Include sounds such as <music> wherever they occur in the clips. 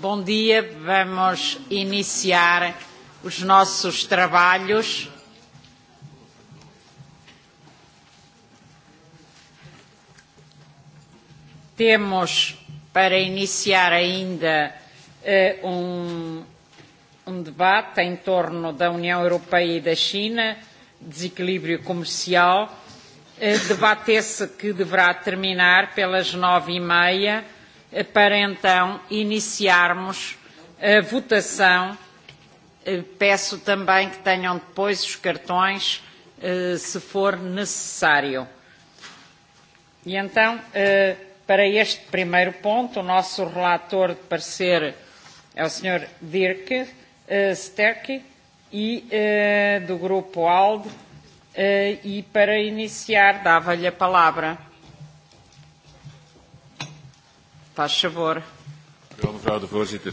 Bom dia, vamos iniciar os nossos trabalhos. Temos para iniciar ainda uh, um, um debate em torno da União Europeia e da China, desequilíbrio comercial, uh, debate esse que deverá terminar pelas nove e meia Eh, para então iniciarmos a votação. Eh, peço também que tenham depois os cartões, eh, se for necessário. E então, para este primeiro ponto, o nosso relator de parecer é o Sr. Dirk Sterk e do Grupo ALDE. E para iniciar, dava-lhe a palavra. Pasjevoor. Ja, mevrouw de voorzitter.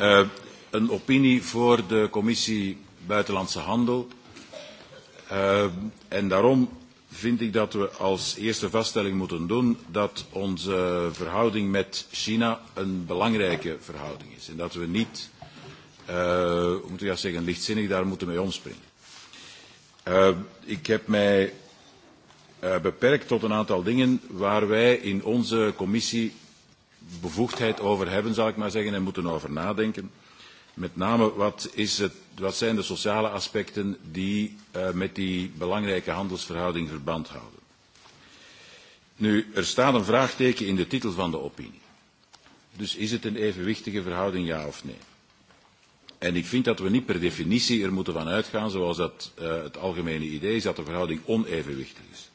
Uh, een opinie voor de commissie Buitenlandse Handel. Uh, en daarom vind ik dat we als eerste vaststelling moeten doen dat onze verhouding met China een belangrijke verhouding is. En dat we niet, uh, hoe moet ik dat zeggen, lichtzinnig daar moeten mee omspringen. Uh, ik heb mij uh, beperkt tot een aantal dingen waar wij in onze commissie bevoegdheid over hebben, zal ik maar zeggen, en moeten over nadenken. Met name wat, is het, wat zijn de sociale aspecten die uh, met die belangrijke handelsverhouding verband houden. Nu, er staat een vraagteken in de titel van de opinie. Dus is het een evenwichtige verhouding, ja of nee? En ik vind dat we niet per definitie er moeten van uitgaan, zoals dat uh, het algemene idee is, dat de verhouding onevenwichtig is.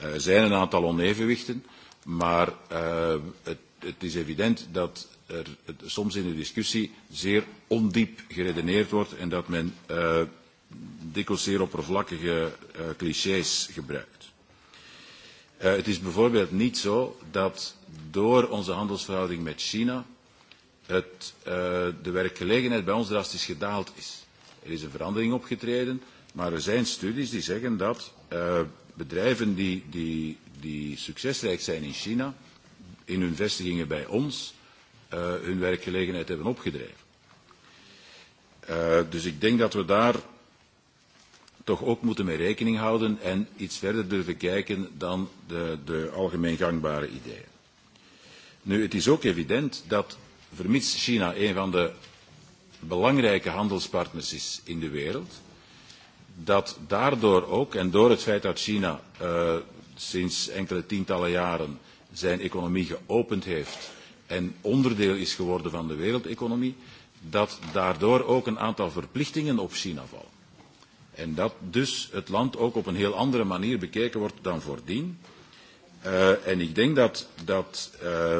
Eh, er zijn een aantal onevenwichten, maar uh, het, het is evident dat er het, soms in de discussie zeer ondiep geredeneerd wordt en dat men uh, dikwijls zeer oppervlakkige uh, clichés gebruikt. Uh, het is bijvoorbeeld niet zo dat door onze handelsverhouding met China het, uh, de werkgelegenheid bij ons drastisch gedaald is. Er is een verandering opgetreden, maar er zijn studies die zeggen dat uh, bedrijven die, die, die succesrijk zijn in China, in hun vestigingen bij ons, uh, hun werkgelegenheid hebben opgedreven. Uh, dus ik denk dat we daar toch ook moeten mee rekening houden en iets verder durven kijken dan de, de algemeen gangbare ideeën. Nu, het is ook evident dat, vermits China een van de belangrijke handelspartners is in de wereld, dat daardoor ook, en door het feit dat China uh, sinds enkele tientallen jaren zijn economie geopend heeft en onderdeel is geworden van de wereldeconomie, dat daardoor ook een aantal verplichtingen op China vallen. En dat dus het land ook op een heel andere manier bekeken wordt dan voordien. Uh, en ik denk dat, dat uh,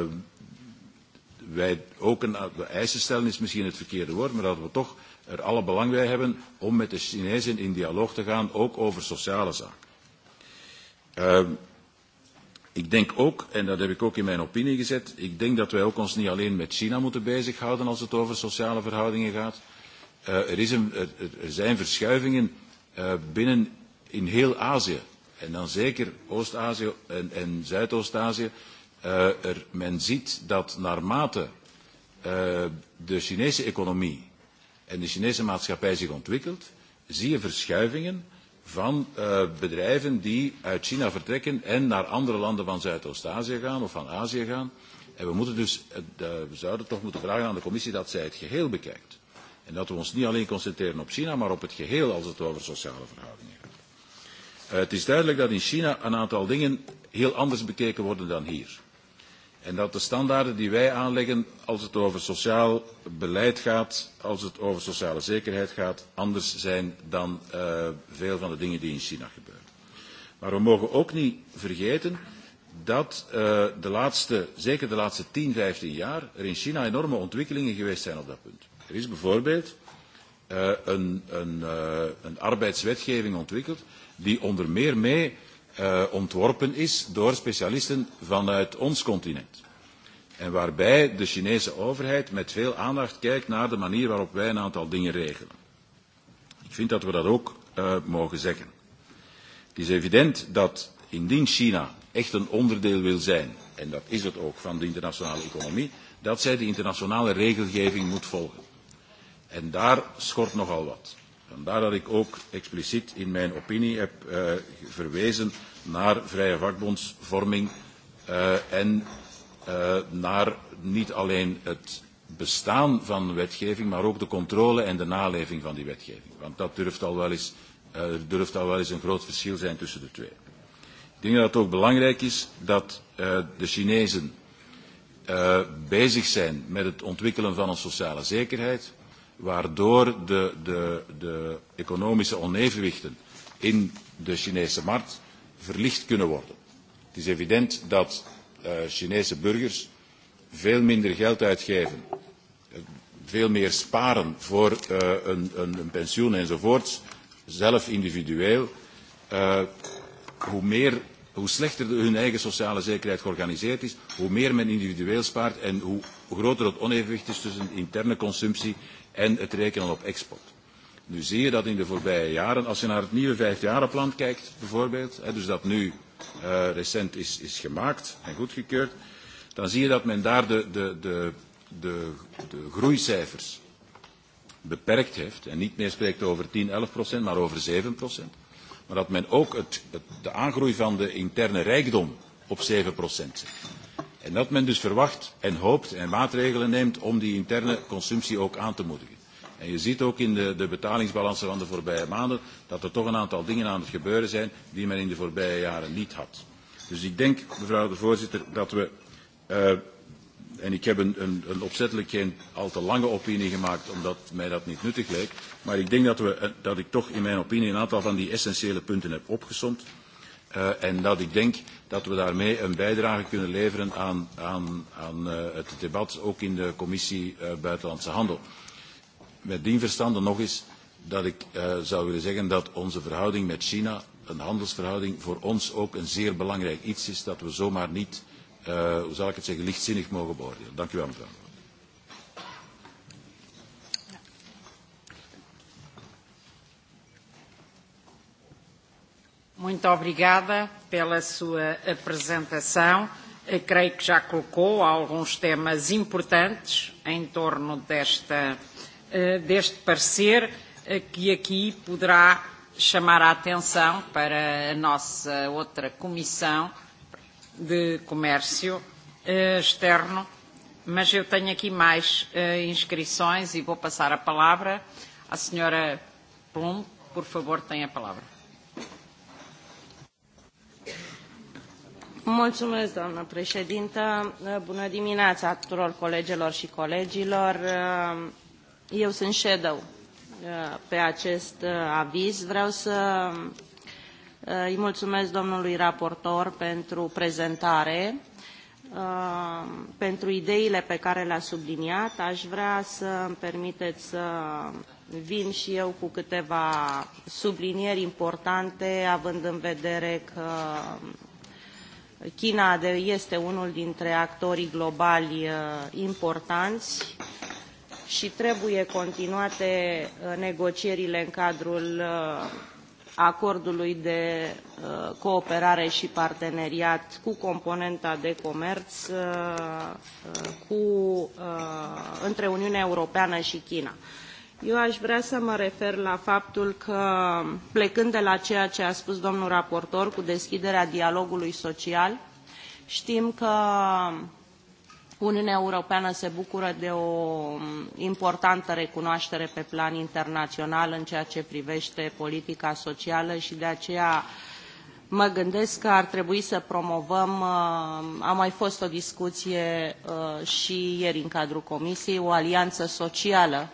wij ook een, eisen stellen is misschien het verkeerde woord, maar dat we toch er alle belang bij hebben om met de Chinezen in dialoog te gaan, ook over sociale zaken. Uh, ik denk ook, en dat heb ik ook in mijn opinie gezet, ik denk dat wij ook ons niet alleen met China moeten bezighouden als het over sociale verhoudingen gaat. Uh, er, is een, er, er, er zijn verschuivingen uh, binnen in heel Azië, en dan zeker Oost-Azië en, en Zuidoost-Azië. Uh, men ziet dat naarmate uh, de Chinese economie en de Chinese maatschappij zich ontwikkelt, zie je verschuivingen van uh, bedrijven die uit China vertrekken en naar andere landen van Zuidoost-Azië gaan of van Azië gaan. En we, moeten dus, uh, we zouden toch moeten vragen aan de commissie dat zij het geheel bekijkt. En dat we ons niet alleen concentreren op China, maar op het geheel als het over sociale verhoudingen gaat. Uh, het is duidelijk dat in China een aantal dingen heel anders bekeken worden dan hier. En dat de standaarden die wij aanleggen als het over sociaal beleid gaat, als het over sociale zekerheid gaat, anders zijn dan uh, veel van de dingen die in China gebeuren. Maar we mogen ook niet vergeten dat uh, de laatste, zeker de laatste 10, 15 jaar er in China enorme ontwikkelingen geweest zijn op dat punt. Er is bijvoorbeeld uh, een, een, uh, een arbeidswetgeving ontwikkeld die onder meer mee uh, ontworpen is door specialisten vanuit ons continent. En waarbij de Chinese overheid met veel aandacht kijkt naar de manier waarop wij een aantal dingen regelen. Ik vind dat we dat ook uh, mogen zeggen. Het is evident dat indien China echt een onderdeel wil zijn, en dat is het ook van de internationale economie, dat zij de internationale regelgeving moet volgen. En daar schort nogal wat. Vandaar dat ik ook expliciet in mijn opinie heb uh, verwezen naar vrije vakbondsvorming uh, en uh, naar niet alleen het bestaan van wetgeving, maar ook de controle en de naleving van die wetgeving. Want dat durft al wel eens, uh, durft al wel eens een groot verschil zijn tussen de twee. Ik denk dat het ook belangrijk is dat uh, de Chinezen uh, bezig zijn met het ontwikkelen van een sociale zekerheid, waardoor de, de, de economische onevenwichten in de Chinese markt verlicht kunnen worden. Het is evident dat uh, Chinese burgers veel minder geld uitgeven, eh, veel meer sparen voor uh, een, een, een pensioen enzovoort, zelf individueel. Uh, hoe, meer, hoe slechter hun eigen sociale zekerheid georganiseerd is, hoe meer men individueel spaart en hoe groter het onevenwicht is tussen interne consumptie en het rekenen op export. Nu zie je dat in de voorbije jaren, als je naar het nieuwe vijfjarenplan kijkt bijvoorbeeld, hè, dus dat nu uh, recent is, is gemaakt en goedgekeurd, dan zie je dat men daar de, de, de, de, de groeicijfers beperkt heeft en niet meer spreekt over 10, 11 procent, maar over 7 procent. Maar dat men ook het, het, de aangroei van de interne rijkdom op 7 procent zet. En dat men dus verwacht en hoopt en maatregelen neemt om die interne consumptie ook aan te moedigen. En je ziet ook in de, de betalingsbalansen van de voorbije maanden dat er toch een aantal dingen aan het gebeuren zijn die men in de voorbije jaren niet had. Dus ik denk, mevrouw de voorzitter, dat we, uh, en ik heb een, een, een opzettelijk geen al te lange opinie gemaakt omdat mij dat niet nuttig leek, maar ik denk dat, we, eh, dat ik toch in mijn opinie een aantal van die essentiële punten heb opgesomd. Uh, en dat ik denk dat we daarmee een bijdrage kunnen leveren aan, aan, aan uh, het debat, ook in de commissie uh, Buitenlandse Handel. Met dien verstande nog eens dat ik uh, zou willen zeggen dat onze verhouding met China, een handelsverhouding, voor ons ook een zeer belangrijk iets is dat we zomaar niet, uh, hoe zal ik het zeggen, lichtzinnig mogen beoordelen. Dank u wel mevrouw. Muito obrigada pela sua apresentação. Eu eh, creio que já colocou alguns temas importantes em torno desta, eh, deste parecer, eh, que aqui poderá chamar a atenção para a nossa outra comissão de comércio externo, mas eu tenho aqui mais inscrições e vou passar a palavra à senhora Plum, por favor, tem a palavra. Mulțumesc, doamnă președintă. Bună dimineața tuturor colegelor și colegilor. Eu sunt shadow pe acest aviz. Vreau să îi mulțumesc domnului raportor pentru prezentare, pentru ideile pe care le-a subliniat. Aș vrea să îmi permiteți să vin și eu cu câteva sublinieri importante, având în vedere că China este unul dintre actorii globali uh, importanți și trebuie continuate uh, negocierile în cadrul uh, acordului de cooperare și parteneriat cu componenta de comerț cu, între Uniunea Europeană și China. Eu aș vrea să mă refer la faptul că, plecând de la ceea ce a spus domnul raportor cu deschiderea dialogului social, știm că Uniunea Europeană se bucură de o importantă recunoaștere pe plan internațional în ceea ce privește politica socială și de aceea mă gândesc că ar trebui să promovăm, uh, a mai fost o discuție uh, și ieri în cadrul Comisiei, o alianță socială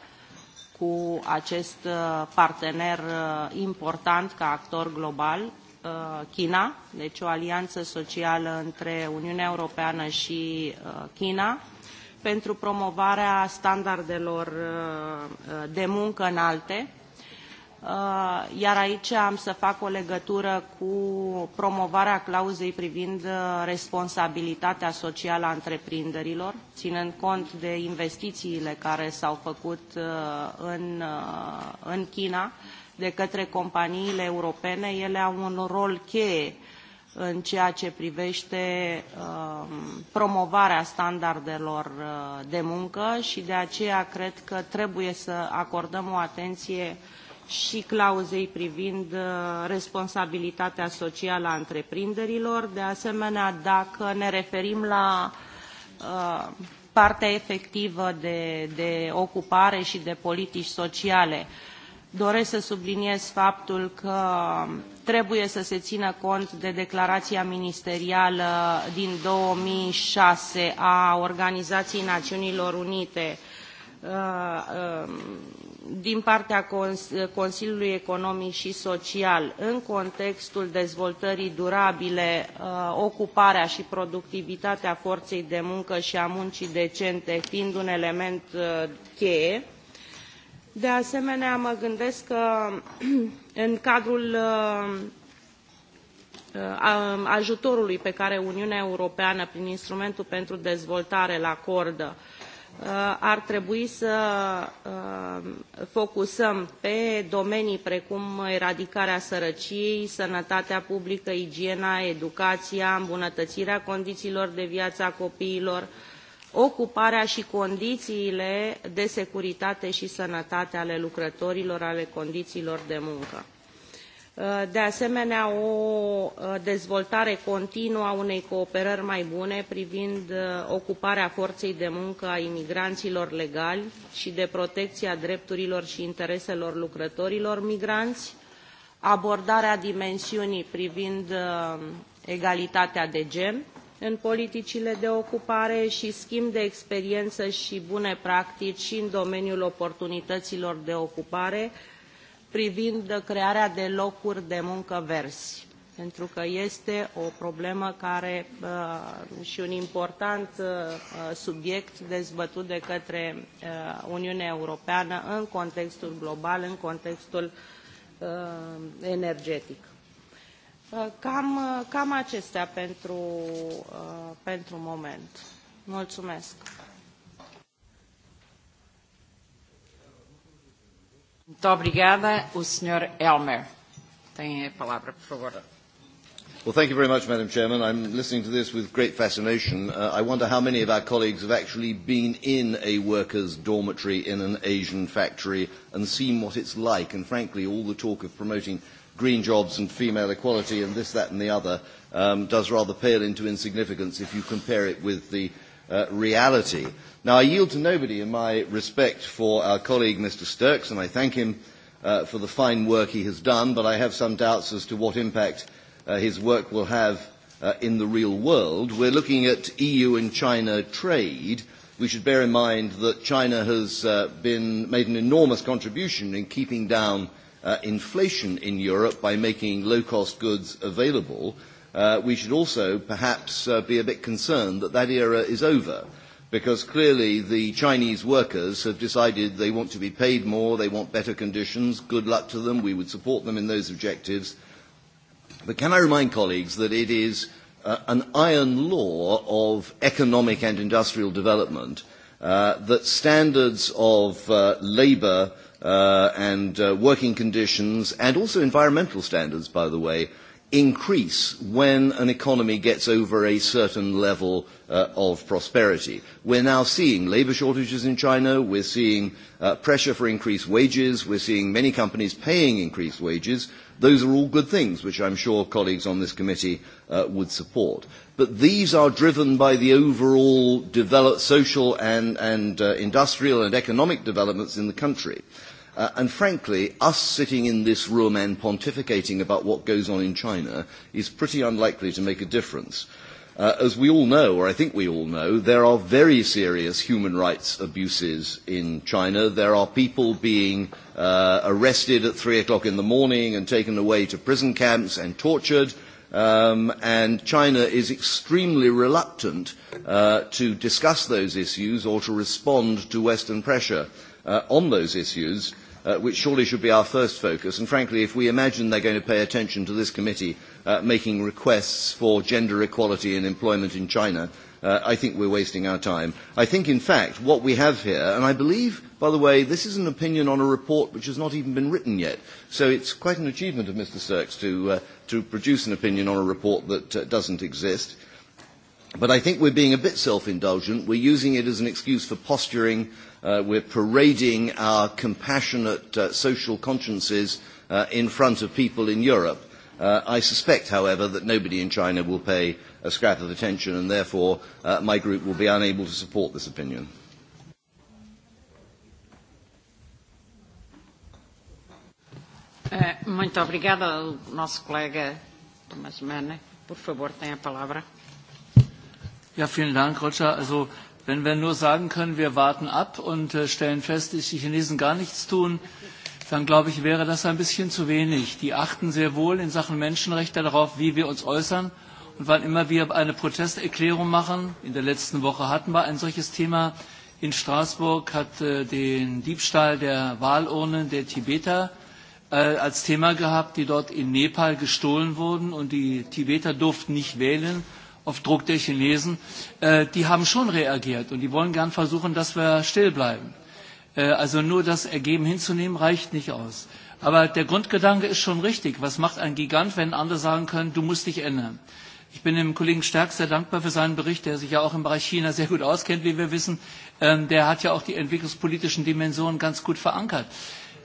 cu acest uh, partener uh, important ca actor global, uh, China, deci o alianță socială între Uniunea Europeană și China pentru promovarea standardelor de muncă înalte, Uh, iar aici am să fac o legătură cu promovarea clauzei privind uh, responsabilitatea socială a întreprinderilor, ținând cont de investițiile care s-au făcut uh, în, în China de către companiile europene, ele au un rol cheie în ceea ce privește um, promovarea standardelor de muncă și de aceea cred că trebuie să acordăm o atenție uh, și clauzei privind uh, responsabilitatea socială a întreprinderilor. De asemenea, dacă ne referim la uh, partea efectivă de, de ocupare și de politici sociale, doresc să subliniez faptul că trebuie să se țină cont de declarația ministerială din 2006 a Organizației Națiunilor Unite uh, din partea Consiliului Economic și Social în contextul dezvoltării durabile, uh, ocuparea și productivitatea forței de muncă și a muncii decente fiind un element uh, cheie. De asemenea, mă gândesc că <clears throat> în cadrul uh, ajutorului pe care Uniunea Europeană prin instrumentul pentru dezvoltare la acordă Uh, ar trebui să uh, focusăm pe domenii precum eradicarea sărăciei, sănătatea publică, igiena, educația, îmbunătățirea condițiilor de viață a copiilor, ocuparea și condițiile de securitate și sănătate ale lucrătorilor, ale condițiilor de muncă. Uh, de asemenea o uh, dezvoltare continuă a unei cooperări mai bune privind uh, ocuparea forței de muncă a imigranților legali și de protecția drepturilor și intereselor lucrătorilor migranți, abordarea dimensiunii privind egalitatea de gen în politicile de ocupare și schimb de experiență și bune practici și în domeniul oportunităților de ocupare, privind crearea de locuri de muncă verzi, pentru că este o problemă care uh, și un important uh, subiect dezbătut de către uh, Uniunea Europeană în contextul global, în contextul energetic. Cam, cam acestea pentru, pentru moment. Mulțumesc! Muito obrigada. O Sr. Elmer tem a palavra, por favor. Well, thank you very much, Madam Chairman. I'm listening to this with great fascination. Uh, I wonder how many of our colleagues have actually been in a worker's dormitory in an Asian factory and seen what it's like. And frankly, all the talk of promoting green jobs and female equality and this, that and the other um, does rather pale into insignificance if you compare it with the Uh, reality. Now, I yield to nobody in my respect for our colleague, Mr. Sturks, and I thank him uh, for the fine work he has done, but I have some doubts as to what impact uh, his work will have uh, in the real world. We're looking at EU and China trade. We should bear in mind that China has uh, been, made an enormous contribution in keeping down uh, inflation in Europe by making low-cost goods available uh, we should also perhaps uh, be a bit concerned that that era is over because clearly the Chinese workers have decided they want to be paid more, they want better conditions, good luck to them, we would support them in those objectives. But can I remind colleagues that it is uh, an iron law of economic and industrial development uh, that standards of uh, labour uh, and uh, working conditions and also environmental standards, by the way, increase when an economy gets over a certain level uh, of prosperity. We're now seeing labor shortages in China, we're seeing uh, pressure for increased wages, we're seeing many companies paying increased wages. Those are all good things, which I'm sure colleagues on this committee uh, would support. But these are driven by the overall develop, social and, and uh, industrial and economic developments in the country. Uh, and frankly, us sitting in this room and pontificating about what goes on in China is pretty unlikely to make a difference. Uh, as we all know, or I think we all know, there are very serious human rights abuses in China. There are people being uh, arrested at three o'clock in the morning and taken away to prison camps and tortured. Um, and China is extremely reluctant uh, to discuss those issues or to respond to Western pressure uh, on those issues uh, which surely should be our first focus. And frankly, if we imagine they're going to pay attention to this committee uh, making requests for gender equality and employment in China, uh, I think we're wasting our time. I think, in fact, what we have here, and I believe, by the way, this is an opinion on a report which has not even been written yet, so it's quite an achievement of Mr. Sirks to, uh, to produce an opinion on a report that uh, doesn't exist. But I think we're being a bit self-indulgent. We're using it as an excuse for posturing uh, we're parading our compassionate uh, social consciences uh, in front of people in Europe. Uh, I suspect, however, that nobody in China will pay a scrap of attention, and therefore uh, my group will be unable to support this opinion. Uh, muito obrigada ao nosso colega Tomás Mene. Por favor, tenha a palavra. Ja, vielen Dank, Roger. Also Wenn wir nur sagen können, wir warten ab und äh, stellen fest, dass die Chinesen gar nichts tun, dann glaube ich, wäre das ein bisschen zu wenig. Die achten sehr wohl in Sachen Menschenrechte darauf, wie wir uns äußern. Und wann immer wir eine Protesterklärung machen, in der letzten Woche hatten wir ein solches Thema, in Straßburg hat äh, den Diebstahl der Wahlurnen der Tibeter äh, als Thema gehabt, die dort in Nepal gestohlen wurden und die Tibeter durften nicht wählen auf Druck der Chinesen, äh, die haben schon reagiert und die wollen gern versuchen, dass wir still bleiben. Äh, also nur das Ergeben hinzunehmen reicht nicht aus. Aber der Grundgedanke ist schon richtig. Was macht ein Gigant, wenn andere sagen können, du musst dich ändern? Ich bin dem Kollegen Stärk sehr dankbar für seinen Bericht, der sich ja auch im Bereich China sehr gut auskennt, wie wir wissen. Ähm, der hat ja auch die entwicklungspolitischen Dimensionen ganz gut verankert.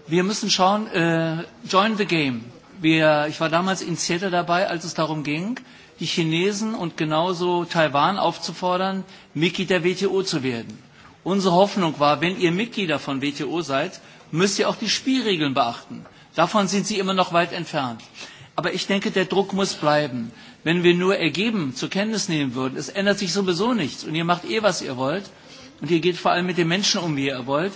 Wir müssen schauen, äh, join the game. Wir, ich war damals in Seattle dabei, als es darum ging, die Chinesen und genauso Taiwan aufzufordern, Mitglied der WTO zu werden. Unsere Hoffnung war, wenn ihr Mitglieder von WTO seid, müsst ihr auch die Spielregeln beachten. Davon sind sie immer noch weit entfernt. Aber ich denke, der Druck muss bleiben. Wenn wir nur ergeben zur Kenntnis nehmen würden, es ändert sich sowieso nichts und ihr macht eh, was ihr wollt und ihr geht vor allem mit den Menschen um, wie ihr wollt,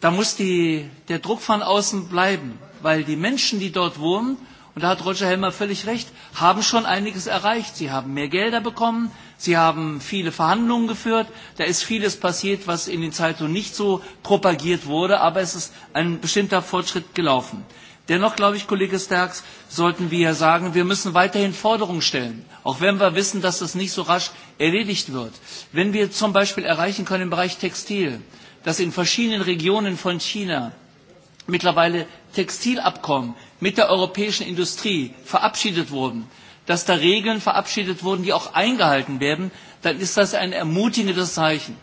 da muss die, der Druck von außen bleiben, weil die Menschen, die dort wohnen, und da hat Roger Helmer völlig recht, haben schon einiges erreicht. Sie haben mehr Gelder bekommen, sie haben viele Verhandlungen geführt, da ist vieles passiert, was in den Zeitungen nicht so propagiert wurde, aber es ist ein bestimmter Fortschritt gelaufen. Dennoch, glaube ich, Kollege Sterks, sollten wir sagen, wir müssen weiterhin Forderungen stellen, auch wenn wir wissen, dass das nicht so rasch erledigt wird. Wenn wir zum Beispiel erreichen können im Bereich Textil, dass in verschiedenen Regionen von China mittlerweile Textilabkommen mit der europäischen Industrie verabschiedet wurden, dass da Regeln verabschiedet wurden, die auch eingehalten werden, dann ist das ein ermutigendes Zeichen.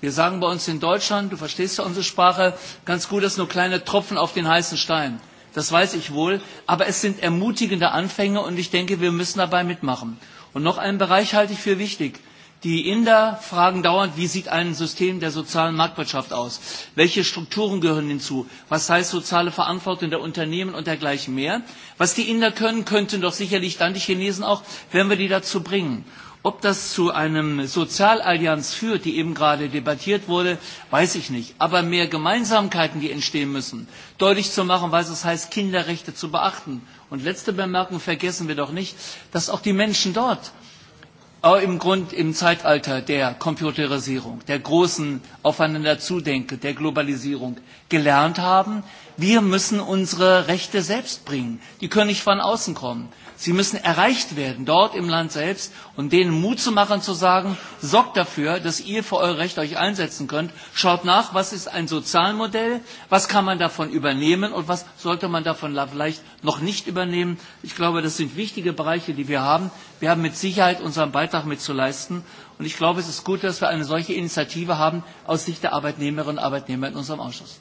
Wir sagen bei uns in Deutschland, du verstehst ja unsere Sprache, ganz gut, dass nur kleine Tropfen auf den heißen Stein. Das weiß ich wohl, aber es sind ermutigende Anfänge und ich denke, wir müssen dabei mitmachen. Und noch einen Bereich halte ich für wichtig. Die Inder fragen dauernd, wie sieht ein System der sozialen Marktwirtschaft aus? Welche Strukturen gehören hinzu? Was heißt soziale Verantwortung der Unternehmen und dergleichen mehr? Was die Inder können, könnten doch sicherlich dann die Chinesen auch, wenn wir die dazu bringen. Ob das zu einem Sozialallianz führt, die eben gerade debattiert wurde, weiß ich nicht. Aber mehr Gemeinsamkeiten, die entstehen müssen, deutlich zu machen, was es heißt, Kinderrechte zu beachten. Und letzte Bemerkung vergessen wir doch nicht, dass auch die Menschen dort Aber im Grund im Zeitalter der Computerisierung, der großen Aufeinanderzudenke, der Globalisierung gelernt haben, wir müssen unsere Rechte selbst bringen. Die können nicht von außen kommen. Sie müssen erreicht werden, dort im Land selbst, und denen Mut zu machen, zu sagen, sorgt dafür, dass ihr für euer Recht euch einsetzen könnt. Schaut nach, was ist ein Sozialmodell, was kann man davon übernehmen und was sollte man davon vielleicht noch nicht übernehmen. Ich glaube, das sind wichtige Bereiche, die wir haben. Wir haben mit Sicherheit unseren Beitrag mitzuleisten. Und ich glaube, es ist gut, dass wir eine solche Initiative haben aus Sicht der Arbeitnehmerinnen und Arbeitnehmer in unserem Ausschuss.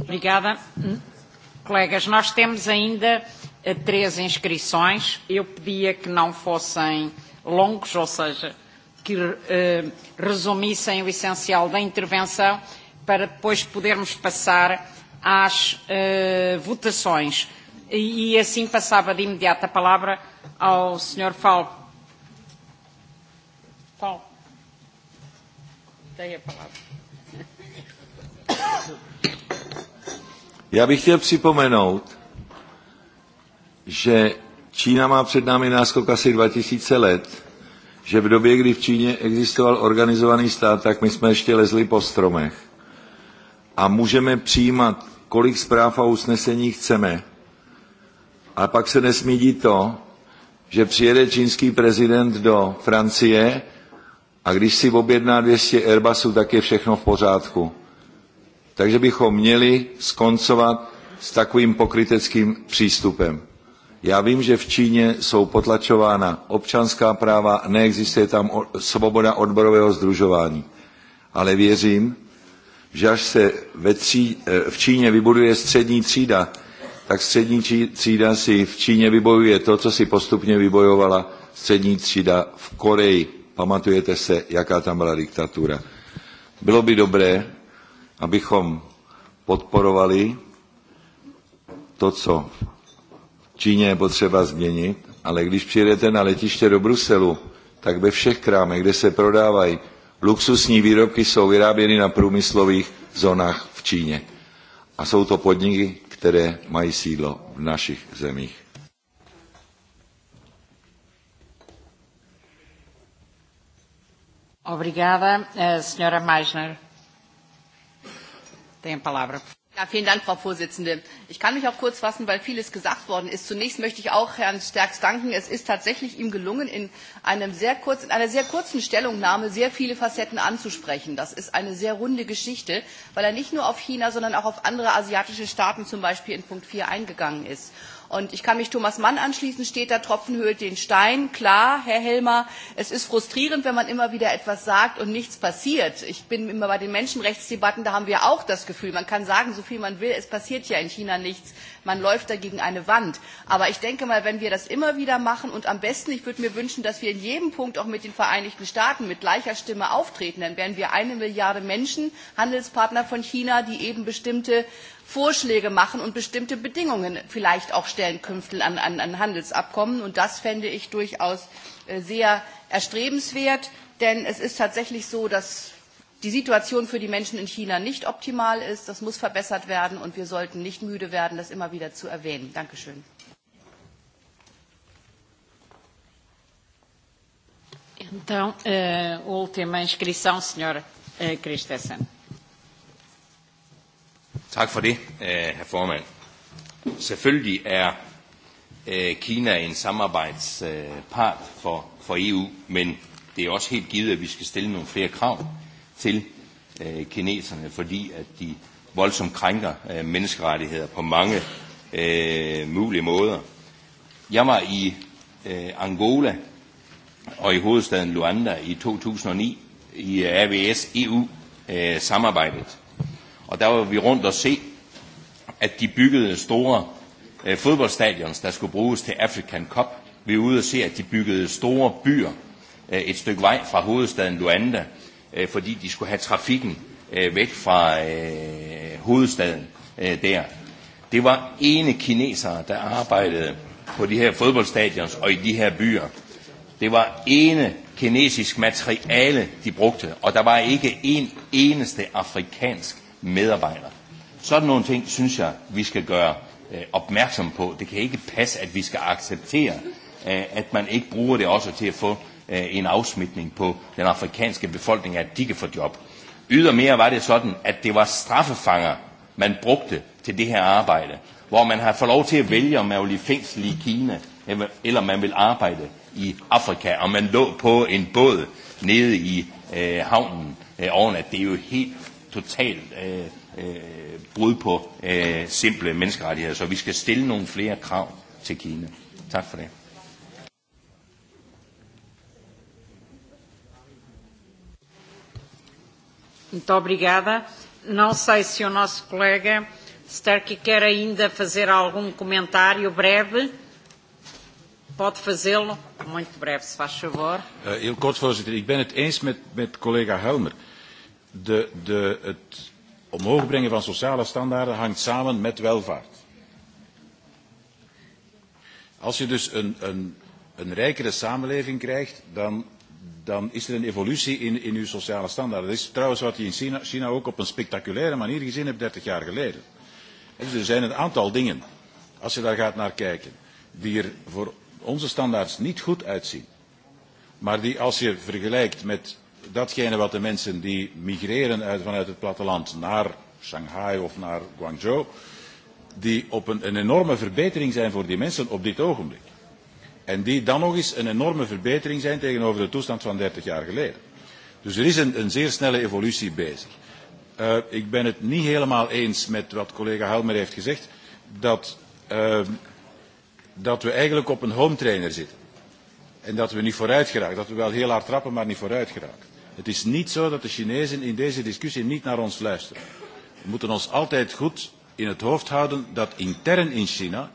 Obrigada colegas, nós temos ainda eh, três inscrições. Eu pedia que não fossem longos, ou seja, que eh, resumissem o essencial da intervenção para depois podermos passar às eh, votações. E, e assim passava de imediato a palavra ao Sr. Falco. Paul. a palavra. Já bych chtěl připomenout, že Čína má před námi náskok asi 2000 let, že v době, kdy v Číně existoval organizovaný stát, tak my jsme ještě lezli po stromech. A můžeme přijímat, kolik zpráv a usnesení chceme. A pak se nesmí dít to, že přijede čínský prezident do Francie a když si objedná 200 Airbusů, tak je všechno v pořádku. Takže bychom měli skoncovat s takovým pokryteckým přístupem. Já vím, že v Číně jsou potlačována občanská práva, neexistuje tam svoboda odborového združování. Ale věřím, že až se ve tří, eh, v Číně vybuduje střední třída, tak střední třída si v Číně vybojuje to, co si postupně vybojovala střední třída v Koreji. Pamatujete se, jaká tam byla diktatura. Bylo by dobré, abychom podporovali to, co v Číně je potřeba změnit, ale když přijedete na letiště do Bruselu, tak ve všech krámech, kde se prodávají luxusní výrobky, jsou vyráběny na průmyslových zónách v Číně. A jsou to podniky, které mají sídlo v našich zemích. Obrigada, eh, senhora Meisner. Tem palavra. Ja, vielen Dank, Frau Vorsitzende. Ich kann mich auch kurz fassen, weil vieles gesagt worden ist. Zunächst möchte ich auch Herrn Sterks danken. Es ist tatsächlich ihm gelungen, in, einem sehr kurz, in einer sehr kurzen Stellungnahme sehr viele Facetten anzusprechen. Das ist eine sehr runde Geschichte, weil er nicht nur auf China, sondern auch auf andere asiatische Staaten zum Beispiel in Punkt 4 eingegangen ist. Und ich kann mich Thomas Mann anschließen, steht da Tropfen höhlt den Stein. Klar, Herr Helmer, es ist frustrierend, wenn man immer wieder etwas sagt und nichts passiert. Ich bin immer bei den Menschenrechtsdebatten, da haben wir auch das Gefühl, man kann sagen, so viel man will, es passiert ja in China nichts. Man läuft da gegen eine Wand. Aber ich denke mal, wenn wir das immer wieder machen und am besten, ich würde mir wünschen, dass wir in jedem Punkt auch mit den Vereinigten Staaten mit gleicher Stimme auftreten, dann wären wir eine Milliarde Menschen, Handelspartner von China, die eben bestimmte Vorschläge machen und bestimmte Bedingungen vielleicht auch stellen künftig an, an, an Handelsabkommen. Und das fände ich durchaus äh, sehr erstrebenswert, denn es ist tatsächlich so, dass die Situation für die Menschen in China nicht optimal ist. Das muss verbessert werden und wir sollten nicht müde werden, das immer wieder zu erwähnen. Dankeschön. Então, uh, última inscrição, senhora uh, Christensen. Tak for det, øh, herr formand. Selvfølgelig er øh, Kina en samarbejdspart øh, for, for EU, men det er også helt givet, at vi skal stille nogle flere krav til kineserne, fordi at de voldsomt krænker menneskerettigheder på mange øh, mulige måder. Jeg var i øh, Angola og i hovedstaden Luanda i 2009 i AVS EU-samarbejdet og der var vi rundt og se, at de byggede store øh, fodboldstadions, der skulle bruges til African Cup. Vi var ude og se, at de byggede store byer øh, et stykke vej fra hovedstaden Luanda, øh, fordi de skulle have trafikken øh, væk fra øh, hovedstaden øh, der. Det var ene kinesere, der arbejdede på de her fodboldstadions og i de her byer. Det var ene kinesisk materiale, de brugte, og der var ikke en eneste afrikansk medarbejdere. Sådan nogle ting, synes jeg, vi skal gøre øh, opmærksom på. Det kan ikke passe, at vi skal acceptere, øh, at man ikke bruger det også til at få øh, en afsmitning på den afrikanske befolkning, at de kan få job. Ydermere var det sådan, at det var straffefanger, man brugte til det her arbejde, hvor man har fået lov til at vælge, om man vil i fængsel i Kina, eller man vil arbejde i Afrika, og man lå på en båd nede i øh, havnen øh, at Det er jo helt totalt øh, øh, brud på øh, simple menneskerettigheder. Så vi skal stille nogle flere krav til Kina. Tak for det. Muito obrigada. Não sei se o nosso colega Sterky quer ainda fazer algum comentário breve. Pode fazê-lo, muito breve, se faz favor. Uh, eu, kort, voorzitter. eu ben het eens met, met collega Helmer. Uh, de, de, het omhoog brengen van sociale standaarden hangt samen met welvaart. Als je dus een, een, een rijkere samenleving krijgt, dan, dan is er een evolutie in, in uw sociale standaarden. Dat is trouwens wat je in China, China ook op een spectaculaire manier gezien hebt 30 jaar geleden. Dus er zijn een aantal dingen, als je daar gaat naar kijken, die er voor onze standaards niet goed uitzien. Maar die als je vergelijkt met datgene wat de mensen die migreren uit, vanuit het platteland naar Shanghai of naar Guangzhou, die op een, een enorme verbetering zijn voor die mensen op dit ogenblik. En die dan nog eens een enorme verbetering zijn tegenover de toestand van 30 jaar geleden. Dus er is een, een zeer snelle evolutie bezig. Uh, ik ben het niet helemaal eens met wat collega Helmer heeft gezegd, dat, uh, dat we eigenlijk op een home trainer zitten. En dat we niet vooruit geraken. Dat we wel heel hard trappen, maar niet vooruit geraken. Het is niet zo dat de Chinezen in deze discussie niet naar ons luisteren. We moeten ons altijd goed in het hoofd houden dat intern in China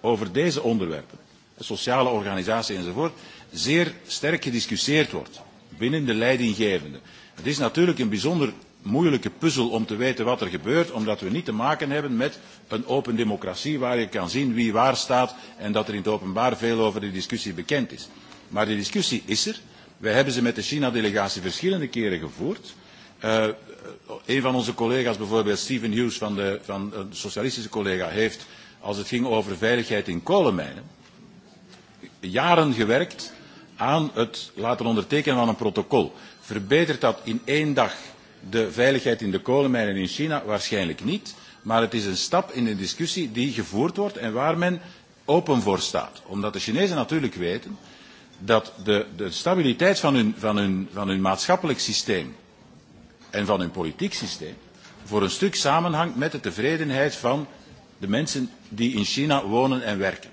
over deze onderwerpen, de sociale organisatie enzovoort, zeer sterk gediscussieerd wordt binnen de leidinggevende. Het is natuurlijk een bijzonder moeilijke puzzel om te weten wat er gebeurt, omdat we niet te maken hebben met een open democratie waar je kan zien wie waar staat en dat er in het openbaar veel over die discussie bekend is. Maar die discussie is er. Wij hebben ze met de China-delegatie verschillende keren gevoerd. Uh, een van onze collega's, bijvoorbeeld Stephen Hughes van de, van eh, de socialistische collega, heeft, als het ging over veiligheid in kolenmijnen, jaren gewerkt aan het laten ondertekenen van een protocol. Verbetert dat in één dag de veiligheid in de kolenmijnen in China? Waarschijnlijk niet. Maar het is een stap in een discussie die gevoerd wordt en waar men open voor staat. Omdat de Chinezen natuurlijk weten dat de, de stabiliteit van hun, van, hun, van hun maatschappelijk systeem en van hun politiek systeem voor een stuk samenhangt met de tevredenheid van de mensen die in China wonen en werken.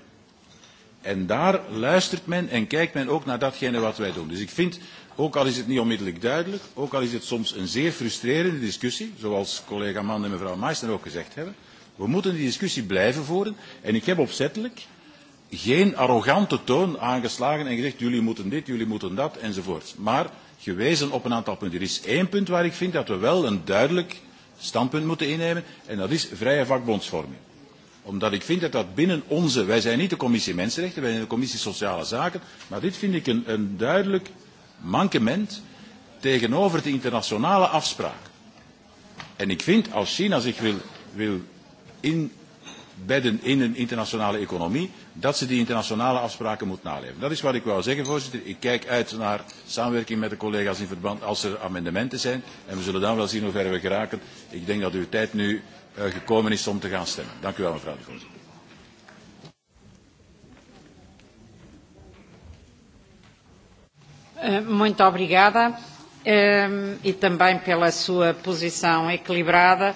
En daar luistert men en kijkt men ook naar datgene wat wij doen. Dus ik vind, ook al is het niet onmiddellijk duidelijk, ook al is het soms een zeer frustrerende discussie, zoals collega Mann en mevrouw Meijster ook gezegd hebben, we moeten die discussie blijven voeren. En ik heb opzettelijk geen arrogante toon aangeslagen en gezegd jullie moeten dit, jullie moeten dat enzovoort. Maar gewezen op een aantal punten. Er is één punt waar ik vind dat we wel een duidelijk standpunt moeten innemen en dat is vrije vakbondsvorming. Omdat ik vind dat dat binnen onze, wij zijn niet de commissie Mensenrechten, wij zijn de commissie Sociale Zaken, maar dit vind ik een, een duidelijk mankement tegenover de internationale afspraak. En ik vind als China zich wil, wil inbedden in een internationale economie, dat ze die internationale afspraken moet naleven. Dat is wat ik wou zeggen, voorzitter. Ik kijk uit naar samenwerking met de collega's in verband als er amendementen zijn. En we zullen dan wel zien hoe ver we geraken. Ik denk dat uw tijd nu uh, gekomen is om te gaan stemmen. Dank u wel, mevrouw de voorzitter. Eh, muito obrigada um, e também pela sua posição equilibrada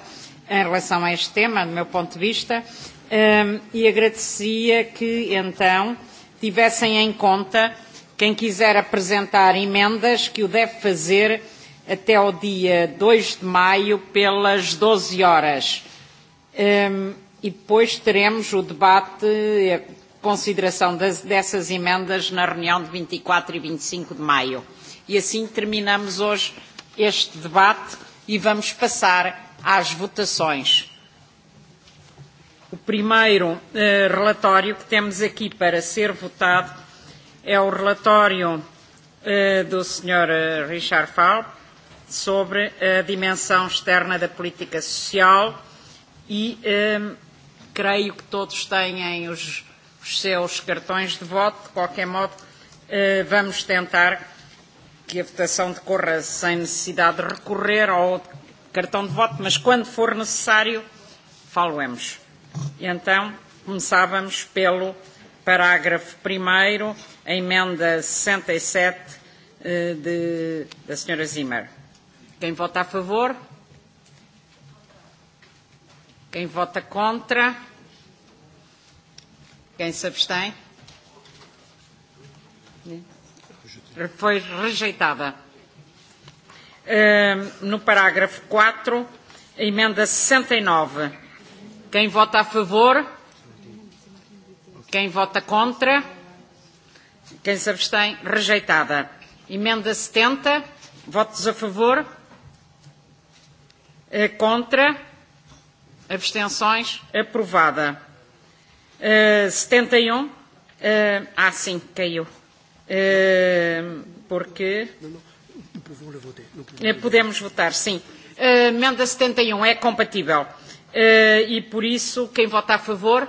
em relação a este tema, do meu ponto de vista um, e agradecia que, então, tivessem em conta quem quiser apresentar emendas que o deve fazer até o dia 2 de maio pelas 12 horas. Um, e depois teremos o debate e eh, a consideração das, dessas emendas na reunião de 24 e 25 e e de maio. E assim terminamos hoje este debate e vamos passar às votações. O primeiro eh, relatório que temos aqui para ser votado é o relatório eh, do Sr. Eh, Richard Falp sobre a dimensão externa da política social e eh, creio que todos têm os, os seus cartões de voto. De qualquer modo, eh, vamos tentar que a votação decorra sem necessidade de recorrer ao cartão de voto, mas quando for necessário, faloemos. E então, começávamos pelo parágrafo 1 a emenda 67 e eh, de, da senhora Zimmer. Quem vota a favor? Quem vota contra? Quem se abstém? Foi rejeitada. Eh, no parágrafo 4, emenda 69 Quem vota a favor? Quem vota contra? Quem se abstém? Rejeitada. Emenda 70. Votos a favor? Eh, contra? Abstenções? Aprovada. Uh, 71. Uh, ah, sim, caiu. Uh, porque. Eh, podemos votar, sim. Uh, emenda 71 e um. é compatível. Uh, e por isso quem vota a favor,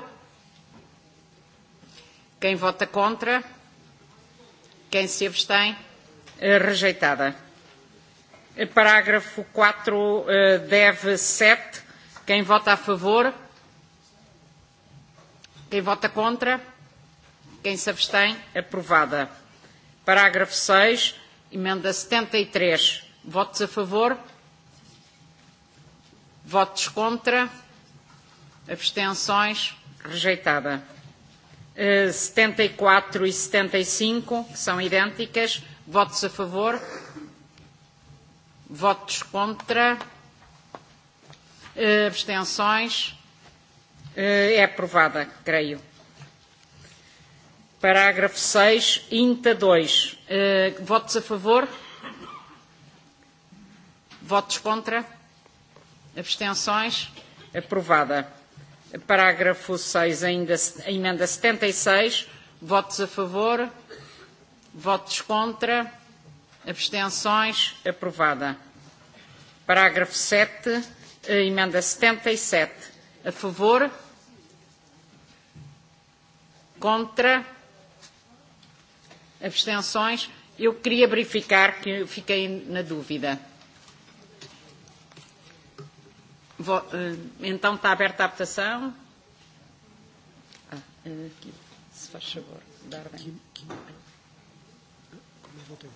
quem vota contra, quem se abstém, Uh, rejeitada. Parágrafo 4, uh, eh, deve 7, quem vota a favor, quem vota contra, quem se abstém, aprovada. Parágrafo 6, emenda 73, e Votos a favor? votos a favor, Votos contra. Abstenções. Rejeitada. Uh, eh, 74 e 75, e e que são idênticas. Votos a favor. Votos contra. Uh, abstenções. Uh, é aprovada, creio. Parágrafo 6, INTA 2. Uh, votos a favor? Votos contra? Abstenções? Aprovada. Parágrafo 6, ainda, emenda 76. E Votos a favor? Votos contra? Abstenções? Aprovada. Parágrafo 7, emenda 77. E a favor? Contra? Abstenções? Eu queria verificar que eu fiquei na dúvida. Eh, então está aberta a votação. Ah, eh, aqui, se faz favor, dar bem. Como é que vota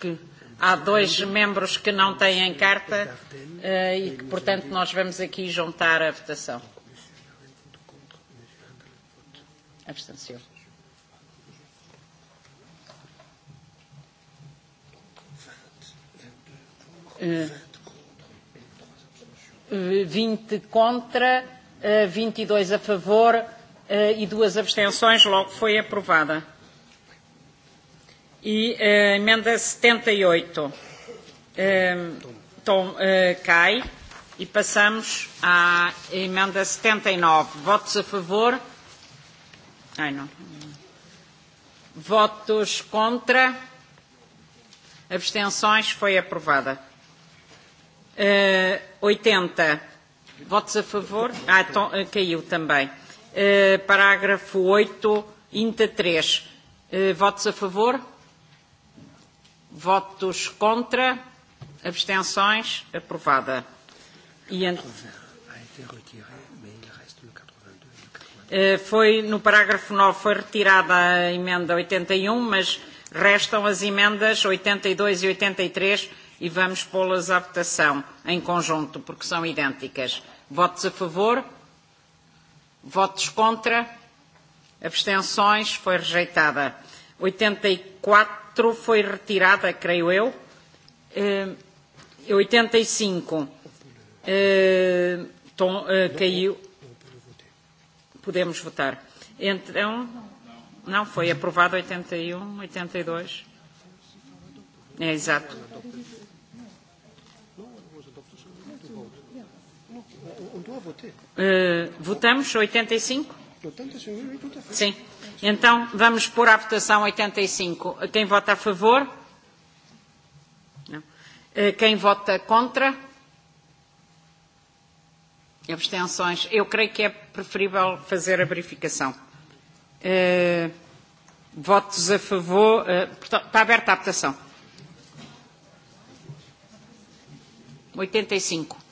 que há dois membros que não têm carta eh, e que, portanto, nós vamos aqui juntar a votação. Abstenção. 20 eh, eh, contra, 22 eh, e a favor e duas abstenções, logo foi aprovada. E a emenda 78 então, e cai e passamos à emenda 79. E Votos a favor? Ai, não. Votos contra? Abstenções? Foi aprovada. Uh, 80. Votos a favor? Ah, tom, eh, caiu também. Uh, parágrafo 8, INTA 3. Uh, eh, votos a favor? Votos contra? Abstenções? Aprovada. E foi no parágrafo 9 foi retirada a emenda 81, e um, mas restam as emendas 82 e 83 e vamos pô-las à votação em conjunto, porque são idênticas. Votos a favor? Votos contra? Abstenções? Foi rejeitada. 84 e foi retirada, creio eu. Uh, 85 uh, tom, uh, caiu. Podemos votar. Então, não, foi aprovado 81, 82. E um, e é, exato. Uh, votamos 85? 85, e e e Sim. Então, vamos pôr à votação 85. Quem vota a favor? Não. Uh, quem vota contra? Abstenções. Eu creio que é preferível fazer a verificação. Uh, votos a favor. Uh, portanto, está aberta a votação. 85.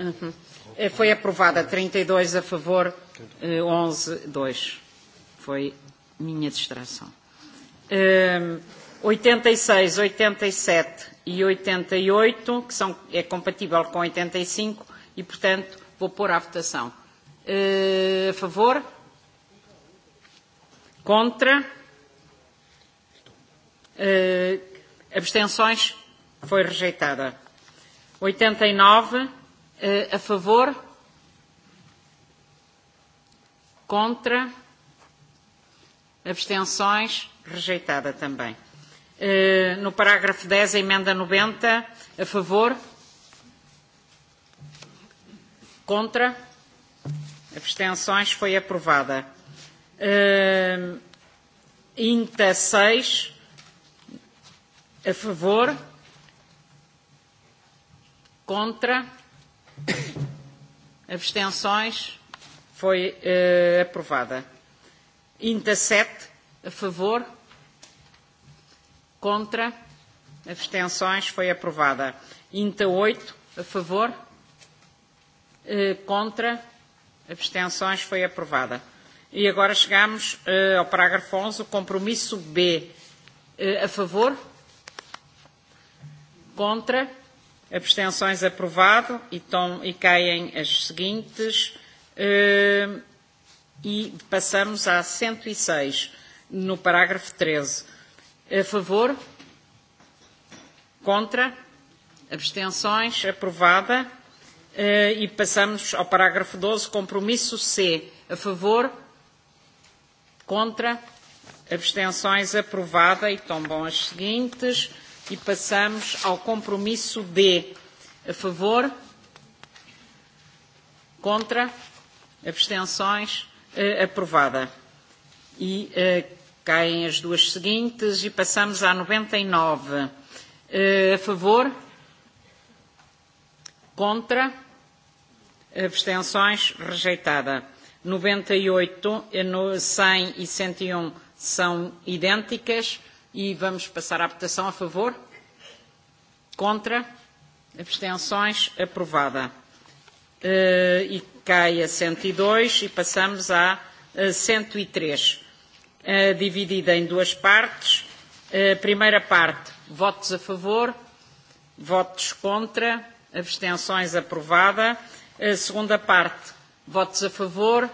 Uhum. Foi aprovada 32 e a favor, 11 eh, 2. Foi minha distração. Um, 86, 87 e 88, e e que são, é compatível com 85, e, portanto, vou pôr à votação. Uh, a favor? Contra? Uh, abstenções? Foi rejeitada. 89 Eh, a favor? Contra? Abstenções? Rejeitada também. Eh, no parágrafo 10, a emenda 90, a favor? Contra? Abstenções? Foi aprovada. Eh, Inta 6, a favor? Contra? <coughs> Abstenções? Foi uh, aprovada. Inta 7, a favor? Contra? Abstenções? Foi aprovada. Inta 8, a favor? Uh, contra? Abstenções? Foi aprovada. E agora chegamos uh, ao parágrafo 11, o compromisso B. Uh, a favor? Contra? abstenções aprovado e, tom, e caem as seguintes uh, e passamos à 106 e no parágrafo 13 a favor contra abstenções aprovada uh, e passamos ao parágrafo 12 compromisso C a favor contra abstenções aprovada e tombam as seguintes e passamos ao compromisso D. A favor? Contra? Abstenções? Uh, aprovada. E uh, caem as duas seguintes e passamos à 99. Uh, e eh, a favor? Contra? Abstenções? Rejeitada. 98, 100 e 101 e e um são idênticas. E vamos passar à votação a favor? Contra? Abstenções? Aprovada. Uh, e cai a 102 e, e passamos a uh, 103. Uh, dividida em duas partes. Uh, primeira parte, votos a favor, votos contra, abstenções aprovada. Uh, segunda parte, votos a favor,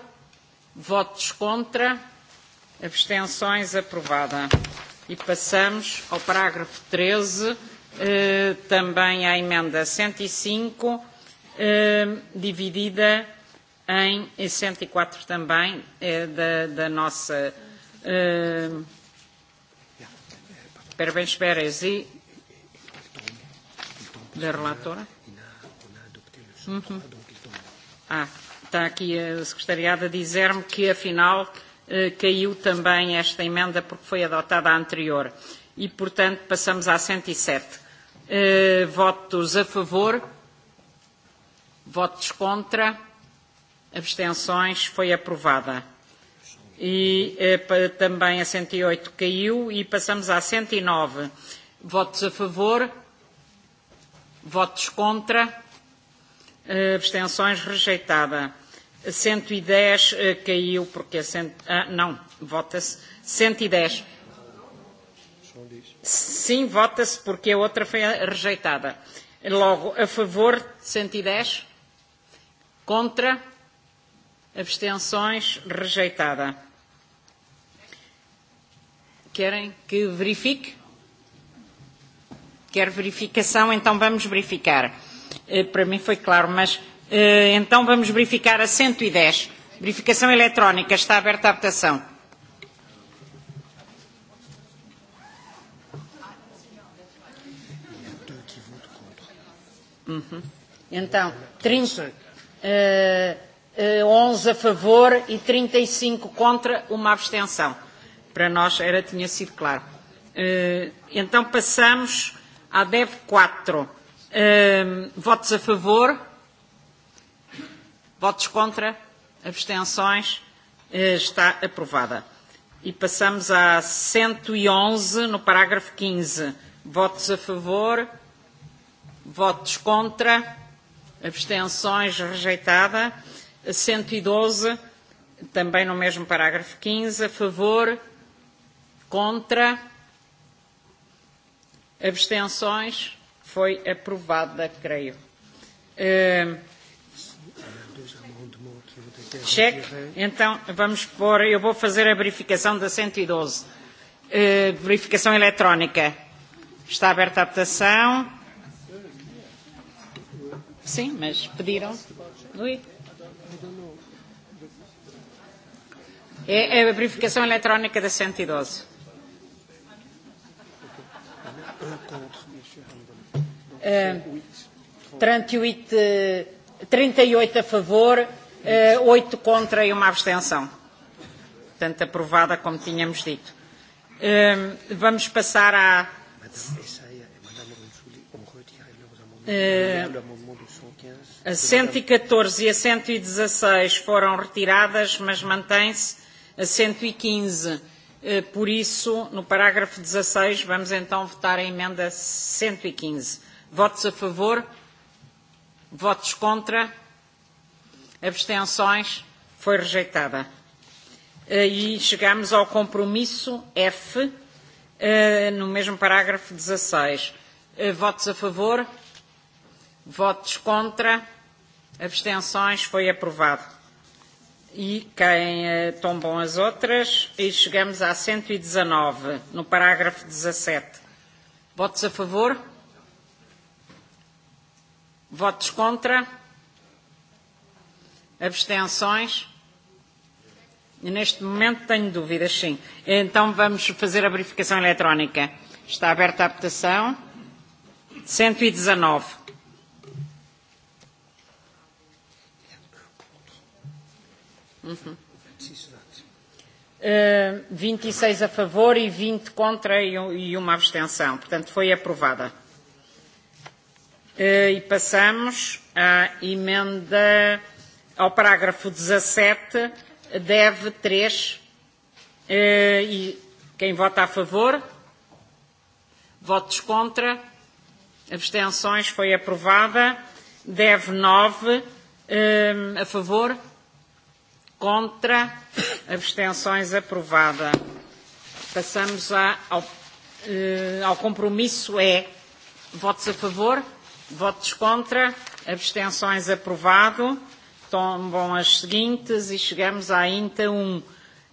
votos contra, abstenções aprovada. E passamos ao parágrafo 13, eh, também à emenda 105, e eh, dividida em 104 e e também, eh, da, da nossa eh, Parabéns, Pérez e da relatora. Uhum. Ah, está aqui a secretariada a dizer-me que, afinal, Eh, caiu também esta emenda porque foi adotada a anterior. E, portanto, passamos à 107. E eh, votos a favor? Votos contra? Abstenções? Foi aprovada. E eh, também a 108 e caiu e passamos à 109. E votos a favor? Votos contra? Abstenções? Rejeitada. 110 e eh, caiu porque cent... ah, não, vota-se 110. E Sim, vota-se porque a outra foi rejeitada. Logo, a favor, 110. E Contra, abstenções, rejeitada. Querem que verifique? Quer verificação? Então vamos verificar. Eh, para mim foi claro, mas Eh, então vamos verificar a 110. E Verificação eletrónica. Está aberta a votação. Uhum. Então, 30, uh, uh, 11 a favor e 35 e contra, uma abstenção. Para nós era, tinha sido claro. Uh, então passamos à DEV 4. Uh, votos a favor, Votos contra? Abstenções? Eh, está aprovada. E passamos a 111, e no parágrafo 15. Votos a favor? Votos contra? Abstenções? Rejeitada. 112, e também no mesmo parágrafo 15. A favor? Contra? Abstenções? Foi aprovada, creio. Uh, Cheque. Então, vamos pôr. Eu vou fazer a verificação da 112. Uh, e eh, verificação eletrónica. Está aberta a votação. Sim, mas pediram. Ui. É, é a verificação eletrónica da 112. Uh, 38, 38 a favor Eh, oito contra e uma abstenção. Portanto, aprovada, como tínhamos dito. Ehm, vamos passar à. Eh, a 114 e, e a 116 e foram retiradas, mas mantém-se a 115. E eh, por isso, no parágrafo 16, vamos então votar a emenda 115. Votos a favor? Votos contra? Votos contra? abstenções, foi rejeitada. E chegamos ao compromisso F, eh, no mesmo parágrafo 16. Eh, votos a favor? Votos contra? Abstenções? Foi aprovado. E quem eh, tombam as outras? E chegamos à 119, e no parágrafo 17. Votos a favor? Votos contra? Abstenções? E neste momento tenho dúvidas, sim. Então vamos fazer a verificação eletrónica. Está aberta a votação. 119. E uhum. Uh, eh, 26 e a favor e 20 contra e, um, e uma abstenção. Portanto, foi aprovada. Uh, e passamos à emenda ao parágrafo 17, deve 3. Eh, e quem vota a favor? Votos contra? Abstenções? Foi aprovada. Deve 9. Eh, a favor? Contra? Abstenções? Aprovada. Passamos a, ao, eh, ao compromisso E. Votos a favor? Votos contra? Abstenções? Aprovado tombam as seguintes e chegamos à INTA 1, um,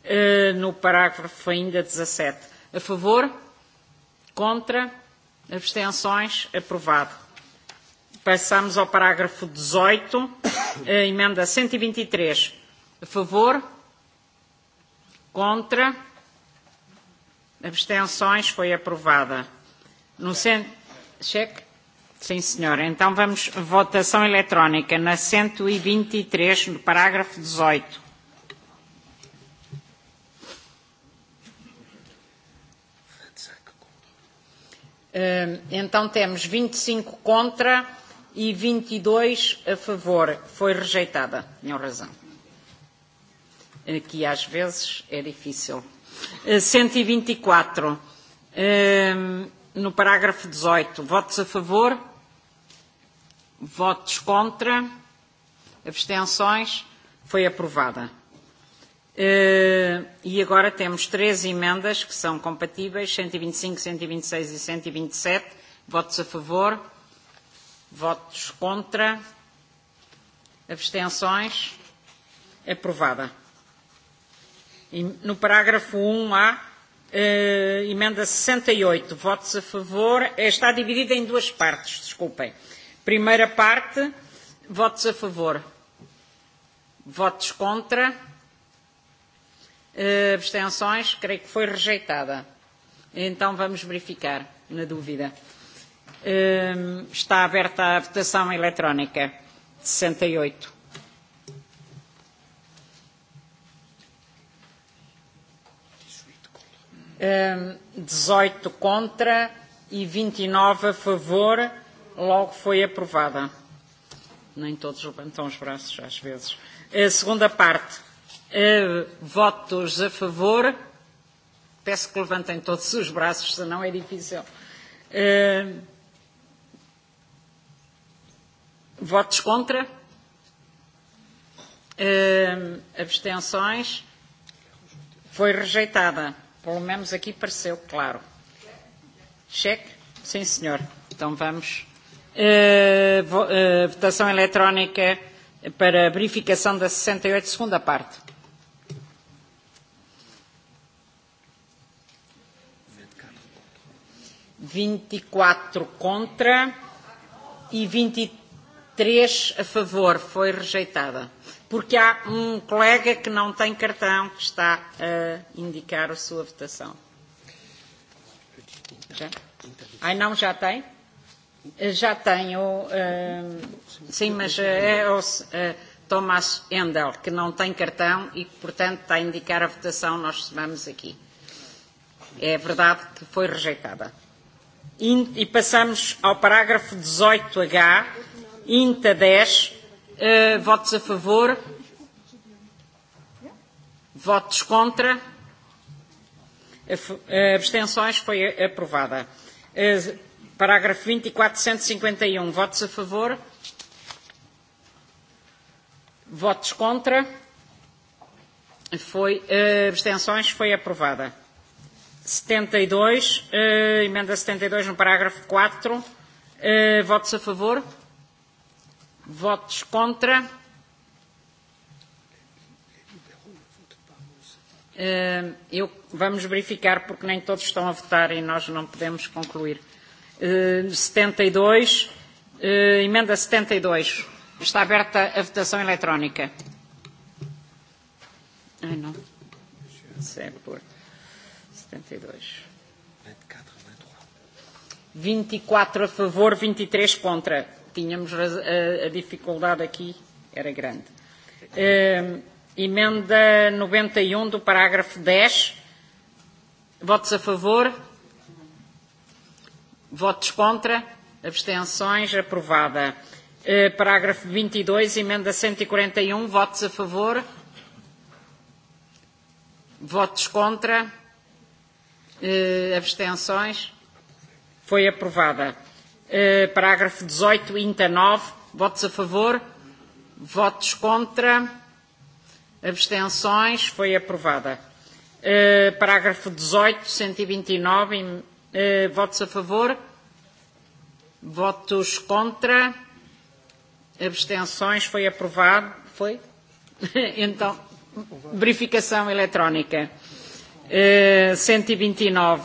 eh, no parágrafo ainda 17. A favor? Contra? Abstenções? Aprovado. Passamos ao parágrafo 18, a emenda 123. E e a favor? Contra? Abstenções? Foi aprovada. No centro... Cheque? Sim, senhora. Então vamos votação eletrónica na 123, e e no parágrafo 18. Eh, então temos 25 e contra e 22 a favor. Foi rejeitada, tinham razão. Aqui às vezes é difícil. 124. Eh, eh, no parágrafo 18, votos a favor? votos contra, abstenções, foi aprovada. Uh, e agora temos três emendas que são compatíveis, 125, 126 e 127. E e e votos a favor, votos contra, abstenções, aprovada. E no parágrafo 1 a uh, emenda 68, votos a favor, está dividida em duas partes, desculpem. Primeira parte, votos a favor. Votos contra. Uh, abstenções, creio que foi rejeitada. Então vamos verificar, na dúvida. Uh, está aberta a votação eletrónica. 68. Um, 18 contra e 29 e a favor logo foi aprovada. Nem todos levantam os braços, às vezes. A segunda parte. Eh, votos a favor. Peço que levantem todos os braços, senão é difícil. Eh, votos contra. Eh, abstenções. Foi rejeitada. Pelo menos aqui pareceu claro. Cheque? Sim, senhor. Então vamos Uh, e, e, votação eletrónica para verificação da 68, e segunda parte. Vinte e quatro contra e vinte e três a favor. Foi rejeitada. Porque há um colega que não tem cartão que está a indicar a sua votação. Já? Ai, não, já tem? já tenho, uh, sim, mas eh, é o uh, eh, Tomás Endel, que não tem cartão e, que, portanto, está a indicar a votação, nós somamos aqui. É verdade que foi rejeitada. E, e passamos ao parágrafo 18H, INTA 10, uh, votos a favor, votos contra, abstenções, foi aprovada. Uh, Parágrafo 20, 451. Votos a favor? Votos contra? Foi, uh, abstenções? Foi aprovada. 72, uh, e eh, emenda 72 e no parágrafo 4. Uh, eh, votos a favor? Votos contra? Uh, eu, vamos verificar porque nem todos estão a votar e nós não podemos concluir. 72, eh, e eh, emenda 72. E Está aberta a votação eletrónica. Ai, não. É por 72. 24 e a favor, 23 contra. Tínhamos a, a dificuldade aqui, era grande. Uh, emenda 91 um do parágrafo 10. Votos a favor? Votos contra? Abstenções? Aprovada. Uh, parágrafo 22, e emenda 141. E e um. Votos a favor? Votos contra? Uh, abstenções? Foi aprovada. Uh, parágrafo 18, INTA Votos a favor? Votos contra? Abstenções? Foi aprovada. Uh, parágrafo 18, 129, Eh, votos a favor? Votos contra? E Abstenções? Foi aprovado? Foi? <laughs> então, verificação eletrónica. Eh, 129.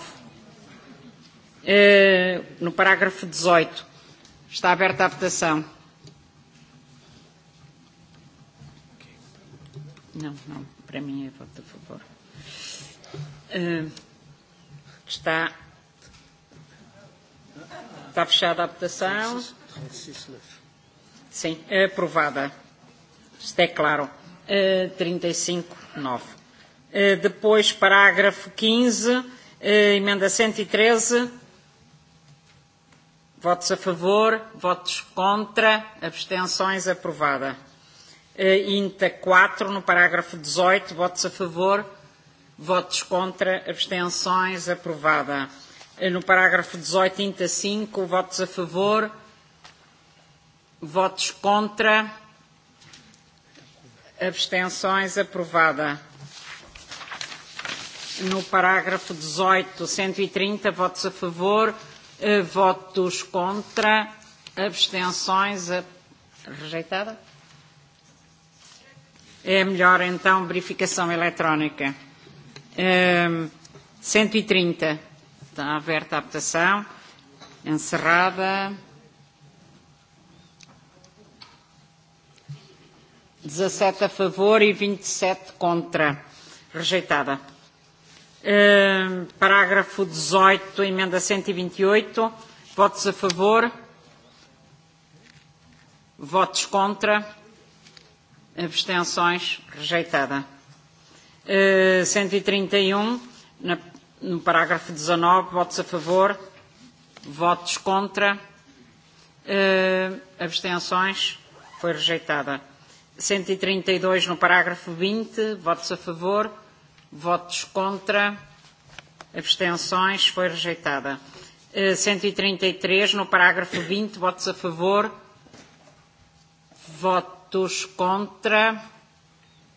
Eh, no parágrafo 18. Está aberta a votação. Não, não. Para mim é voto a favor. Eh, está Está fechada a votação. Sim, aprovada. Isto é claro. Uh, 35, 9. Uh, depois, parágrafo 15, uh, eh, emenda 113. E votos a favor, votos contra, abstenções, aprovada. Uh, INTA 4, no parágrafo 18, votos a favor, votos contra, abstenções, aprovada. Eh, no parágrafo 1885, e votos a favor, votos contra, abstenções, aprovada. No parágrafo 18, 130, e votos a favor, eh, votos contra, abstenções, rejeitada. É melhor então verificação eletrónica. Um, eh, 130. Está aberta a votação. Encerrada. 17 a favor e 27 e contra. Rejeitada. Uh, parágrafo 18, emenda 128. E e Votos a favor. Votos contra. Abstenções. Rejeitada. Ehm, uh, um, 131. Na no parágrafo 19, votos a favor, votos contra, uh, abstenções, foi rejeitada. 132 e e no parágrafo 20, votos a favor, votos contra, abstenções, foi rejeitada. Uh, eh, 133 e no parágrafo 20, votos a favor, votos contra,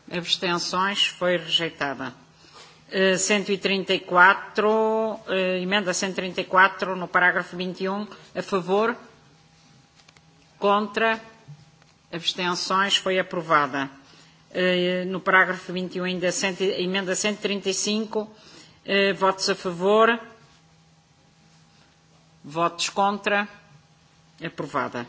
abstenções, foi rejeitada. 134, eh, e e eh, emenda 134 e no parágrafo 21, um, a favor, contra, abstenções, foi aprovada. Eh, no parágrafo 21, um, ainda cento, emenda 135, eh, votos a favor, votos contra, aprovada.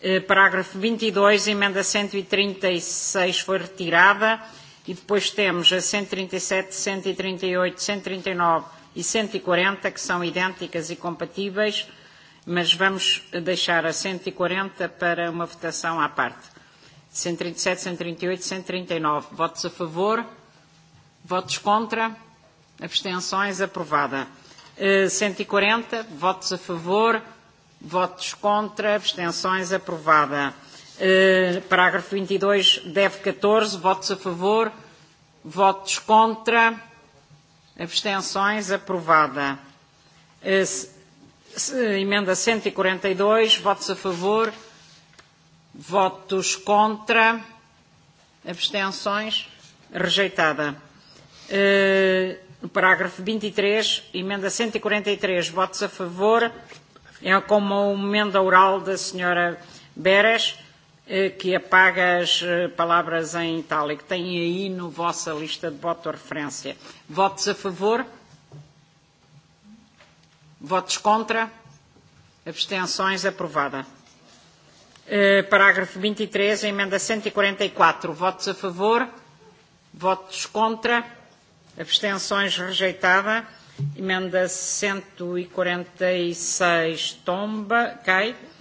Eh, parágrafo 22, emenda 136 foi retirada. E depois temos a 137, 138, 139 e 140, e e e que são idênticas e compatíveis, mas vamos deixar a 140 para uma votação à parte. 137, 138, 139. Votos a favor? Votos contra? Abstenções? Aprovada. 140. Eh, Votos a favor? Votos contra? Abstenções? Aprovada. Eh, parágrafo 22, e deve 14, votos a favor, votos contra, abstenções, aprovada. Eh, emenda 142, e e votos a favor, votos contra, abstenções, rejeitada. Eh, parágrafo 23, emenda 143, votos a favor, é como uma emenda oral da senhora Beres, Eh, que apaga as eh, palavras em itálico. Tem aí no vossa lista de voto a referência. Votos a favor? Votos contra? Abstenções? Aprovada. Eh, parágrafo 23, e emenda 144. E e Votos a favor? Votos contra? Abstenções? Rejeitada. Emenda 146 tomba, cai. Okay.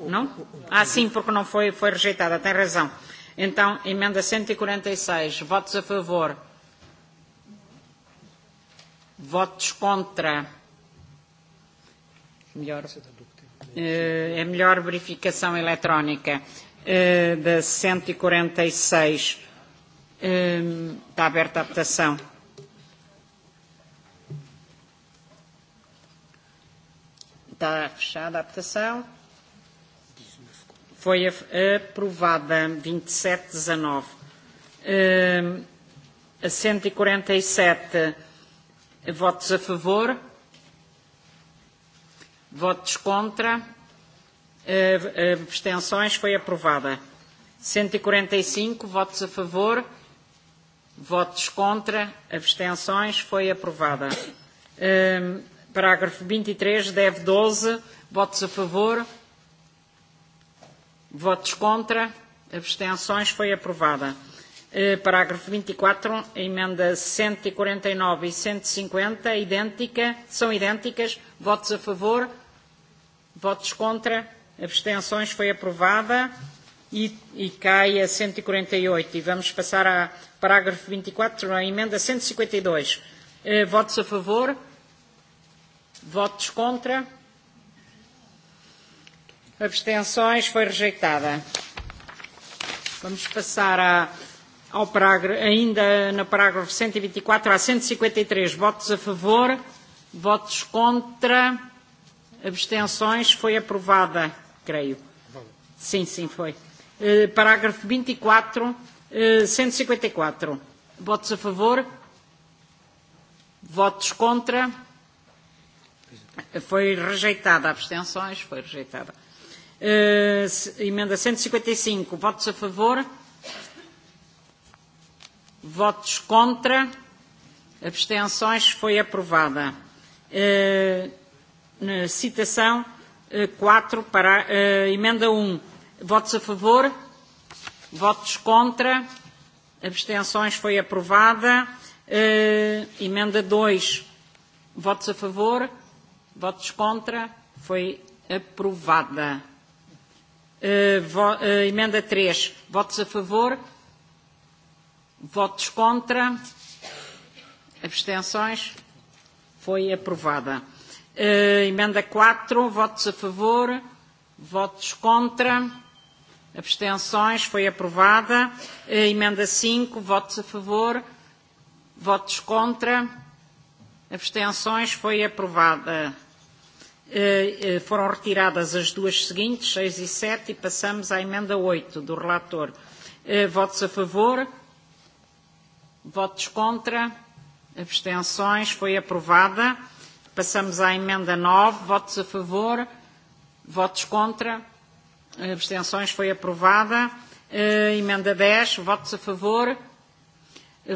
Não? Ah, sim, porque não foi, foi rejeitada, tem razão. Então, emenda 146, e e votos a favor. Votos contra. Melhor, eh, é melhor verificação eletrónica eh, da 146. E eh, está aberta a votação. da adaptação? E e e foi aprovada 27-19. Uh, 147 votos a favor, votos contra, abstenções, foi aprovada. 145 votos a favor, votos contra, abstenções, foi aprovada. Uh, Parágrafo 23, DEV 12. Votos a favor. Votos contra. Abstenções. Foi aprovada. Eh, parágrafo 24, e emenda 149 e 150, e e idêntica, são idênticas. Votos a favor, votos contra, abstenções, foi aprovada. E, e cai a 148. E vamos passar a parágrafo 24, a emenda 152. Eh, votos a favor, Votos contra? Abstenções? Foi rejeitada. Vamos passar a, ao parágrafo, ainda no parágrafo 124 há 153. Votos a favor? Votos contra? Abstenções? Foi aprovada, creio. Sim, sim, foi. Uh, parágrafo 24, uh, 154. Votos a favor? Votos contra? Foi rejeitada. Abstenções? Foi rejeitada. Uh, emenda 155. E e votos a favor? Votos contra? Abstenções? Foi aprovada. Uh, citação uh, eh, 4 para uh, emenda 1. Um, votos a favor? Votos contra? Abstenções? Foi aprovada. Uh, emenda 2. Votos a favor? Votos contra. Foi aprovada. Uh, vo, uh, emenda 3. Votos a favor. Votos contra. Abstenções. Foi aprovada. Uh, emenda 4. Votos a favor. Votos contra. Abstenções. Foi aprovada. Uh, emenda 5. Votos a favor. Votos contra. Abstenções. Foi aprovada. Eh, eh, foram retiradas as duas seguintes, 6 e 7, e passamos à emenda 8 do relator. Eh, votos a favor? Votos contra? Abstenções? Foi aprovada. Passamos à emenda 9. Votos a favor? Votos contra? Abstenções? Foi aprovada. Emenda 10. Votos a favor?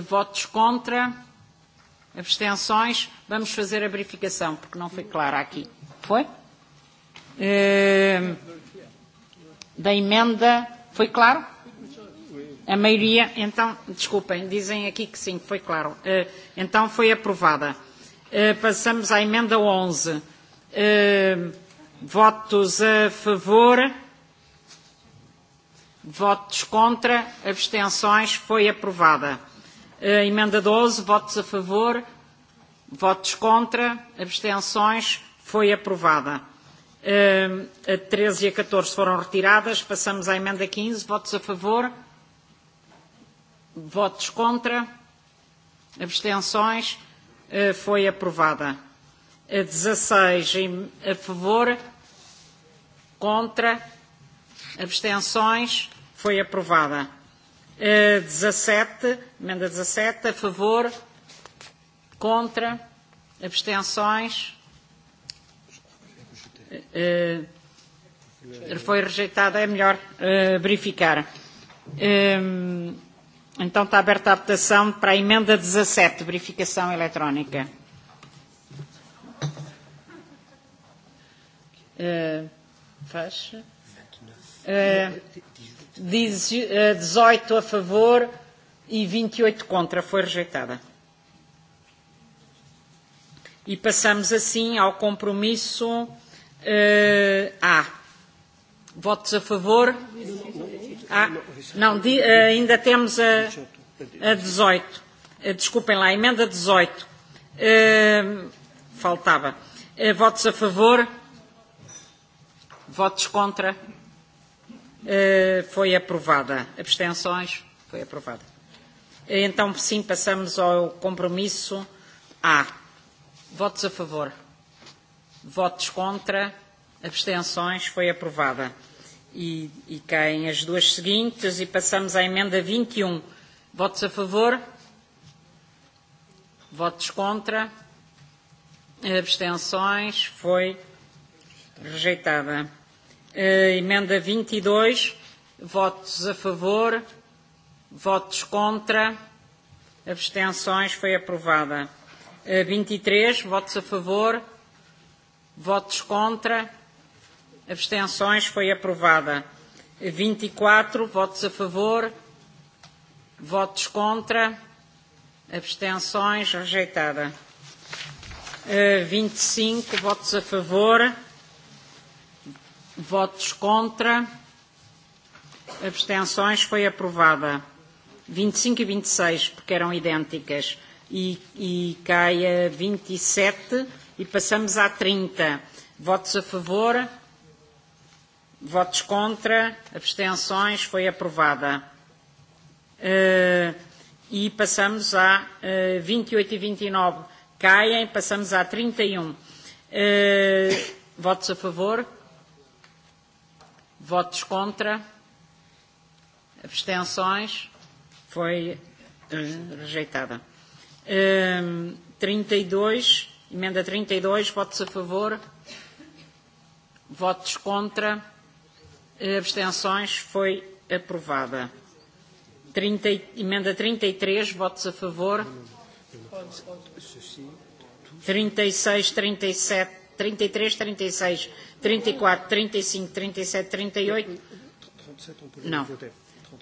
Votos contra? Abstenções? Vamos fazer a verificação, porque não foi clara aqui. Foi? Ehm, da emenda. Foi claro? A maioria. Então, desculpem, dizem aqui que sim, foi claro. Eh, então, foi aprovada. Eh, passamos à emenda 11. Ehm, votos a favor. Votos contra. Abstenções. Foi aprovada. Eh, emenda 12. Votos a favor. Votos contra. Abstenções foi aprovada. A 13 e a 14 foram retiradas. Passamos à emenda 15. Votos a favor? Votos contra? Abstenções? Eh, foi aprovada. A 16 a favor? Contra? Abstenções? Foi aprovada. A 17, emenda 17, a favor? Contra? Abstenções? uh, foi rejeitada, é melhor uh, verificar. Um, então está aberta a votação para a emenda 17, verificação eletrónica. Uh, faz? Uh, 18 a favor e 28 e contra. Foi rejeitada. E passamos assim ao compromisso Uh, eh, ah, wat a favor? Ah, não, de, uh, ainda temos eh, a, a 18. Uh, desculpem lá, a emenda 18. Uh, eh, faltava. Uh, votos a favor? Votos contra? Uh, foi aprovada. Abstenções? Foi aprovada. Uh, então, sim, passamos ao compromisso A. Votos a favor? votos contra, abstenções, foi aprovada. E, e caem as duas seguintes e passamos à emenda 21. E um. Votos a favor? Votos contra? Abstenções, foi rejeitada. Uh, emenda 22, e votos a favor, votos contra, abstenções, foi aprovada. Uh, 23, e votos a favor, Votos contra. Abstenções. Foi aprovada. 24. E votos a favor. Votos contra. Abstenções. Rejeitada. 25. Eh, e votos a favor. Votos contra. Abstenções. Foi aprovada. 25 e 26, e porque eram idênticas. E, e cai a 27. E passamos à 30. Votos a favor? Votos contra? Abstenções? Foi aprovada. Uh, e passamos a uh, 28 e 29. E e Caem. Passamos à 31. E uh, um. eh, votos a favor? Votos contra? Abstenções? Foi uh, rejeitada. Uh, 32. Emenda 32, votos a favor, votos contra, abstenções, foi aprovada. 30, emenda 33, votos a favor. 36, 37, 33, 36, 34, 35, 37, 38. Não.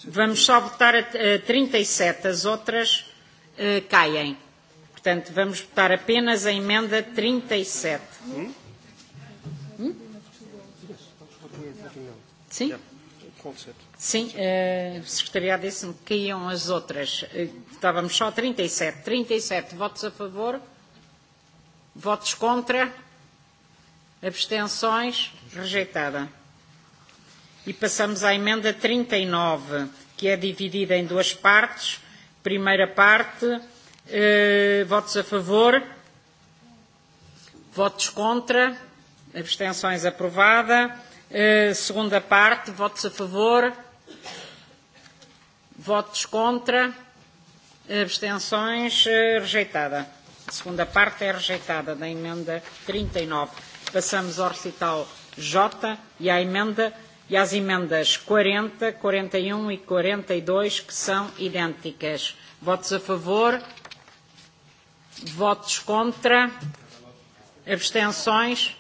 Vamos só votar a 37, as outras uh, caem. Portanto, vamos votar apenas a emenda 37. E hum? Sim? Sim, uh, eh, Secretaria disse-me que caíam as outras. Eh, estávamos só 37. 37 e e votos a favor, votos contra, abstenções, rejeitada. E passamos à emenda 39, que é dividida em duas partes. Primeira parte Eh, votos a favor? Votos contra? Abstenções aprovada. Eh, segunda parte, votos a favor? Votos contra? Abstenções eh, rejeitada. A segunda parte é rejeitada da emenda 39. E Passamos ao recital J e à emenda e às emendas 40, 41 e 42 um e e que são idênticas. Votos a favor? Votos contra. Abstenções.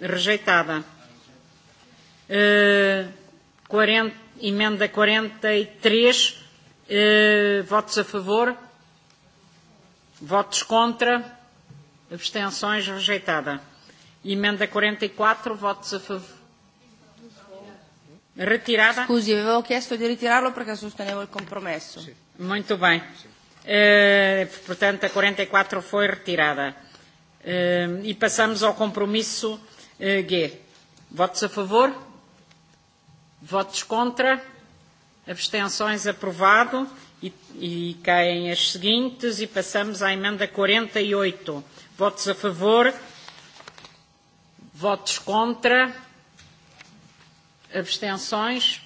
Rejeitada. Uh, eh, 40, emenda 43. Uh, e eh, votos a favor. Votos contra. Abstenções. Rejeitada. Emenda 44. E votos a favor. Retirada. Scusi, avevo chiesto di ritirarlo perché sostenevo il compromesso. Sì. Molto bene. Sì. Eh, portanto, a 44 e foi retirada. Uh, e passamos ao compromisso uh, G. Votos a favor? Votos contra? Abstenções aprovado. E, e caem as seguintes e passamos à emenda 48. E Votos a favor? Votos contra? Abstenções?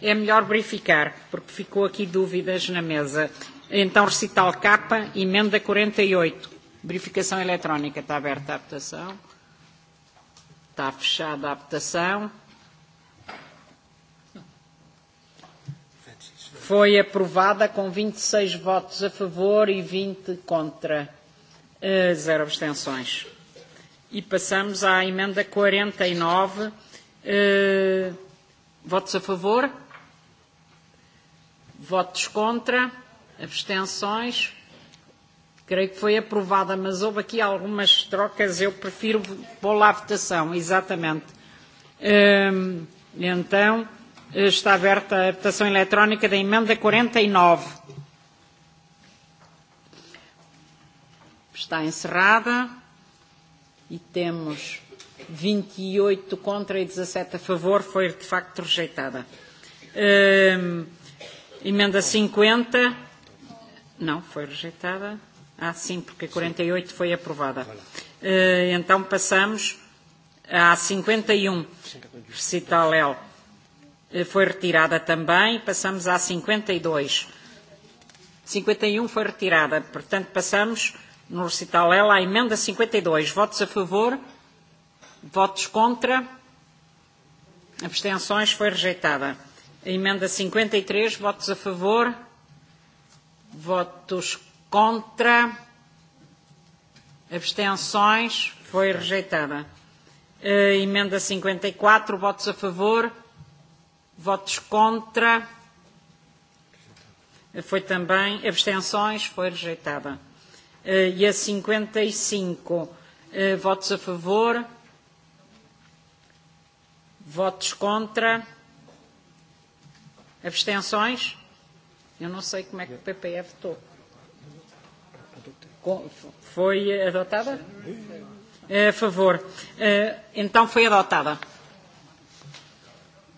É melhor verificar, porque ficou aqui dúvidas na mesa. Então, recital K, emenda 48. E Verificação eletrónica. Está aberta a votação. Está fechada a votação. Foi aprovada com 26 e votos a favor e 20 contra. Eh, zero abstenções. E passamos à emenda 49. E eh, votos a favor? Votos contra? Abstenções? Creio que foi aprovada, mas houve aqui algumas trocas. Eu prefiro pôr la votação, exatamente. Hum, então, está aberta a votação eletrónica da emenda 49. E está encerrada e temos 28 e contra e 17 a favor. Foi, de facto, rejeitada. Um, emenda 50. Não, foi rejeitada. Ah, sim, porque a 48 sim. E foi aprovada. Uh, então passamos à 51, e um, e um. recital L. Uh, foi retirada também. Passamos à 52. 51 um foi retirada. Portanto, passamos no recital L à emenda 52. Votos a favor? Votos contra? Abstenções? Foi rejeitada. A emenda 53, votos a favor? votos contra, abstenções, foi rejeitada. Uh, emenda 54, e votos a favor, votos contra, foi também, abstenções, foi rejeitada. Uh, e a 55, uh, e votos a favor, votos contra, abstenções, Eu não sei como é que o PP votou. Foi adotada? A favor. Então eh, foi adotada.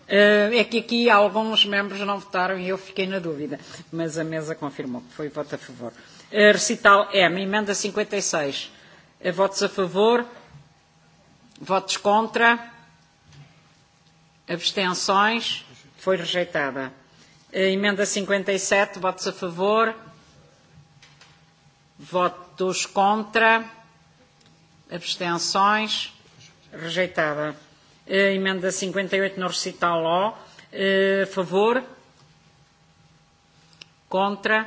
É que aqui alguns membros não votaram e eu fiquei na dúvida, mas a mesa confirmou que foi voto a favor. Recital M, emenda 56. Eh, votos a favor? Votos contra? Abstenções? Foi rejeitada. Eh, emenda 57, e votos a favor. Votos contra. Abstenções. Rejeitada. Eh, emenda 58 no recital O. A favor. Contra.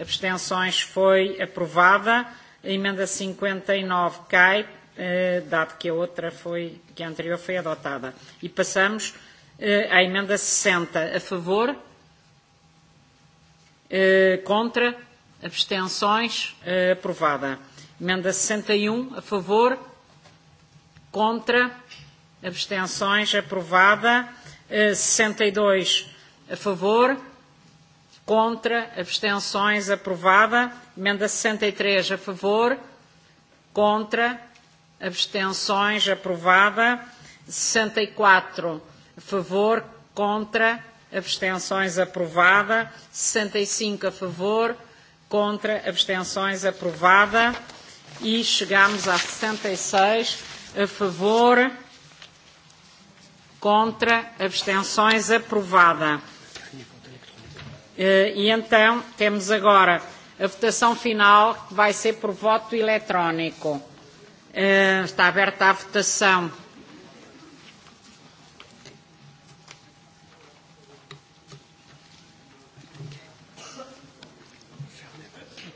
Abstenções foi aprovada. A emenda 59 e cai, eh, dado que a outra foi, que a anterior foi adotada. E passamos à emenda 60. A favor. Eh, contra, abstenções, eh, aprovada. Emenda 61, e um, a favor, contra, abstenções, aprovada. 62, eh, e a favor, contra, abstenções, aprovada. Emenda 63, e a favor, contra, abstenções, aprovada. 64, a favor, contra, abstenções aprovada, 65 e a favor, contra, abstenções aprovada e chegamos a 66 e a favor, contra, abstenções aprovada. Eh, e então temos agora a votação final que vai ser por voto eletrónico. Eh, está aberta a votação.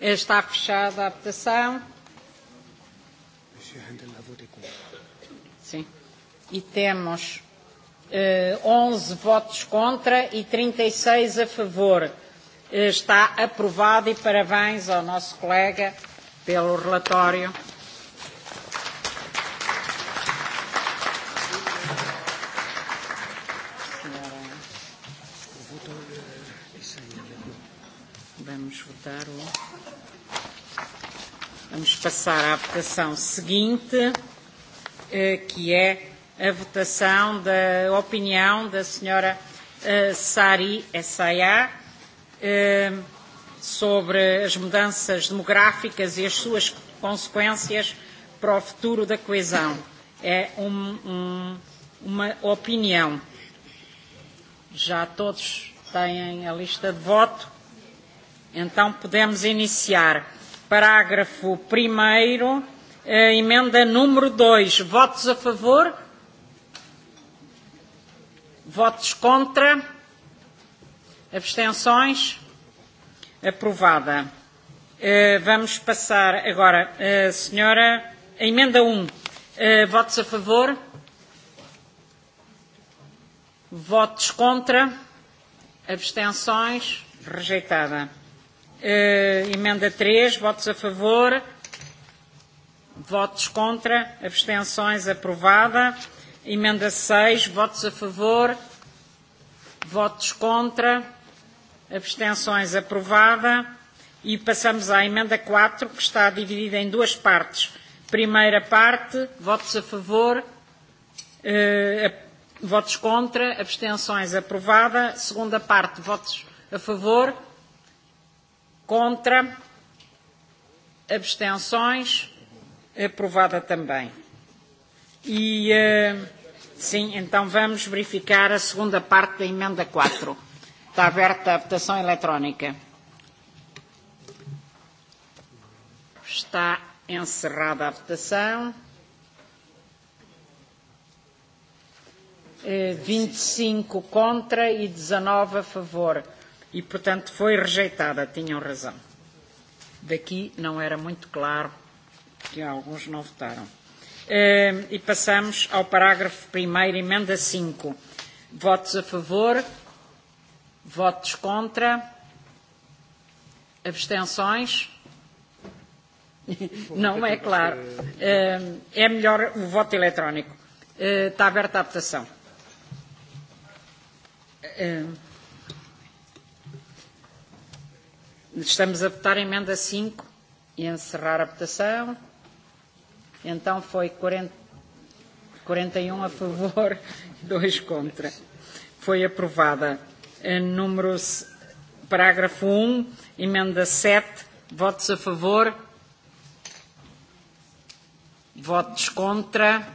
Está fechada a votação. Sim. E temos uh, eh, 11 votos contra e 36 e a favor. Eh, está aprovado e parabéns ao nosso colega pelo relatório. passar à votação seguinte, eh, que é a votação da opinião da senhora eh, Sari Essayá eh, sobre as mudanças demográficas e as suas consequências para o futuro da coesão. É um, um, uma opinião. Já todos têm a lista de voto, então podemos iniciar. Parágrafo 1 emenda número 2. Votos a favor? Votos contra? Abstenções? Aprovada. Eh, vamos passar agora, eh, senhora, a emenda 1. Um. Eh, votos a favor? Votos contra? Abstenções? Rejeitada. Uh, emenda 3, votos a favor, votos contra, abstenções, aprovada. Emenda 6, votos a favor, votos contra, abstenções, aprovada. E passamos à emenda 4, que está dividida em duas partes. Primeira parte, votos a favor, eh, votos contra, abstenções, aprovada. Segunda parte, votos a favor, Contra? Abstenções? Aprovada também. E, uh, sim, então vamos verificar a segunda parte da emenda 4. Está aberta a votação eletrónica. Está encerrada a votação. 25 eh, e contra e 19 a favor e, portanto, foi rejeitada. Tinham razão. Daqui não era muito claro que alguns não votaram. Eh, e passamos ao parágrafo 1, emenda 5. Votos a favor? Votos contra? Abstenções? Não é claro. Eh, eh, é melhor o voto eletrónico. está aberta a votação. Estamos a votar a emenda 5 e encerrar a votação. Então foi 40, 41 e um a favor e 2 contra. Foi aprovada. Número, parágrafo 1, um, emenda 7, votos a favor, votos contra,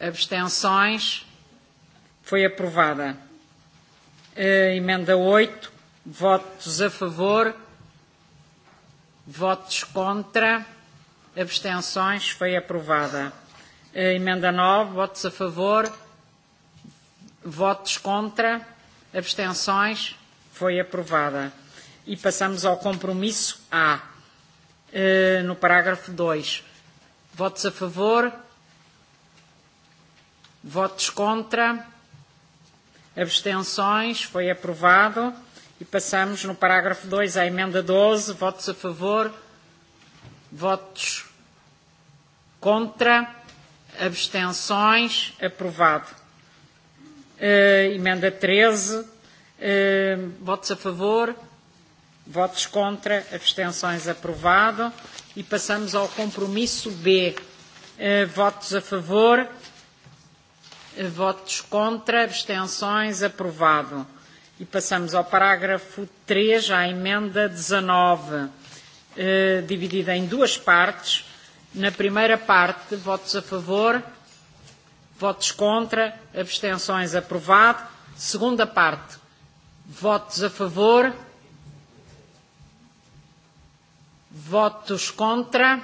abstenções. Foi aprovada. Emenda 8, Votos a favor, votos contra, abstenções, foi aprovada. A emenda 9, votos a favor, votos contra, abstenções, foi aprovada. E passamos ao compromisso A, eh, no parágrafo 2. Votos a favor, votos contra, abstenções, foi aprovado. E passamos no parágrafo 2 à emenda 12. Votos a favor. Votos contra. Abstenções. Aprovado. Uh, emenda 13. Uh, eh, votos a favor. Votos contra. Abstenções. Aprovado. E passamos ao compromisso B. Uh, votos a favor. Votos contra. Abstenções. Aprovado. E passamos ao parágrafo 3, à emenda 19, eh, dividida em duas partes. Na primeira parte, votos a favor, votos contra, abstenções aprovado. Segunda parte, votos a favor, votos contra,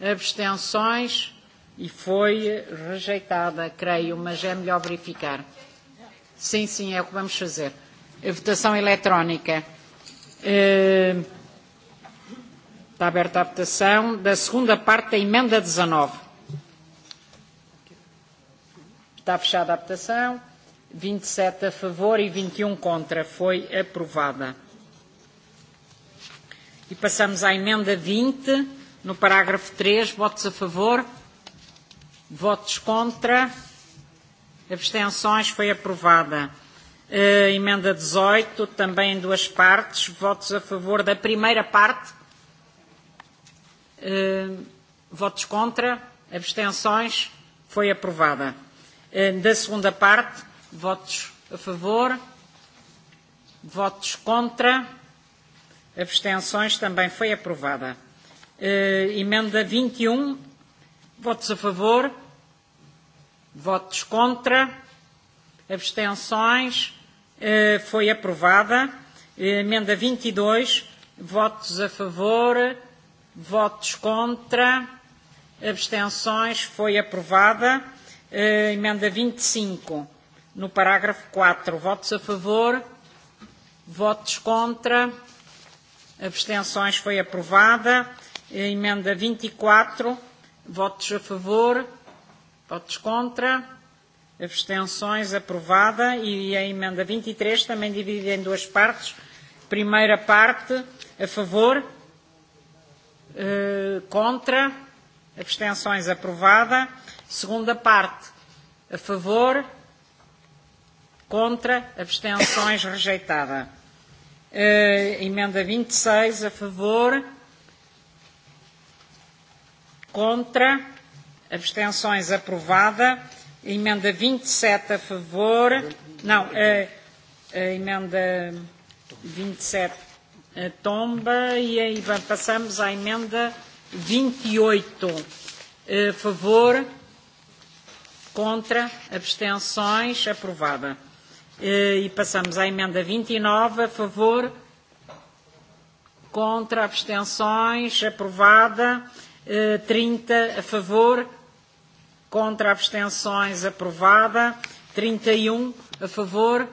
abstenções e foi rejeitada, creio, mas é melhor verificar. Sim, sim, é o que vamos fazer. A votação eletrónica. Uh, está aberta a votação da segunda parte da emenda 19. Está fechada a votação. 27 e a favor e 21 e um contra. Foi aprovada. E passamos à emenda 20, no parágrafo 3. Votos a favor? Votos contra? abstenções, foi aprovada. Uh, emenda 18, também em duas partes, votos a favor da primeira parte, uh, votos contra, abstenções, foi aprovada. Uh, da segunda parte, votos a favor, votos contra, abstenções, também foi aprovada. Uh, emenda 21, e um, votos a favor, Votos contra, abstenções, eh, foi aprovada. Eh, emenda 22, e votos a favor, votos contra, abstenções, foi aprovada. Eh, emenda 25, e no parágrafo 4, votos a favor, votos contra, abstenções, foi aprovada. Emenda 24, e votos a favor, Votos contra. Abstenções aprovada. E a emenda 23 e também dividida em duas partes. Primeira parte a favor. Uh, contra. Abstenções aprovada. Segunda parte a favor. Contra. Abstenções <coughs> rejeitada. Uh, emenda 26 e a favor. Contra abstenções aprovada. Emenda 27 e a favor. Não, a, a emenda 27 e a tomba e aí passamos à emenda 28 e a favor, contra, abstenções, aprovada. E passamos à emenda 29 a favor, contra, abstenções, aprovada. 30 a favor, contra, abstenções, aprovada. 31, e um, a favor,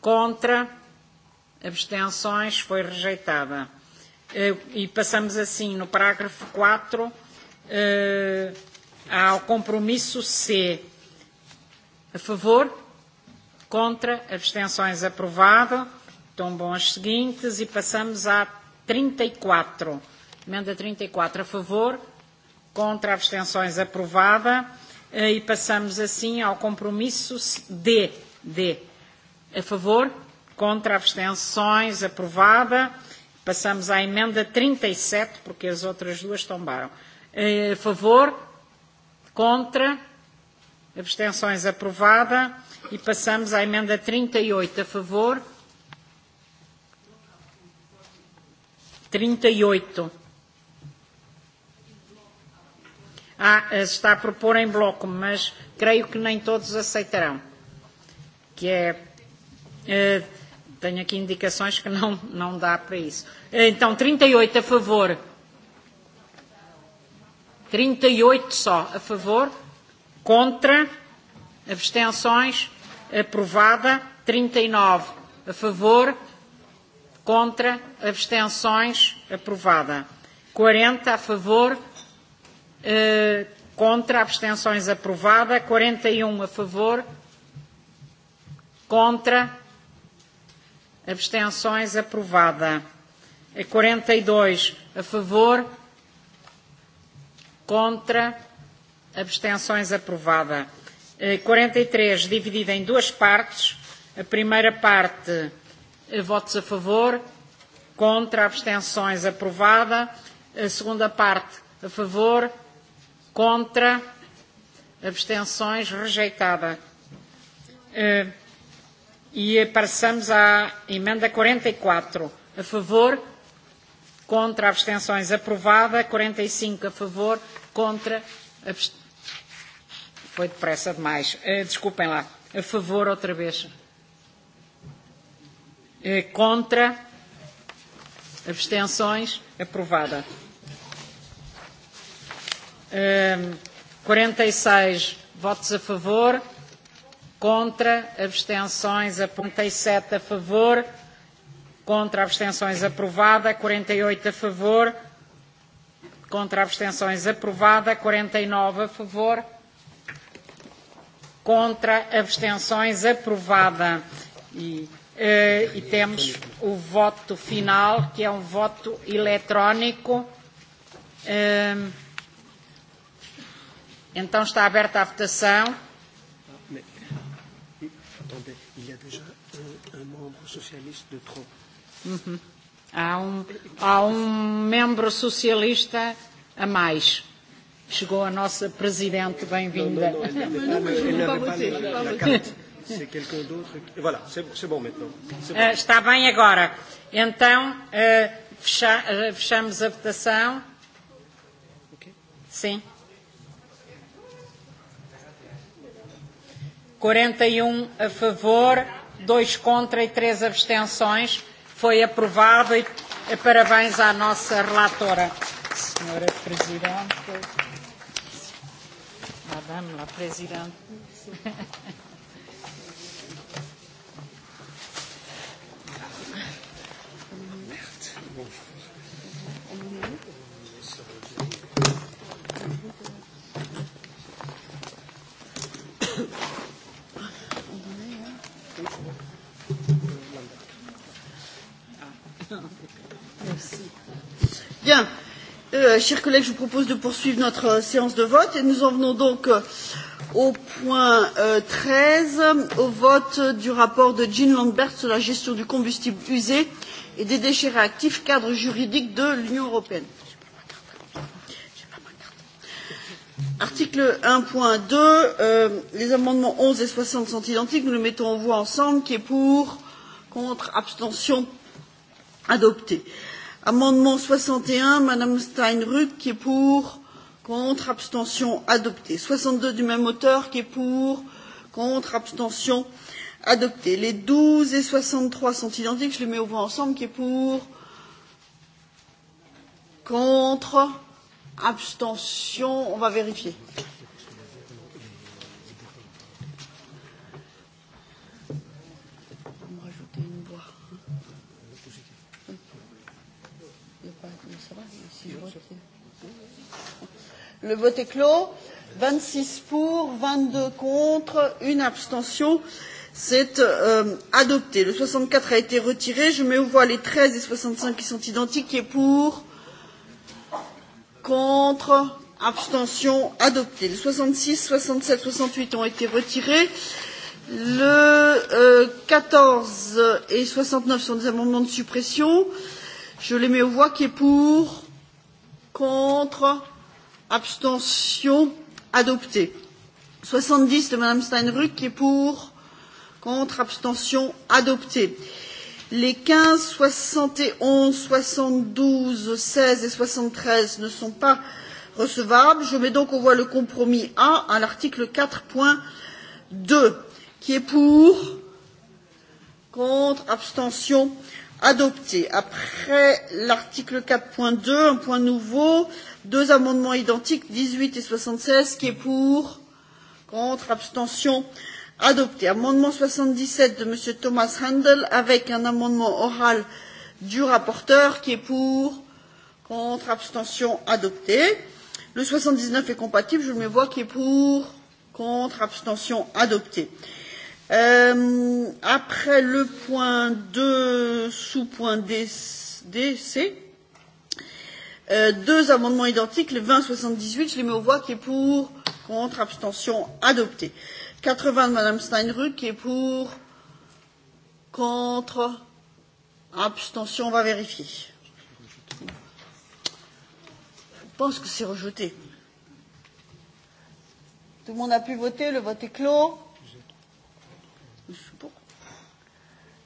contra, abstenções, foi rejeitada. Eh, e passamos assim no parágrafo 4 eh, ao compromisso C. A favor, contra, abstenções, aprovado. Tombam as seguintes e passamos à 34. E Emenda 34, e a favor, Contra, abstenções, aprovada. Eh, e passamos assim ao compromisso D. D. A favor? Contra, abstenções, aprovada. Passamos à emenda 37, e porque as outras duas tombaram. Eh, a favor? Contra? Abstenções, aprovada. E passamos à emenda 38. E a favor? 38. Ah, eh, está a propor em bloco, mas creio que nem todos aceitarão. Que é. Eh, tenho aqui indicações que não, não dá para isso. Eh, então, 38 e a favor. 38 e só a favor. Contra. Abstenções. Aprovada. 39 e a favor. Contra. Abstenções. Aprovada. 40 a favor. Eh, contra, abstenções aprovada. 41 e um a favor. Contra, abstenções aprovada. 42 e a favor. Contra, abstenções aprovada. 43 e dividida em duas partes. A primeira parte, eh, votos a favor. Contra, abstenções aprovada. A segunda parte, a favor Contra. Abstenções. Rejeitada. Uh, e passamos à emenda 44. E A favor. Contra. Abstenções. Aprovada. 45. E A favor. Contra. Abst... Foi depressa demais. Uh, desculpem lá. A favor outra vez. Uh, contra. Abstenções. Aprovada. Um, ehm, 46 e votos a favor, contra, abstenções, 47 a favor, contra, abstenções, aprovada, 48 e a favor, contra, abstenções, aprovada, 49 e a favor, contra, abstenções, aprovada. E, uh, e temos o voto final, que é um voto eletrónico. Um, Então está aberta a votação. Attendez, il y a déjà un, membre socialiste de trop. Há, um, há um membro socialista a mais. Chegou a nossa presidente, bem-vinda. está bem agora. Então, uh, fecha, uh, fechamos a votação. Okay. Sim. 41 a favor, 2 contra e 3 abstenções. Foi aprovado e, e parabéns à nossa relatora. Senhora Presidente. Madame la Presidente. <laughs> Merci. Bien. Euh, chers collègues, je vous propose de poursuivre notre euh, séance de vote et nous en venons donc euh, au point euh, 13, au vote du rapport de Jean Lambert sur la gestion du combustible usé et des déchets réactifs, cadre juridique de l'Union européenne. Article 1.2, euh, les amendements 11 et 60 sont identiques, nous les mettons en voix ensemble, qui est pour, contre, abstention, Adopté. Amendement 61, Madame Steinruck, qui est pour, contre, abstention, adopté. 62 du même auteur, qui est pour, contre, abstention, adopté. Les 12 et 63 sont identiques, je les mets au point ensemble, qui est pour, contre, abstention, on va vérifier. Le vote est clos. 26 pour, 22 contre, une abstention. C'est euh, adopté. Le 64 a été retiré. Je mets aux voix les 13 et 65 qui sont identiques. Qui est pour Contre Abstention adopté. Les 66, 67, 68 ont été retirés. Le euh, 14 et 69 sont des amendements de suppression. Je les mets aux voix. Qui est pour Contre Abstention abstention adoptée. 70 de Mme Steinruck qui est pour, contre, abstention adoptée. Les 15, 71, 72, 16 et 73 ne sont pas recevables. Je mets donc au voie le compromis A à l'article 4.2 qui est pour, contre, abstention adoptée. Après l'article 4.2, un point nouveau, Deux amendements identiques, 18 et 76, qui est pour, contre, abstention, adopté. Amendement 77 de Monsieur Thomas Handel avec un amendement oral du rapporteur qui est pour, contre, abstention, adopté. Le 79 est compatible, je le mets voir qui est pour, contre, abstention, adopté. Euh, après le point 2, sous point DC. D, Euh, deux amendements identiques, le 2078, je les mets aux voix qui est pour, contre, abstention, adopté. 80 de Madame Steinruck qui est pour, contre, abstention, on va vérifier. Je pense que c'est rejeté. Tout le monde a pu voter, le vote est clos.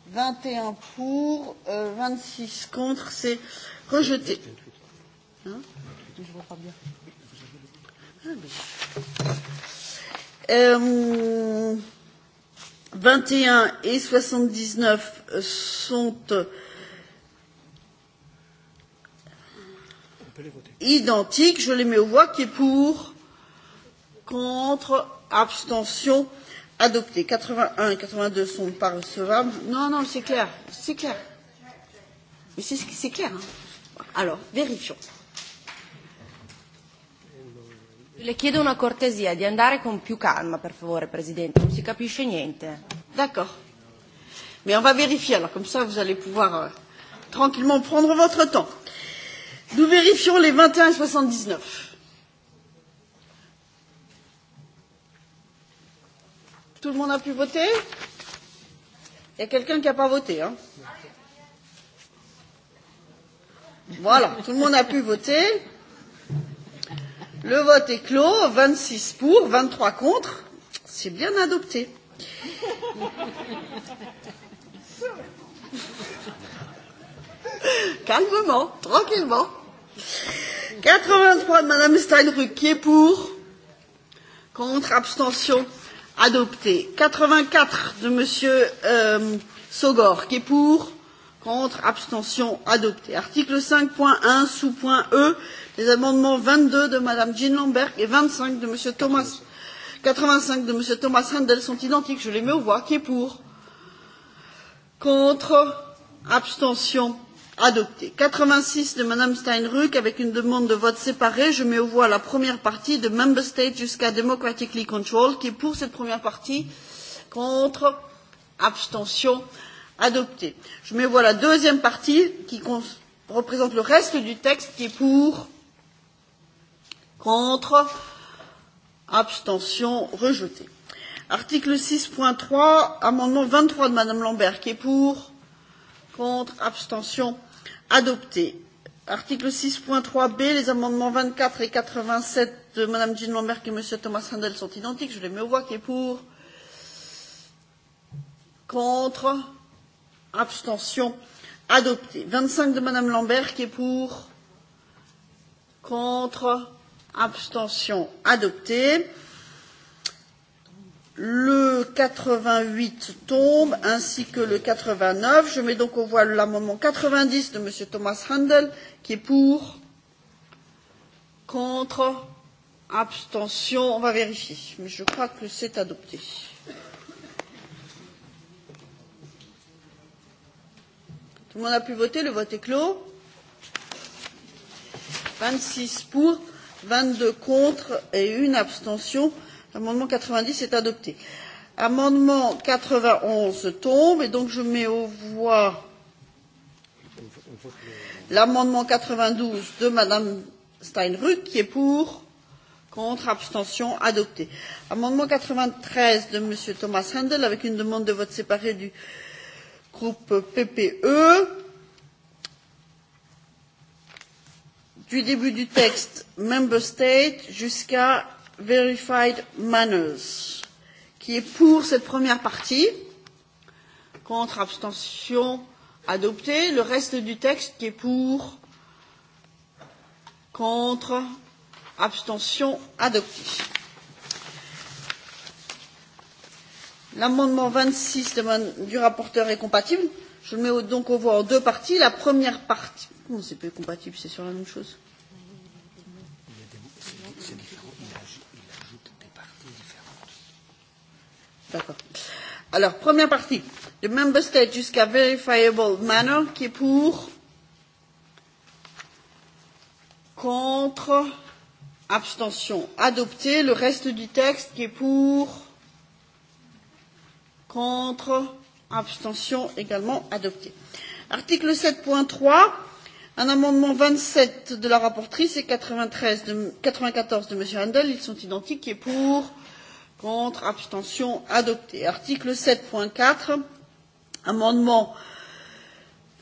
21 pour, euh, 26 contre, c'est rejeté. rejeté. Je euh, 21 et 79 sont euh, identiques. Je les mets aux voix qui est pour, contre, abstention, adopté. 81 et 82 sont pas recevables. Non, non, c'est clair. C'est clair. Mais c'est clair. Hein. Alors, vérifions. Le chiedo una cortesia di andare con più calma, per favore, Presidente, non si capisce niente. D'accord. Mais on va vérifier, alors comme ça vous allez pouvoir euh, tranquillement prendre votre temps. Nous vérifions les 21 et 79. Tout le monde a pu voter Il y a quelqu'un qui n'a pas voté. Hein voilà, tout le monde a pu voter. Le vote est clos. 26 pour, 23 contre. C'est bien adopté. <laughs> Calmement, tranquillement. 83 de Madame Steinruck qui est pour. Contre, abstention, adopté. 84 de Monsieur euh, Sogor qui est pour. Contre, abstention adoptée. Article 5.1, sous-point E, les amendements 22 de Madame Jean Lambert et 25 de Monsieur Thomas, 85 de Monsieur Thomas Handel sont identiques. Je les mets aux voix. Qui est pour Contre, abstention adoptée. 86 de Madame Steinruck avec une demande de vote séparé. Je mets aux voix la première partie de Member State jusqu'à Democratically Controlled. Qui est pour cette première partie Contre, abstention adoptée adopté. Je mets voilà la deuxième partie qui représente le reste du texte qui est pour, contre, abstention, rejeté. Article 6.3, amendement 23 de Madame Lambert qui est pour, contre, abstention, adopté. Article 6.3b, les amendements 24 et 87 de Madame Jean Lambert et Monsieur Thomas Handel sont identiques. Je les mets aux voix qui est pour, contre, abstention adoptée. 25 de Madame Lambert qui est pour, contre, abstention adoptée. Le 88 tombe, ainsi que le 89. Je mets donc au voile l'amendement 90 de Monsieur Thomas Handel, qui est pour, contre, abstention. On va vérifier, mais je crois que c'est adopté. Tout le monde a pu voter, le vote est clos. 26 pour, 22 contre et une abstention. L'amendement 90 est adopté. Amendement 91 tombe et donc je mets aux voix l'amendement 92 de Madame Steinruck qui est pour, contre, abstention, adopté. Amendement 93 de Monsieur Thomas Handel avec une demande de vote séparé du euh, groupe PPE. Du début du texte Member State jusqu'à Verified Manners, qui est pour cette première partie, contre abstention adoptée, le reste du texte qui est pour, contre abstention adoptée. L'amendement 26 de, du rapporteur est compatible. Je le mets donc au voie en deux parties. La première partie. Comment c'est pas compatible C'est sur la même chose. Il ajoute des parties différentes. D'accord. Alors, première partie. The member state jusqu'à verifiable manner qui est pour. Contre. Abstention. Adopté. Le reste du texte qui est pour Contre Abstention également adopté. Article 7.3, un amendement 27 de la rapportrice et 93 de, 94 de M. Handel, ils sont identiques, et pour, contre, abstention, adopté. Article 7.4, amendement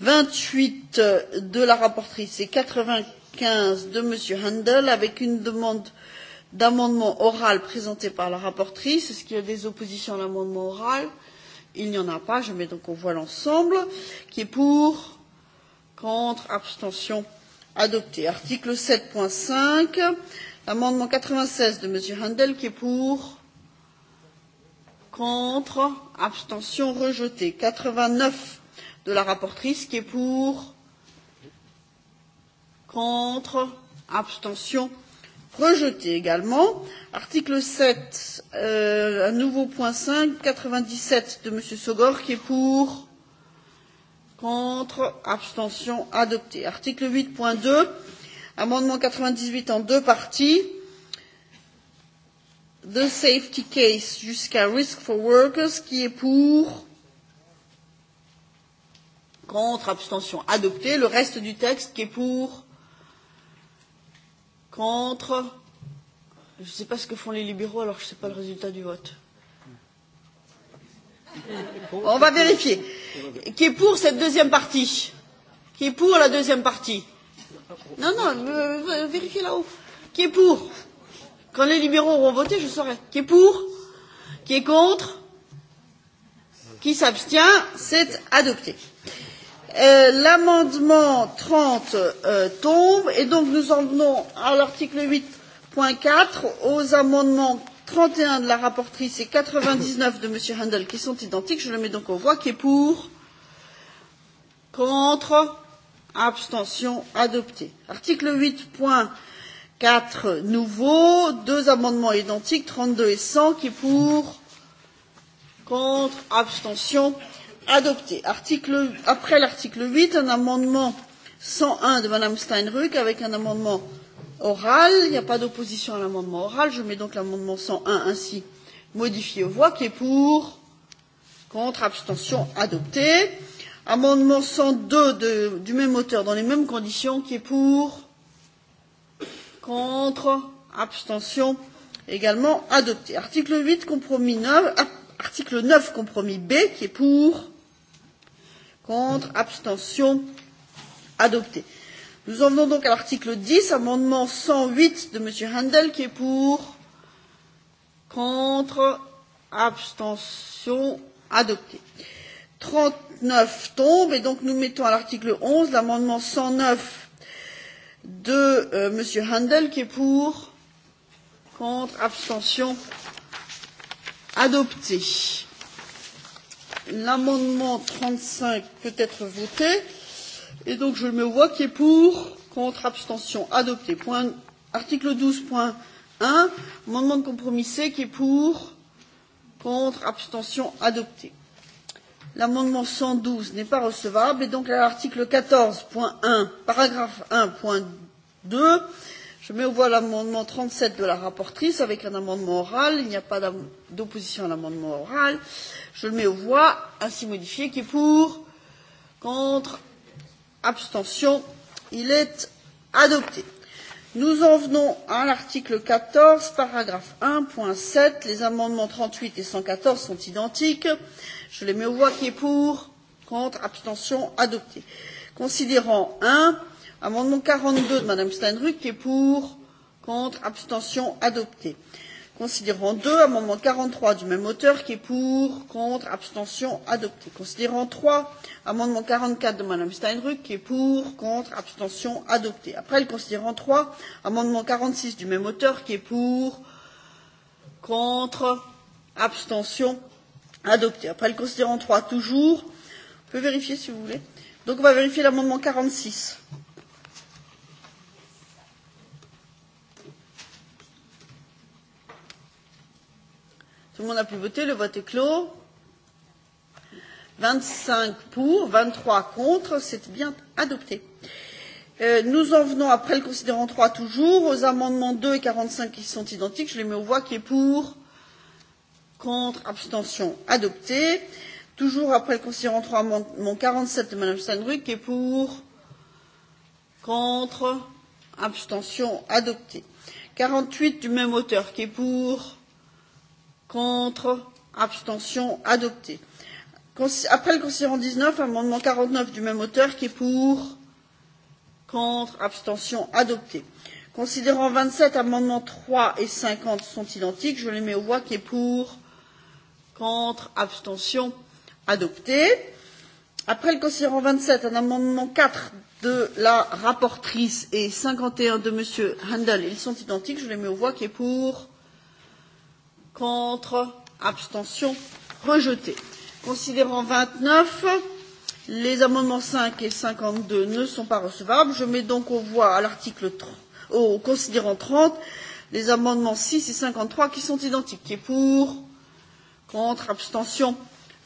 28 de la rapportrice et 95 de M. Handel, avec une demande d'amendement oral présentée par la rapportrice. Est-ce qu'il y a des oppositions à l'amendement oral Il n'y en a pas, je mets donc au voit l'ensemble, qui est pour, contre, abstention, adopté. Article 7.5, l'amendement 96 de M. Handel, qui est pour, contre, abstention, rejeté. 89 de la rapportrice, qui est pour, contre, abstention, rejeté rejeté également. Article 7, euh, un nouveau point 5, 97 de M. Sogor qui est pour, contre, abstention adopté. Article 8.2, amendement 98 en deux parties. The safety case jusqu'à risk for workers qui est pour, contre, abstention adopté. Le reste du texte qui est pour, Contre. Je ne sais pas ce que font les libéraux, alors je ne sais pas le résultat du vote. On va vérifier. Qui est pour cette deuxième partie Qui est pour la deuxième partie Non, non, euh, euh, vérifiez là-haut. Qui est pour Quand les libéraux auront voté, je saurai. Qui est pour Qui est contre Qui s'abstient C'est adopté. Euh, l'amendement 30 euh, tombe et donc nous en venons à l'article 8.4 aux amendements 31 de la rapportrice et 99 de M. Handel qui sont identiques. Je le mets donc aux voix qui est pour, contre, abstention adopté. Article 8.4 nouveau, deux amendements identiques, 32 et 100 qui est pour, contre, abstention adopté Adopté. Article, après l'article 8, un amendement 101 de Madame Steinruck avec un amendement oral. Il n'y a pas d'opposition à l'amendement oral. Je mets donc l'amendement 101 ainsi modifié aux voix qui est pour, contre, abstention, adopté. Amendement 102 de, du même auteur dans les mêmes conditions qui est pour, contre, abstention, également adopté. Article 8, compromis 9, article 9, compromis B qui est pour, Contre. Abstention. Adopté. Nous en venons donc à l'article 10, amendement 108 de M. Handel, qui est pour, contre, abstention, adopté. 39 tombe, et donc nous mettons à l'article 11 l'amendement 109 de euh, M. Handel, qui est pour, contre, abstention, adopté. L'amendement 35 peut être voté. Et donc je le mets au voix qui est pour, contre, abstention, adopté. Point, article 12.1, amendement de compromis C qui est pour, contre, abstention, adopté. L'amendement 112 n'est pas recevable et donc à l'article 14.1, paragraphe 1.2, je mets au voie l'amendement 37 de la rapportrice avec un amendement oral. Il n'y a pas d'opposition à l'amendement oral. Euh, Je le mets aux voix, ainsi modifié, qui est pour, contre, abstention, il est adopté. Nous en venons à l'article 14, paragraphe 1.7. Les amendements 38 et 114 sont identiques. Je les mets aux voix qui est pour, contre, abstention, adopté. Considérant 1, amendement 42 de Madame Steinruck qui est pour, contre, abstention, adopté. Considérant 2, amendement 43 du même auteur, qui est pour, contre, abstention, adopté. Considérant 3, amendement 44 de Madame Steinruck, qui est pour, contre, abstention, adopté. Après le considérant 3, amendement 46 du même auteur, qui est pour, contre, abstention, adopté. Après le considérant 3, toujours. On peut vérifier si vous voulez. Donc on va vérifier l'amendement 46. Tout le monde a pu voter, le vote est clos. 25 pour, 23 contre, c'est bien adopté. Euh, nous en venons après le considérant 3 toujours aux amendements 2 et 45 qui sont identiques. Je les mets aux voix qui est pour, contre, abstention, adopté. Toujours après le considérant 3, amendement 47 de Mme Steinruck qui est pour, contre, abstention, adopté. 48 du même auteur qui est pour, Contre. Abstention. Adopté. Après le considérant 19, amendement 49 du même auteur qui est pour. Contre. Abstention. Adopté. Considérant 27, amendements 3 et 50 sont identiques. Je les mets aux voix qui est pour. Contre. Abstention. Adopté. Après le considérant 27, un amendement 4 de la rapportrice et 51 de M. Handel, ils sont identiques. Je les mets aux voix qui est pour contre, abstention, rejeté. Considérant 29, les amendements 5 et 52 ne sont pas recevables. Je mets donc aux voix à l'article au considérant 30 les amendements 6 et 53 qui sont identiques. Qui est pour Contre Abstention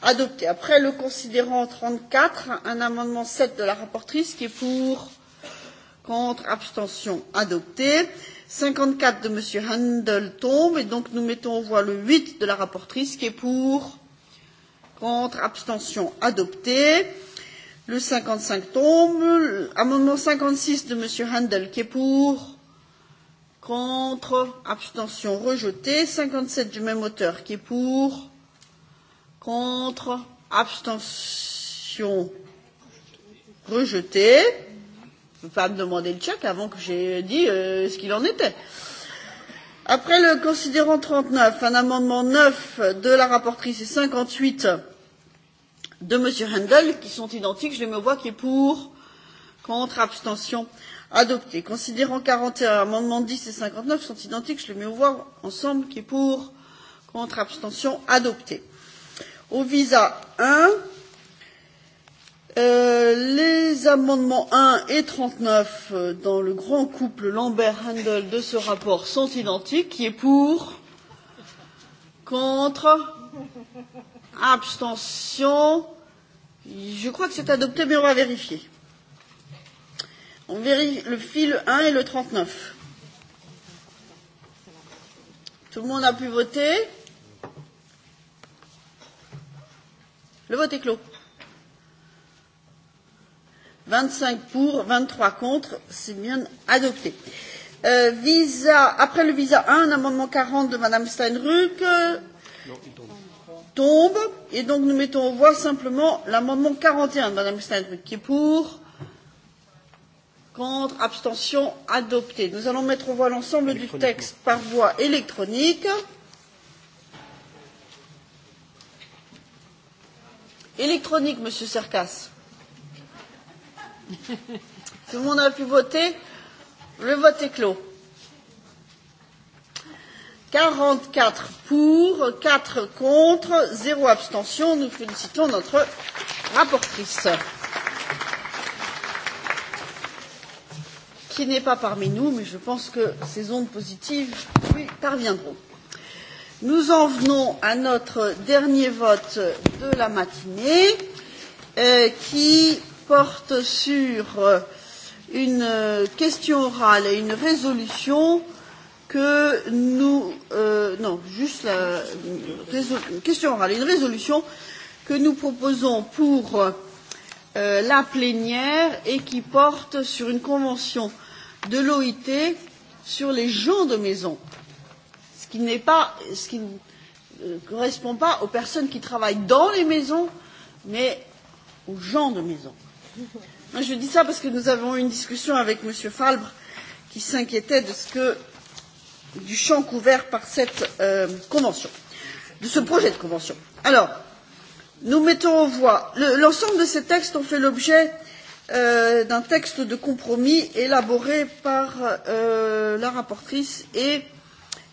Adopté. Après le considérant 34, un amendement 7 de la rapportrice qui est pour Contre Abstention Adopté. 54 de Monsieur Handel tombe et donc nous mettons au voix le 8 de la rapportrice qui est pour, contre, abstention adopté. Le 55 tombe. Amendement 56 de Monsieur Handel qui est pour, contre, abstention rejeté. 57 du même auteur qui est pour, contre, abstention rejeté ne peux pas me demander le tchèque avant que j'ai dit euh, ce qu'il en était. Après le considérant 39, un amendement 9 de la rapportrice et 58 de M. Handel, qui sont identiques, je les me vois qui est pour, contre, abstention, adopté. Considérant 41, amendement 10 et 59 sont identiques, je les mets au voir ensemble, qui est pour, contre, abstention, adopté. Au visa 1, Euh, les amendements 1 et 39 euh, dans le grand couple Lambert-Handel de ce rapport sont identiques. Qui est pour Contre Abstention Je crois que c'est adopté, mais on va vérifier. On vérifie le fil 1 et le 39. Tout le monde a pu voter Le vote est clos. 25 pour, 23 contre, c'est bien adopté. Euh, visa, après le visa 1, amendement 40 de Madame Steinruck euh, tombe. Et donc nous mettons en voie simplement l'amendement 41 de Madame Steinruck qui est pour, contre, abstention, adopté. Nous allons mettre en voie l'ensemble du texte par voie électronique. Électronique, Monsieur Cercas. Tout le monde a pu voter Le vote est clos. 44 pour, 4 contre, 0 abstention. Nous félicitons notre rapportrice qui n'est pas parmi nous, mais je pense que ces ondes positives lui parviendront. Nous en venons à notre dernier vote de la matinée euh, qui porte sur euh, une euh, question orale et une résolution que nous euh, non juste la une question orale et une résolution que nous proposons pour euh, la plénière et qui porte sur une convention de l'OIT sur les gens de maison, ce qui n'est pas ce qui ne euh, correspond pas aux personnes qui travaillent dans les maisons, mais aux gens de maison. Je dis ça parce que nous avons eu une discussion avec M. Falbre qui s'inquiétait de ce que, du champ couvert par cette euh, convention, de ce projet de convention. Alors, nous mettons en voie. L'ensemble le, de ces textes ont fait l'objet euh, d'un texte de compromis élaboré par euh, la rapportrice et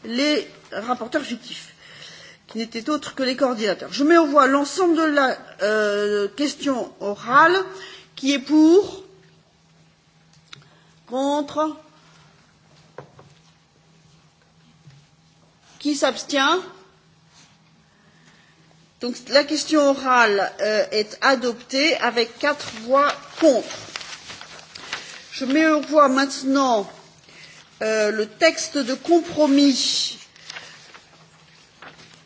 les rapporteurs fictifs, qui n'étaient autres que les coordinateurs. Je mets en voie l'ensemble de la euh, question orale. Euh, Qui est pour Contre Qui s'abstient Donc la question orale euh, est adoptée avec quatre voix contre. Je mets en voix maintenant euh, le texte de compromis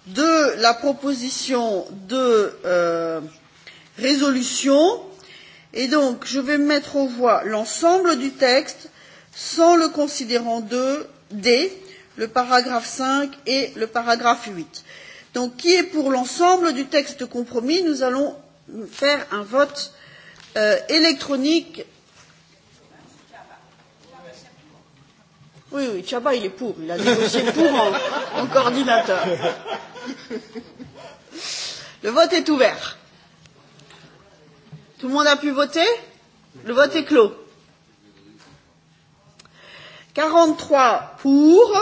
de la proposition de euh, résolution Et donc, je vais mettre aux voix l'ensemble du texte sans le considérant 2, D, le paragraphe 5 et le paragraphe 8. Donc, qui est pour l'ensemble du texte compromis Nous allons faire un vote euh, électronique. Oui, oui, Chaba, il est pour. Il a négocié pour en, en coordinateur. Le vote est ouvert. Tout le monde a pu voter Le vote est clos. 43 pour,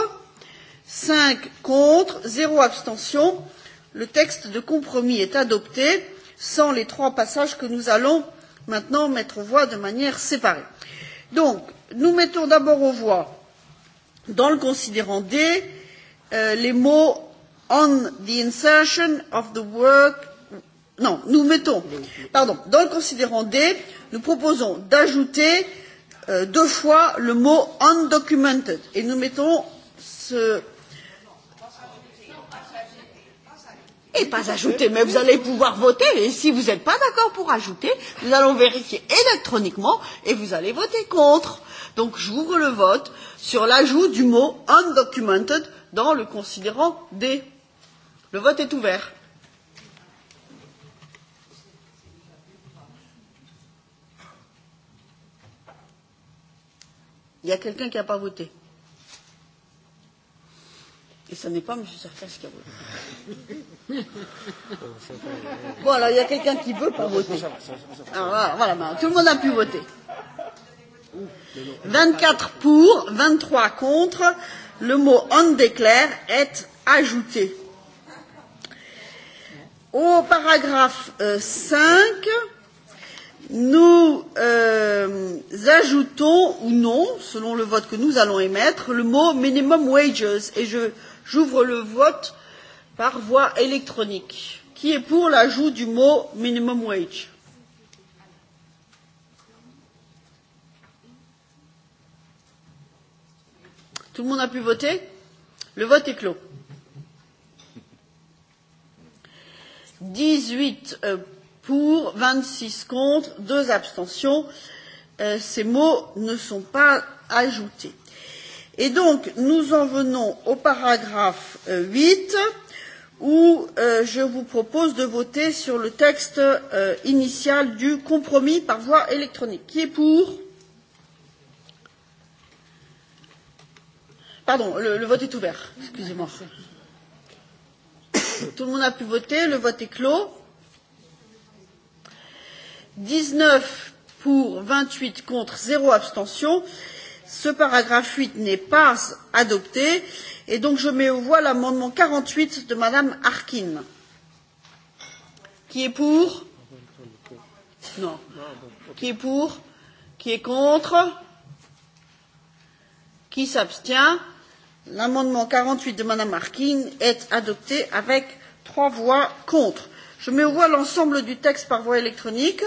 5 contre, 0 abstention. Le texte de compromis est adopté sans les trois passages que nous allons maintenant mettre aux voix de manière séparée. Donc, nous mettons d'abord aux voix, dans le considérant D, euh, les mots on the insertion of the work non, nous mettons, pardon, dans le considérant D, nous proposons d'ajouter euh, deux fois le mot undocumented et nous mettons ce. Et pas ajouter, mais vous allez pouvoir voter. Et si vous n'êtes pas d'accord pour ajouter, nous allons vérifier électroniquement et vous allez voter contre. Donc j'ouvre le vote sur l'ajout du mot undocumented dans le considérant D. Le vote est ouvert. Il y a quelqu'un qui n'a pas voté. Et ce n'est pas M. Sarkas qui a voté. <laughs> bon, alors il y a quelqu'un qui ne veut pas voter. Alors, ah, voilà, voilà, tout le monde a pu voter. 24 pour, 23 contre. Le mot on déclare est ajouté. Au paragraphe euh, 5, nous euh, ajoutons ou non, selon le vote que nous allons émettre, le mot minimum wages et j'ouvre le vote par voie électronique. Qui est pour l'ajout du mot minimum wage Tout le monde a pu voter Le vote est clos. 18 <laughs> euh, pour, 26 contre, 2 abstentions. Euh, ces mots ne sont pas ajoutés. Et donc, nous en venons au paragraphe euh, 8 où euh, je vous propose de voter sur le texte euh, initial du compromis par voie électronique. Qui est pour Pardon, le, le vote est ouvert. Excusez-moi. Tout le monde a pu voter, le vote est clos. 19 pour, 28 contre, 0 abstention. Ce paragraphe 8 n'est pas adopté. Et donc je mets aux voix l'amendement 48 de Madame Harkin. Qui est pour Non. Qui est pour Qui est contre Qui s'abstient L'amendement 48 de Madame Harkin est adopté avec trois voix contre. Je mets aux voix l'ensemble du texte par voie électronique.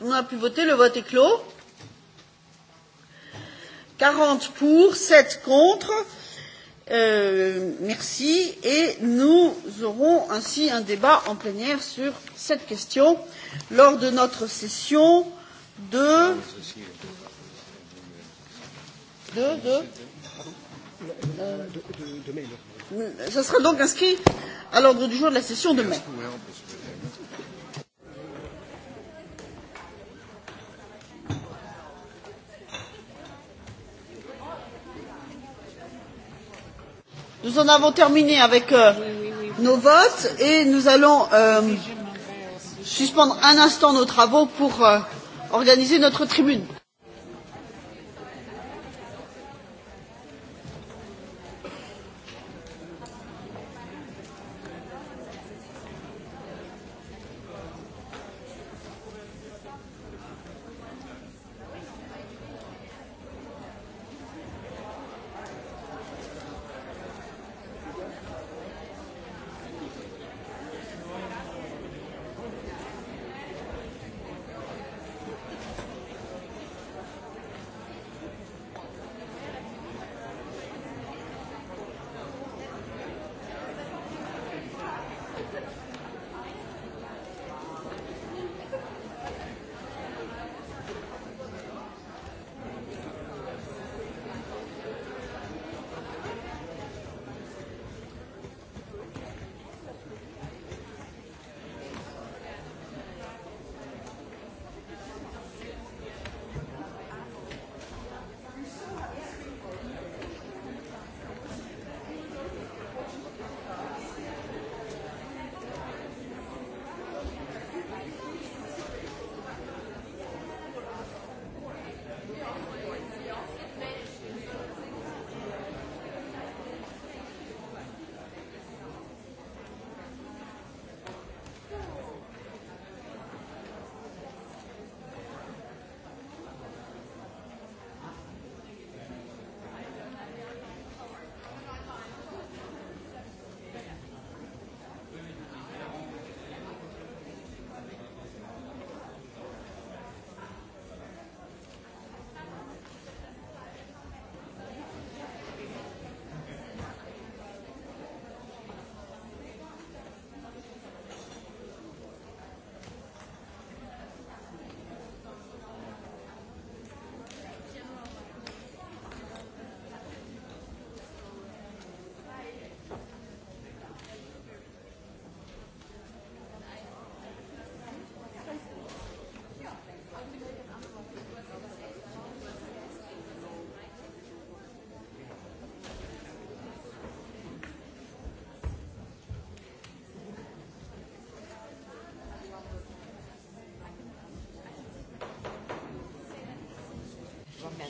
On a pu voter, le vote est clos. 40 pour, 7 contre. Euh, merci. Et nous aurons ainsi un débat en plénière sur cette question lors de notre session de. de, de euh, ce sera donc inscrit à l'ordre du jour de la session de mai. Nous en avons terminé avec euh, nos votes et nous allons euh, suspendre un instant nos travaux pour euh, organiser notre tribune.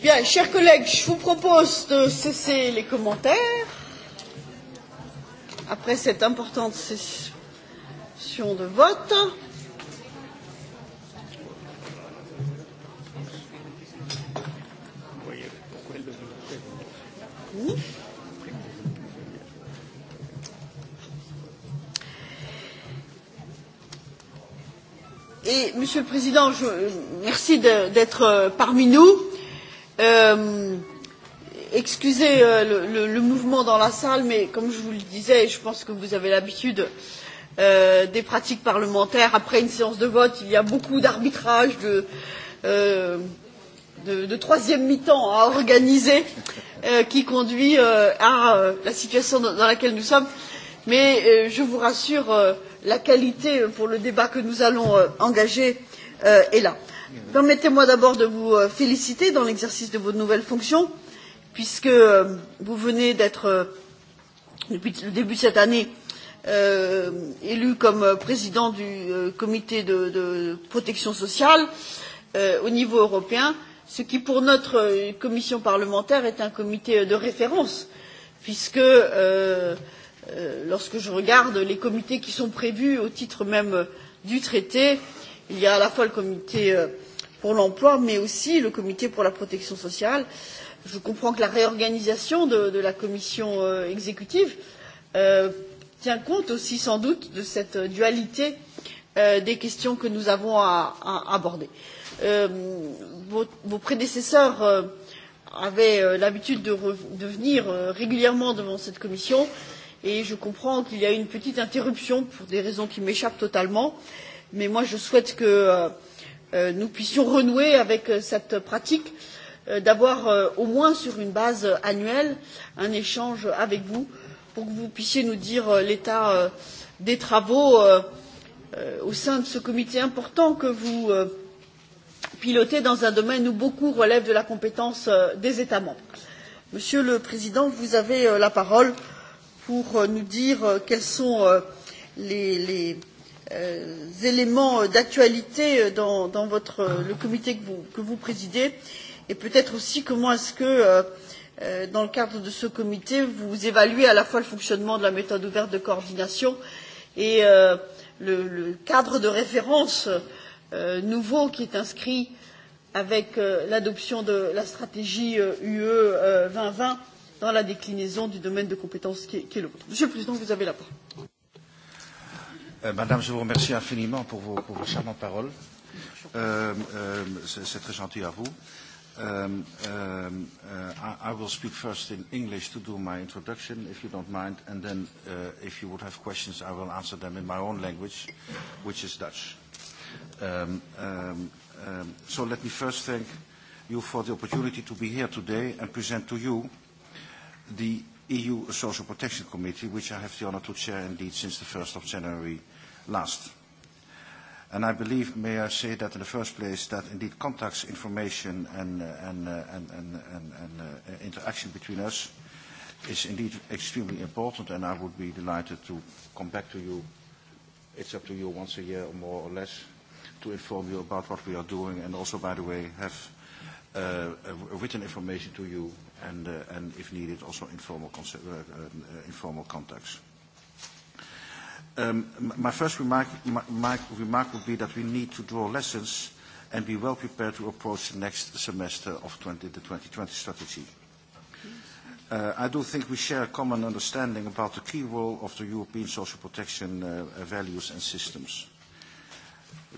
Bien, chers collègues, je vous propose de cesser les commentaires après cette importante session de vote. Et Monsieur le Président, je, merci d'être euh, parmi nous. Euh, excusez euh, le, le, le mouvement dans la salle, mais comme je vous le disais, je pense que vous avez l'habitude euh, des pratiques parlementaires. Après une séance de vote, il y a beaucoup d'arbitrage, de, euh, de, de troisième mi-temps à organiser euh, qui conduit euh, à euh, la situation dans, dans laquelle nous sommes. Mais euh, je vous rassure, euh, la qualité pour le débat que nous allons euh, engager euh, est là. Euh, Permettez-moi d'abord de vous euh, féliciter dans l'exercice de vos nouvelles fonctions, puisque euh, vous venez d'être, euh, depuis le début de cette année, euh, élu comme président du euh, comité de, de protection sociale euh, au niveau européen, ce qui pour notre commission parlementaire est un comité de référence, puisque euh, euh, lorsque je regarde les comités qui sont prévus au titre même du traité, euh, il y a à la fois le comité euh, pour l'emploi, mais aussi le comité pour la protection sociale. Je comprends que la réorganisation de, de la commission euh, exécutive euh, tient compte aussi sans doute de cette dualité euh, des questions que nous avons à, à aborder. Euh, vos, vos prédécesseurs euh, avaient euh, l'habitude de, de venir euh, régulièrement devant cette commission et je comprends qu'il y a une petite interruption pour des raisons qui m'échappent totalement. Euh, mais moi je souhaite que euh, euh nous puissions renouer avec euh, cette pratique euh, d'avoir euh, au moins sur une base annuelle un échange avec vous pour que vous puissiez nous dire l'état euh, des travaux euh, au sein de ce comité important que vous pilotez dans un domaine où beaucoup relève de la compétence des États membres. Monsieur le Président, vous avez la parole pour nous dire quels sont les, les, Euh, éléments euh, d'actualité euh, dans, dans votre, le comité que vous, que vous présidez et peut-être aussi comment est-ce que, euh, dans le cadre de ce comité, vous évaluez à la fois le fonctionnement de la méthode ouverte de coordination et euh, le, le cadre de référence euh, nouveau qui est inscrit avec euh, l'adoption de la stratégie euh, UE euh, 2020 dans la déclinaison du domaine de compétences qui est, qui est le vôtre. Monsieur le Président, vous avez la parole. Euh, madame, je vous remercie infiniment pour vos, pour vos charmantes paroles. Euh, euh, C'est très gentil à vous. Um, um, uh, I, I will speak first in English to do my introduction, if you don't mind, and then uh, if you would have questions, I will answer them in my own language, which is Dutch. Um, um, um, so let me first thank you for the opportunity to be here today and present to you the EU Social Protection Committee, which I have the honor to chair indeed since the 1st of January last. And I believe, may I say that in the first place, that indeed contacts, information and, uh, and, uh, and, and, and, and uh, interaction between us is indeed extremely important, and I would be delighted to come back to you. It's up to you once a year, or more or less, to inform you about what we are doing, and also, by the way, have uh, written information to you and, uh, and if needed, also informal, uh, uh, uh, informal contacts. Um, my first remark, my, remark would be that we need to draw lessons and be well prepared to approach the next semester of 20, the 2020 strategy. Uh, I do think we share a common understanding about the key role of the European social protection uh, values and systems.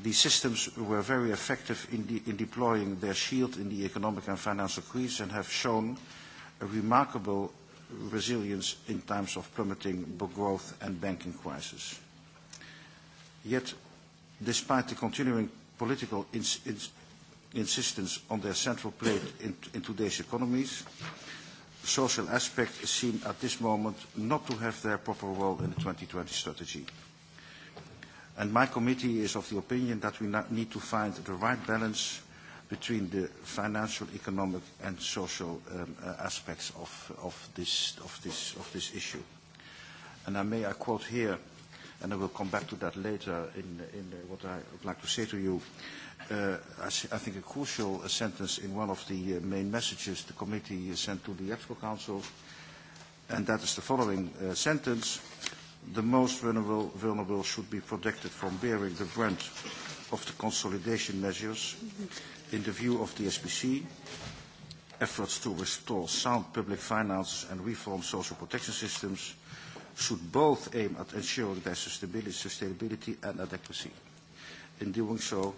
These systems were very effective in, de in deploying their shield in the economic and financial crisis and have shown a remarkable resilience in times of plummeting growth and banking crisis. Yet, despite the continuing political ins ins insistence on their central plate in, in today's economies, social aspects seem at this moment not to have their proper role in the 2020 strategy. And my committee is of the opinion that we need to find the right balance between the financial, economic and social um, uh, aspects of, of, this, of, this, of this issue. And I may I quote here, and I will come back to that later in, in uh, what I would like to say to you, uh, I, I think a crucial uh, sentence in one of the uh, main messages the committee sent to the EPSCO Council, and that is the following uh, sentence the most vulnerable, vulnerable should be protected from bearing the brunt of the consolidation measures mm-hmm. in the view of the SPC, efforts to restore sound public finance and reform social protection systems should both aim at ensuring their sustainability, sustainability and adequacy. In doing so,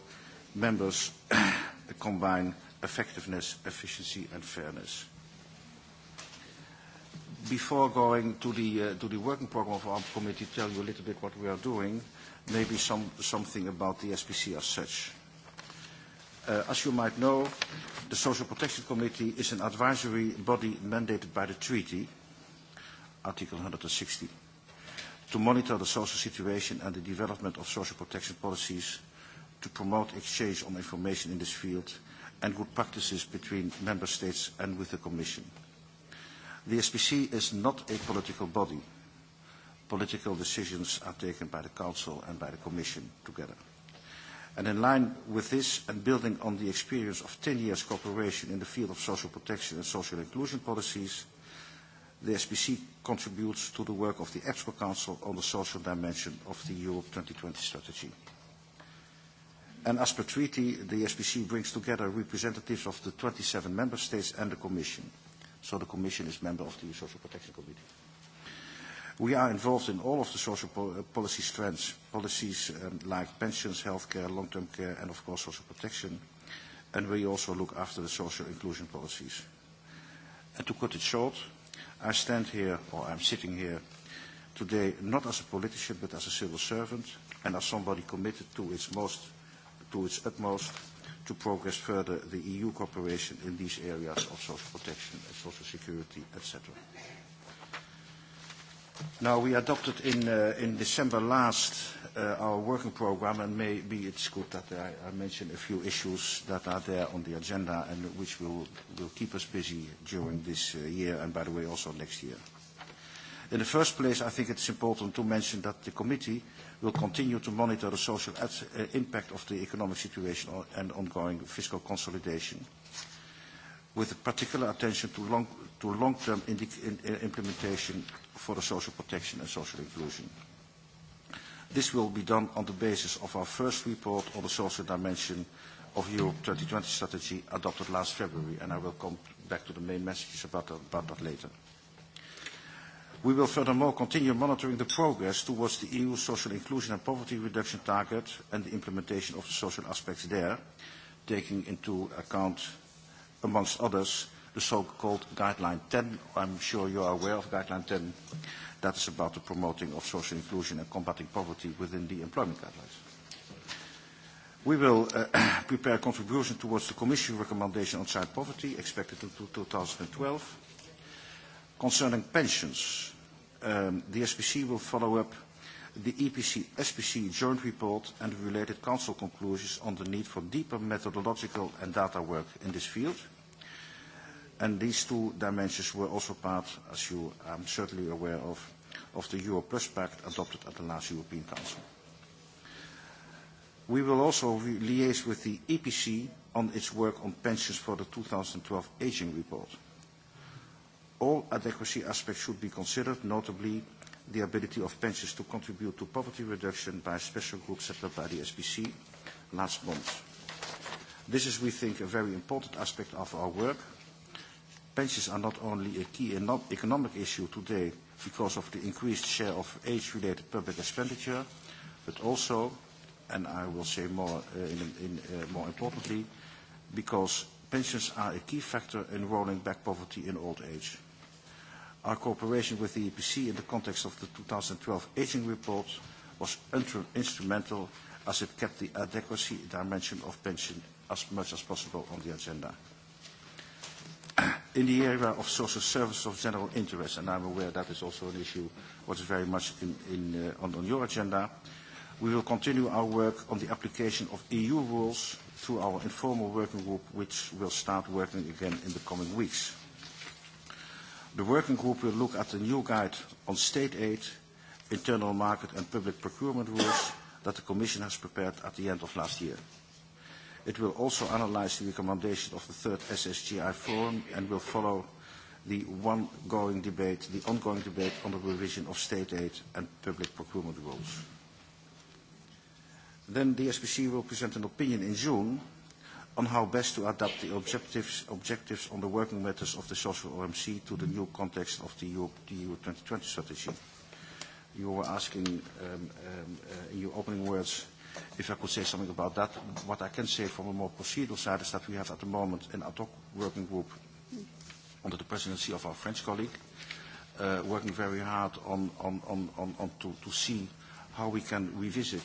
members <coughs> combine effectiveness, efficiency and fairness before going to the, uh, to the working program of our committee, tell you a little bit what we are doing, maybe some, something about the SPC as such. Uh, as you might know, the Social Protection Committee is an advisory body mandated by the treaty, Article 160, to monitor the social situation and the development of social protection policies, to promote exchange on information in this field, and good practices between member states and with the Commission. The SPC is not a political body. Political decisions are taken by the Council and by the Commission together. And in line with this and building on the experience of 10 years cooperation in the field of social protection and social inclusion policies, the SPC contributes to the work of the EPSCO Council on the social dimension of the Europe 2020 strategy. And as per treaty, the SPC brings together representatives of the 27 member states and the Commission so the Commission is member of the Social Protection Committee. We are involved in all of the social po uh, policy strands, policies um, like pensions, healthcare, long-term care, and of course social protection. And we also look after the social inclusion policies. And to cut it short, I stand here, or I'm sitting here today, not as a politician, but as a civil servant, and as somebody committed to its, most, to its utmost to progress further the EU cooperation in these areas of social protection and social security, etc. Now, we adopted in, uh, in December last uh, our working program, and maybe it's good that I, I mention a few issues that are there on the agenda and which will, will keep us busy during this uh, year and, by the way, also next year. In the first place, I think it's important to mention that the committee will continue to monitor the social uh, impact of the economic situation and ongoing fiscal consolidation, with particular attention to long-term to long in, in, uh, implementation for the social protection and social inclusion. This will be done on the basis of our first report on the social dimension of Europe 2020 strategy adopted last February, and I will come back to the main messages about about that later. We will furthermore continue monitoring the progress towards the EU social inclusion and poverty reduction target and the implementation of the social aspects there, taking into account, amongst others, the so-called Guideline 10. I'm sure you are aware of Guideline 10. That is about the promoting of social inclusion and combating poverty within the employment guidelines. We will uh, <clears throat> prepare a contribution towards the Commission recommendation on child poverty, expected in 2012. Concerning pensions, um, the SPC will follow up the EPC SPC joint report and the related council conclusions on the need for deeper methodological and data work in this field. And these two dimensions were also part, as you are certainly aware of, of the Euro Plus Pact adopted at the last European Council. We will also liaise with the EPC on its work on pensions for the 2012 aging report. All adequacy aspects should be considered, notably the ability of pensions to contribute to poverty reduction by a special group set up by the SBC last month. This is, we think, a very important aspect of our work. Pensions are not only a key economic issue today because of the increased share of age-related public expenditure, but also, and I will say more, uh, in, in, uh, more importantly, because pensions are a key factor in rolling back poverty in old age. Our cooperation with the EPC in the context of the 2012 aging report was instrumental as it kept the adequacy dimension of pension as much as possible on the agenda. in the area of social services of general interest, and I'm aware that is also an issue which is very much in, in, uh, on, on your agenda, we will continue our work on the application of EU rules through our informal working group, which will start working again in the coming weeks. The working group will look at the new guide on state aid, internal market and public procurement rules that the Commission has prepared at the end of last year. It will also analyse the recommendations of the third SSGI forum and will follow the ongoing debate, the ongoing debate on the revision of state aid and public procurement rules. Then the SPC will present an opinion in June on how best to adapt the objectives, objectives on the working methods of the social OMC to the new context of the EU, the EU 2020 strategy. You were asking um, um, uh, in your opening words if I could say something about that. What I can say from a more procedural side is that we have at the moment an ad hoc working group under the presidency of our French colleague, uh, working very hard on, on, on, on, on to, to see how we can revisit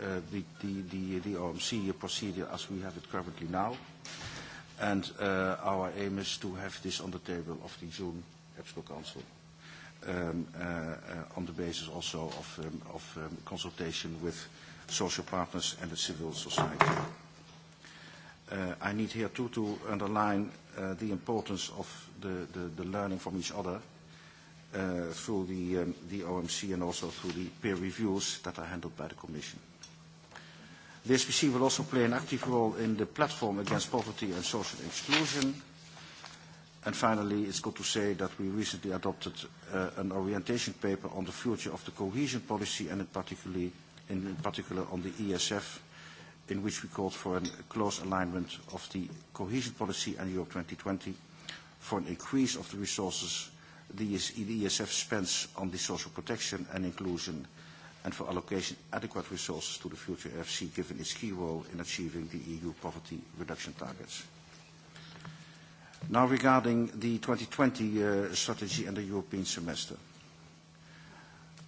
uh, the, the, the, the OMC procedure as we have it currently now. And uh, our aim is to have this on the table of the June EBSCO Council um, uh, uh, on the basis also of, um, of um, consultation with social partners and the civil society. Uh, I need here too to underline uh, the importance of the, the, the learning from each other uh, through the, um, the OMC and also through the peer reviews that are handled by the Commission. The SPC will also play an active role in the platform against poverty and social exclusion. And finally, it's good to say that we recently adopted uh, an orientation paper on the future of the cohesion policy and in, particularly, in, in particular on the ESF, in which we called for a close alignment of the cohesion policy and Europe 2020 for an increase of the resources the ESF e spends on the social protection and inclusion and for allocation adequate resources to the future FC given its key role in achieving the EU poverty reduction targets. Now regarding the 2020 uh, strategy and the European semester.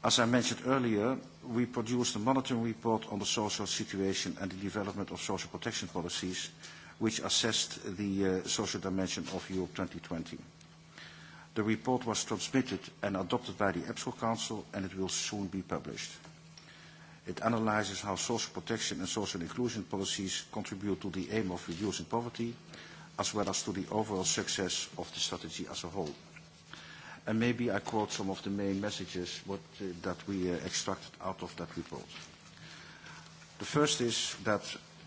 As I mentioned earlier, we produced a monitoring report on the social situation and the development of social protection policies, which assessed the uh, social dimension of Europe 2020. The report was transmitted and adopted by the EPSCO Council and it will soon be published. It analyzes how social protection and social inclusion policies contribute to the aim of reducing poverty, as well as to the overall success of the strategy as a whole. And maybe I quote some of the main messages what, uh, that we uh, extracted out of that report. The first is that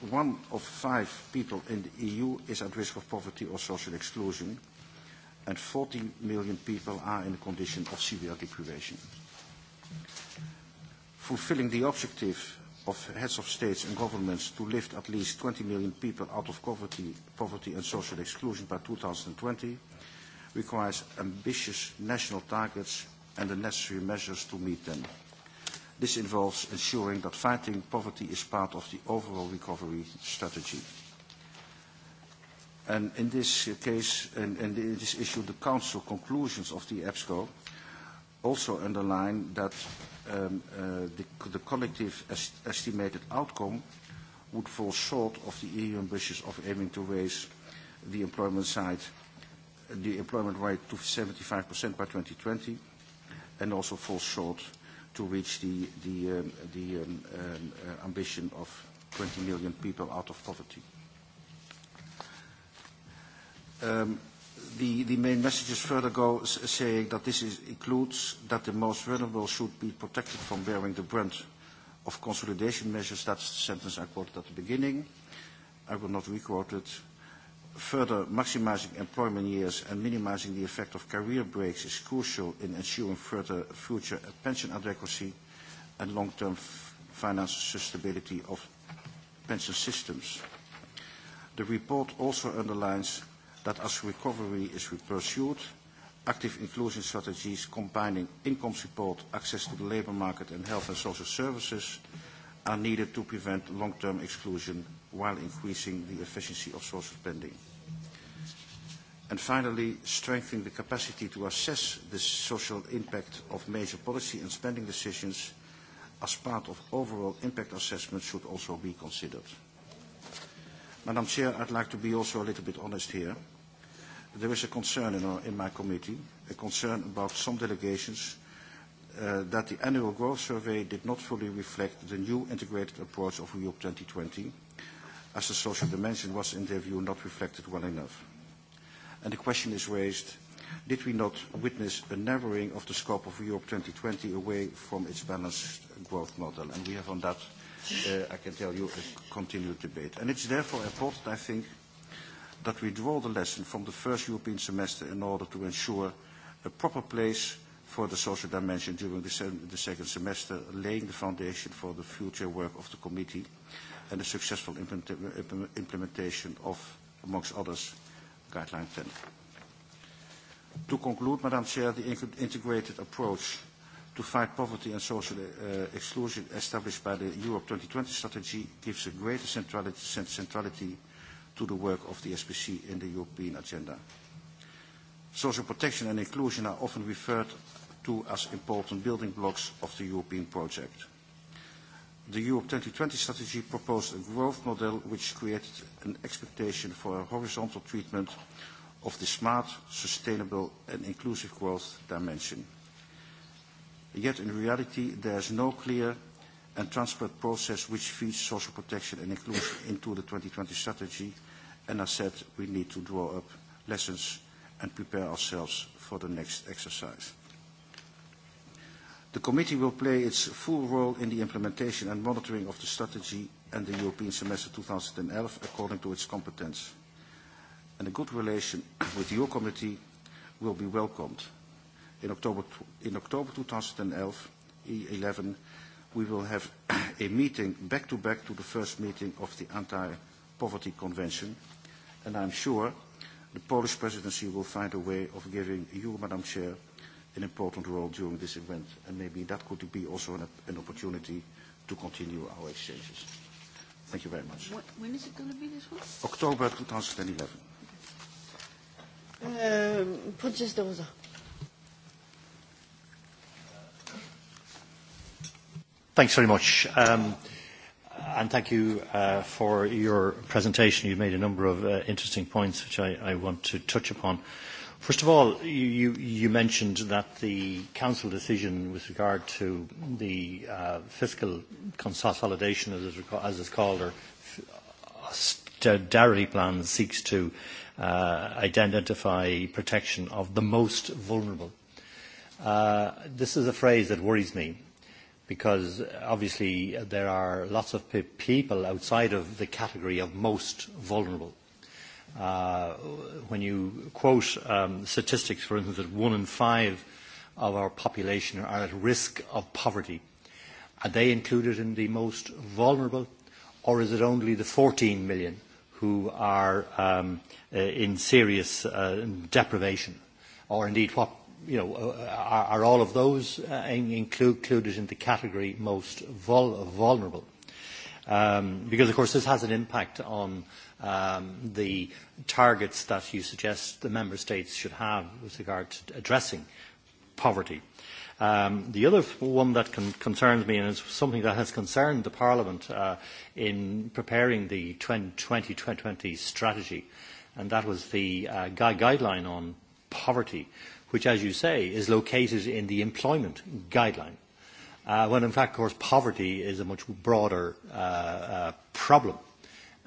one of five people in the EU is at risk of poverty or social exclusion, and 14 million people are in a condition of severe deprivation. Fulfilling the objective of heads of states and governments to lift at least 20 million people out of poverty, poverty and social exclusion by 2020 requires ambitious national targets and the necessary measures to meet them. This involves ensuring that fighting poverty is part of the overall recovery strategy. And in this case, and, and in this issue, the Council conclusions of the EBSCO also underline that um, uh, the, the collective est estimated outcome would fall short of the EU ambitions of aiming to raise the employment side, the employment rate to 75% by 2020, and also fall short to reach the, the, um, the um, um, uh, ambition of 20 million people out of poverty. Um, the, the main messages further go saying that this is, includes that the most vulnerable should be protected from bearing the brunt of consolidation measures. That's the sentence I quoted at the beginning. I will not requote it. Further, maximizing employment years and minimizing the effect of career breaks is crucial in ensuring further future pension adequacy and long-term financial stability of pension systems. The report also underlines that as recovery is pursued, active inclusion strategies combining income support, access to the labour market and health and social services are needed to prevent long-term exclusion while increasing the efficiency of social spending. And finally, strengthening the capacity to assess the social impact of major policy and spending decisions as part of overall impact assessment should also be considered. Madam Chair, I'd like to be also a little bit honest here there is a concern in, our, in my committee, a concern about some delegations uh, that the annual growth survey did not fully reflect the new integrated approach of Europe 2020, as the social dimension was in their view not reflected well enough. And the question is raised, did we not witness a narrowing of the scope of Europe 2020 away from its balanced growth model? And we have on that, uh, I can tell you, a continued debate. And it's therefore important, I think, that we draw the lesson from the first European semester in order to ensure a proper place for the social dimension during the, se the second semester, laying the foundation for the future work of the committee and the successful implement implementation of, amongst others, Guideline 10. To conclude, Madam Chair, the integrated approach to fight poverty and social uh, exclusion established by the Europe 2020 strategy gives a greater centrality, centrality to the work of the SPC in the European agenda. Social protection and inclusion are often referred to as important building blocks of the European project. The Europe 2020 strategy proposed a growth model which created an expectation for a horizontal treatment of the smart, sustainable and inclusive growth dimension. Yet in reality there is no clear and transparent process which feeds social protection and inclusion into the 2020 strategy. And I said we need to draw up lessons and prepare ourselves for the next exercise. The committee will play its full role in the implementation and monitoring of the strategy and the European semester 2011 according to its competence. And a good relation <coughs> with your committee will be welcomed. In October, in October 2011, we will have <coughs> a meeting back-to-back -to, the first meeting of the Anti-Poverty Convention, and I'm sure the Polish presidency will find a way of giving you, Madam Chair, an important role during this event, and maybe that could be also an, an opportunity to continue our exchanges. Thank you very much. What, when is it going to be this one? October 2011. Uh, Princess Thanks very much. Um, and thank you uh, for your presentation. You've made a number of uh, interesting points which I, I want to touch upon. First of all, you, you mentioned that the Council decision with regard to the uh, fiscal consolidation, as, is, as it's called, or austerity plan, seeks to uh, identify protection of the most vulnerable. Uh, this is a phrase that worries me because obviously there are lots of pe people outside of the category of most vulnerable. Uh, when you quote um, statistics, for instance, that one in five of our population are at risk of poverty, are they included in the most vulnerable, or is it only the 14 million who are um, uh, in serious uh, deprivation? Or indeed, what you know, uh, are, are all of those uh, include, included in the category most vul vulnerable? Um, because, of course, this has an impact on um, the targets that you suggest the member states should have with regard to addressing poverty. Um, the other one that con concerns me, and is something that has concerned the Parliament uh, in preparing the 2020, strategy, and that was the uh, guideline on poverty which, as you say, is located in the employment guideline, uh, when in fact, of course, poverty is a much broader uh, uh, problem.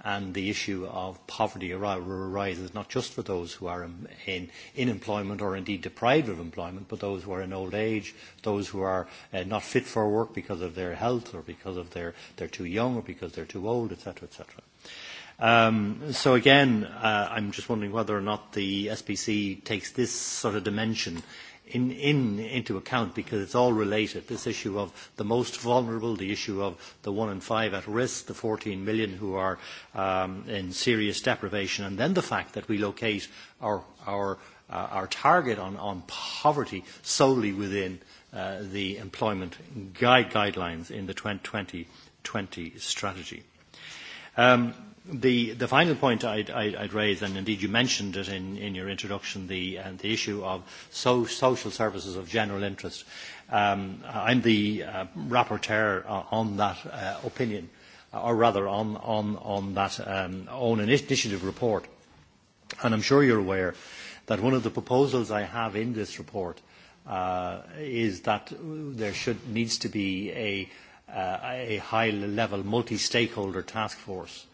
And the issue of poverty arises not just for those who are in, in, employment or indeed deprived of employment, but those who are in old age, those who are uh, not fit for work because of their health or because of their, they're too young or because they're too old, etc., etc. Um, so again, uh, I'm just wondering whether or not the SPC takes this sort of dimension in, in, into account because it's all related. This issue of the most vulnerable, the issue of the one in five at risk, the 14 million who are um, in serious deprivation, and then the fact that we locate our, our, uh, our target on, on poverty solely within uh, the employment guide guidelines in the 2020 strategy. Um, the, the final point I'd, I'd, I'd raise, and indeed you mentioned it in, in your introduction, the, uh, the issue of so, social services of general interest. Um, I'm the uh, rapporteur uh, on that uh, opinion, uh, or rather on, on, on that um, own initiative report. And I'm sure you're aware that one of the proposals I have in this report uh, is that there should, needs to be a, uh, a high-level multi-stakeholder task force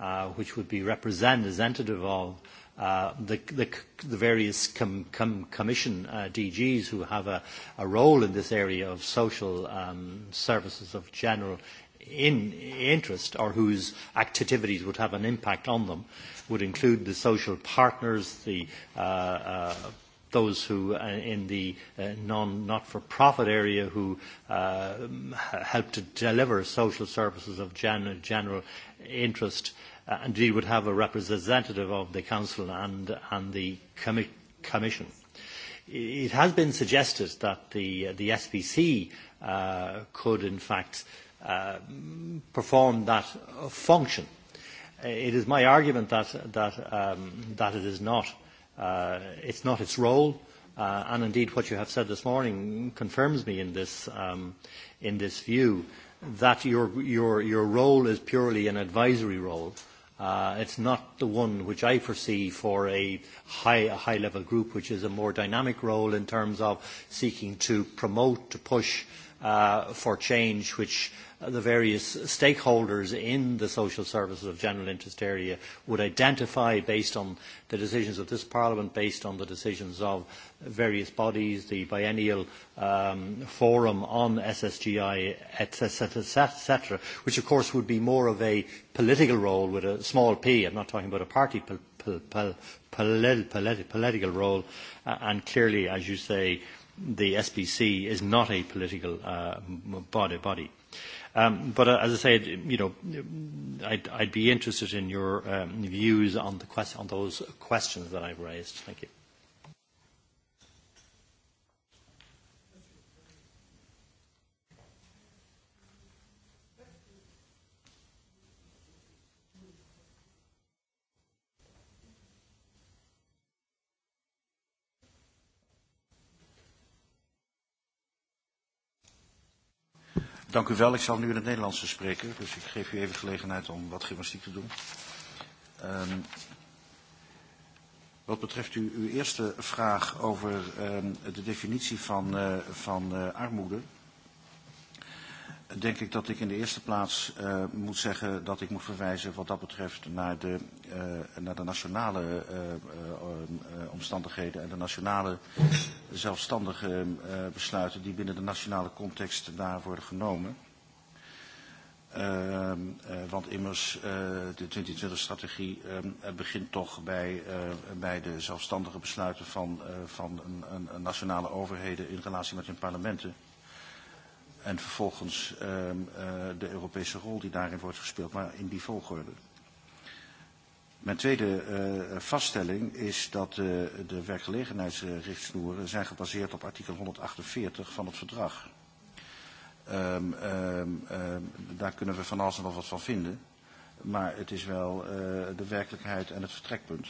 Uh, which would be representative of uh, the, the, the various com, com, commission uh, DGs who have a, a role in this area of social um, services of general in interest or whose activities would have an impact on them would include the social partners, the uh, uh, those who uh, in the uh, non not-for-profit area who uh, help to deliver social services of gen general interest uh, and he would have a representative of the Council and, and the commi Commission. It has been suggested that the, uh, the SPC uh, could in fact uh, perform that function. Uh, it is my argument that, that, um, that it is not. Uh, it's not its role. Uh, and indeed what you have said this morning confirms me in this, um, in this view that your, your, your role is purely an advisory role Uh, it's not the one which I foresee for a high, a high level group, which is a more dynamic role in terms of seeking to promote, to push uh, for change, which the various stakeholders in the social services of general interest area would identify based on the decisions of this parliament, based on the decisions of various bodies, the biennial um, forum on SSGI, etc., etc., which of course would be more of a political role with a small p, I'm not talking about a party pol pol pol politi politi political role, uh, and clearly, as you say, the SBC is not a political uh, body. body. Um, but uh, as I said, you know, I'd, I'd be interested in your um, views on, the quest on those questions that I've raised. Thank you. Dank u wel. Ik zal nu in het Nederlands spreken, dus ik geef u even gelegenheid om wat gymnastiek te doen. Um, wat betreft u, uw eerste vraag over um, de definitie van, uh, van uh, armoede, denk ik dat ik in de eerste plaats uh, moet zeggen dat ik moet verwijzen wat dat betreft naar de, uh, naar de nationale eh, omstandigheden uh, um, en de nationale zelfstandige besluiten die binnen de nationale context daar worden genomen. Uh, want immers uh, de 2020-strategie uh, ehm, begint toch bij, uh, bij de zelfstandige besluiten van, uh, van een, een nationale overheden in relatie met hun parlementen en vervolgens um, uh, de Europese rol die daarin wordt gespeeld, maar in die volgorde. Mijn tweede uh, vaststelling is dat uh, de werkgelegenheidsrichtsnoeren zijn gebaseerd op artikel 148 van het verdrag. Um, um, um, daar kunnen we van alles en nog wat van vinden, maar het is wel uh, de werkelijkheid en het vertrekpunt.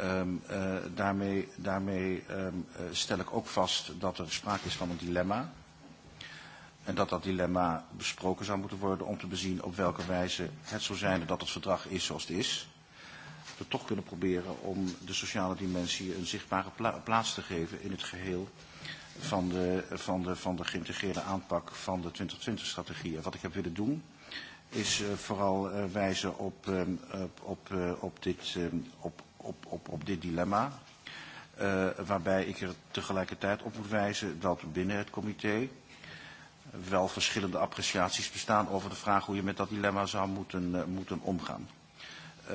Um, uh, daarmee daarmee um, uh, stel ik ook vast dat er sprake is van een dilemma En dat dat dilemma besproken zou moeten worden om te bezien op welke wijze het zou zijn dat het verdrag is zoals het is. we toch kunnen proberen om de sociale dimensie een zichtbare pla plaats te geven in het geheel van de, van de, van de geïntegreerde aanpak van de 2020-strategie. En wat ik heb willen doen is uh, vooral uh, wijzen op, um, op, op, uh, op, dit, um, op, op, op, op dit dilemma. Uh, waarbij ik er tegelijkertijd op moet wijzen dat binnen het comité wel verschillende appreciaties bestaan over de vraag hoe je met dat dilemma zou moeten, uh, moeten omgaan. Um,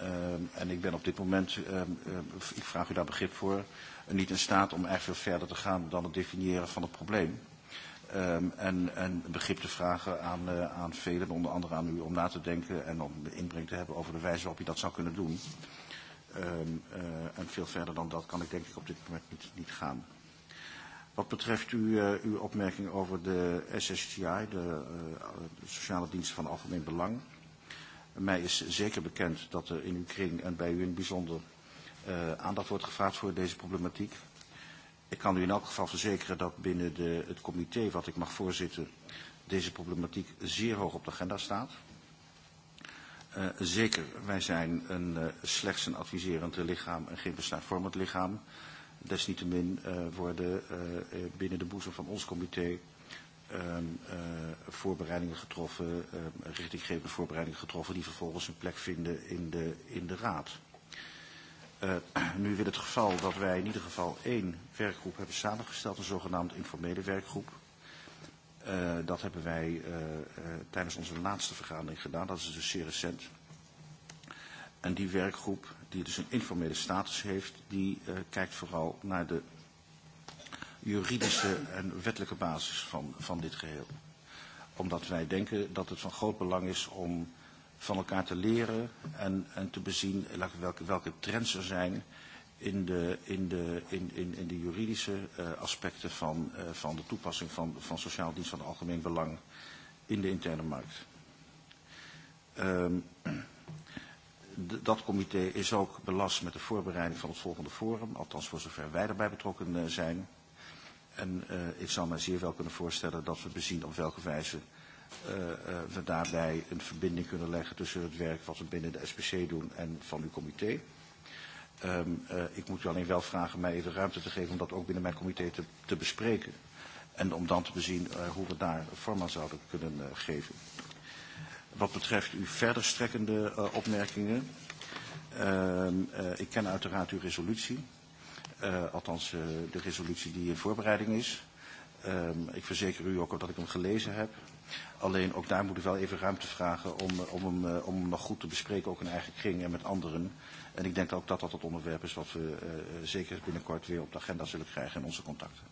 um, en ik ben op dit moment, um, uh, ik vraag u daar begrip voor, eh, niet in staat om erg veel verder te gaan dan het definiëren van het probleem. Um, en, en begrip te vragen aan, uh, aan velen, onder andere aan u, om na te denken en om inbreng te hebben over de wijze waarop je dat zou kunnen doen. Um, uh, en veel verder dan dat kan ik denk ik op dit moment niet, niet gaan. Wat betreft uw, uh, eh, uw opmerking over de SSTI, de, uh, Sociale Dienst van Algemeen Belang. Mij is zeker bekend dat er in uw kring en bij u in het bijzonder uh, aandacht wordt gevraagd voor deze problematiek. Ik kan u in elk geval verzekeren dat binnen de, het comité wat ik mag voorzitten deze problematiek zeer hoog op de agenda staat. Uh, zeker, wij zijn een, uh, slechts een adviserend lichaam en geen besluitvormend lichaam desniettemin uh, worden uh, binnen de boezem van ons comité um, uh, voorbereidingen getroffen, um, richtinggevende voorbereidingen getroffen die vervolgens een plek vinden in de, in de raad. Uh, <clears throat> nu wil het geval dat wij in ieder geval één werkgroep hebben samengesteld, een zogenaamd informele werkgroep. Uh, dat hebben wij uh, uh, tijdens onze laatste vergadering gedaan, dat is dus zeer recent. En die werkgroep die dus een informele status heeft, die uh, kijkt vooral naar de juridische en wettelijke basis van, van dit geheel. Omdat wij denken dat het van groot belang is om van elkaar te leren en, en te bezien welke, welke trends er zijn in de, in de, in, in, in de juridische uh, aspecten van, uh, van de toepassing van, van sociaal dienst van algemeen belang in de interne markt. Um, dat comité is ook belast met de voorbereiding van het volgende forum, althans voor zover wij erbij betrokken eh, zijn. En uh, ik zou mij zeer wel kunnen voorstellen dat we bezien op welke wijze uh, uh, we daarbij een verbinding kunnen leggen tussen het werk wat we binnen de SPC doen en van uw comité. Um, uh, ik moet u alleen wel vragen mij even ruimte te geven om dat ook binnen mijn comité te, te bespreken. En om dan te bezien uh, hoe we daar vorm aan zouden kunnen uh, geven wat betreft uw strekkende uh, opmerkingen. Uh, uh, ik ken uiteraard uw resolutie, uh, althans uh, de resolutie die in voorbereiding is. Uh, ik verzeker u ook dat ik hem gelezen heb. Alleen ook daar moet ik wel even ruimte vragen om, om, hem, uh, om hem nog goed te bespreken, ook in eigen kring en met anderen. En ik denk ook dat dat het onderwerp is wat we uh, zeker binnenkort weer op de agenda zullen krijgen in onze contacten.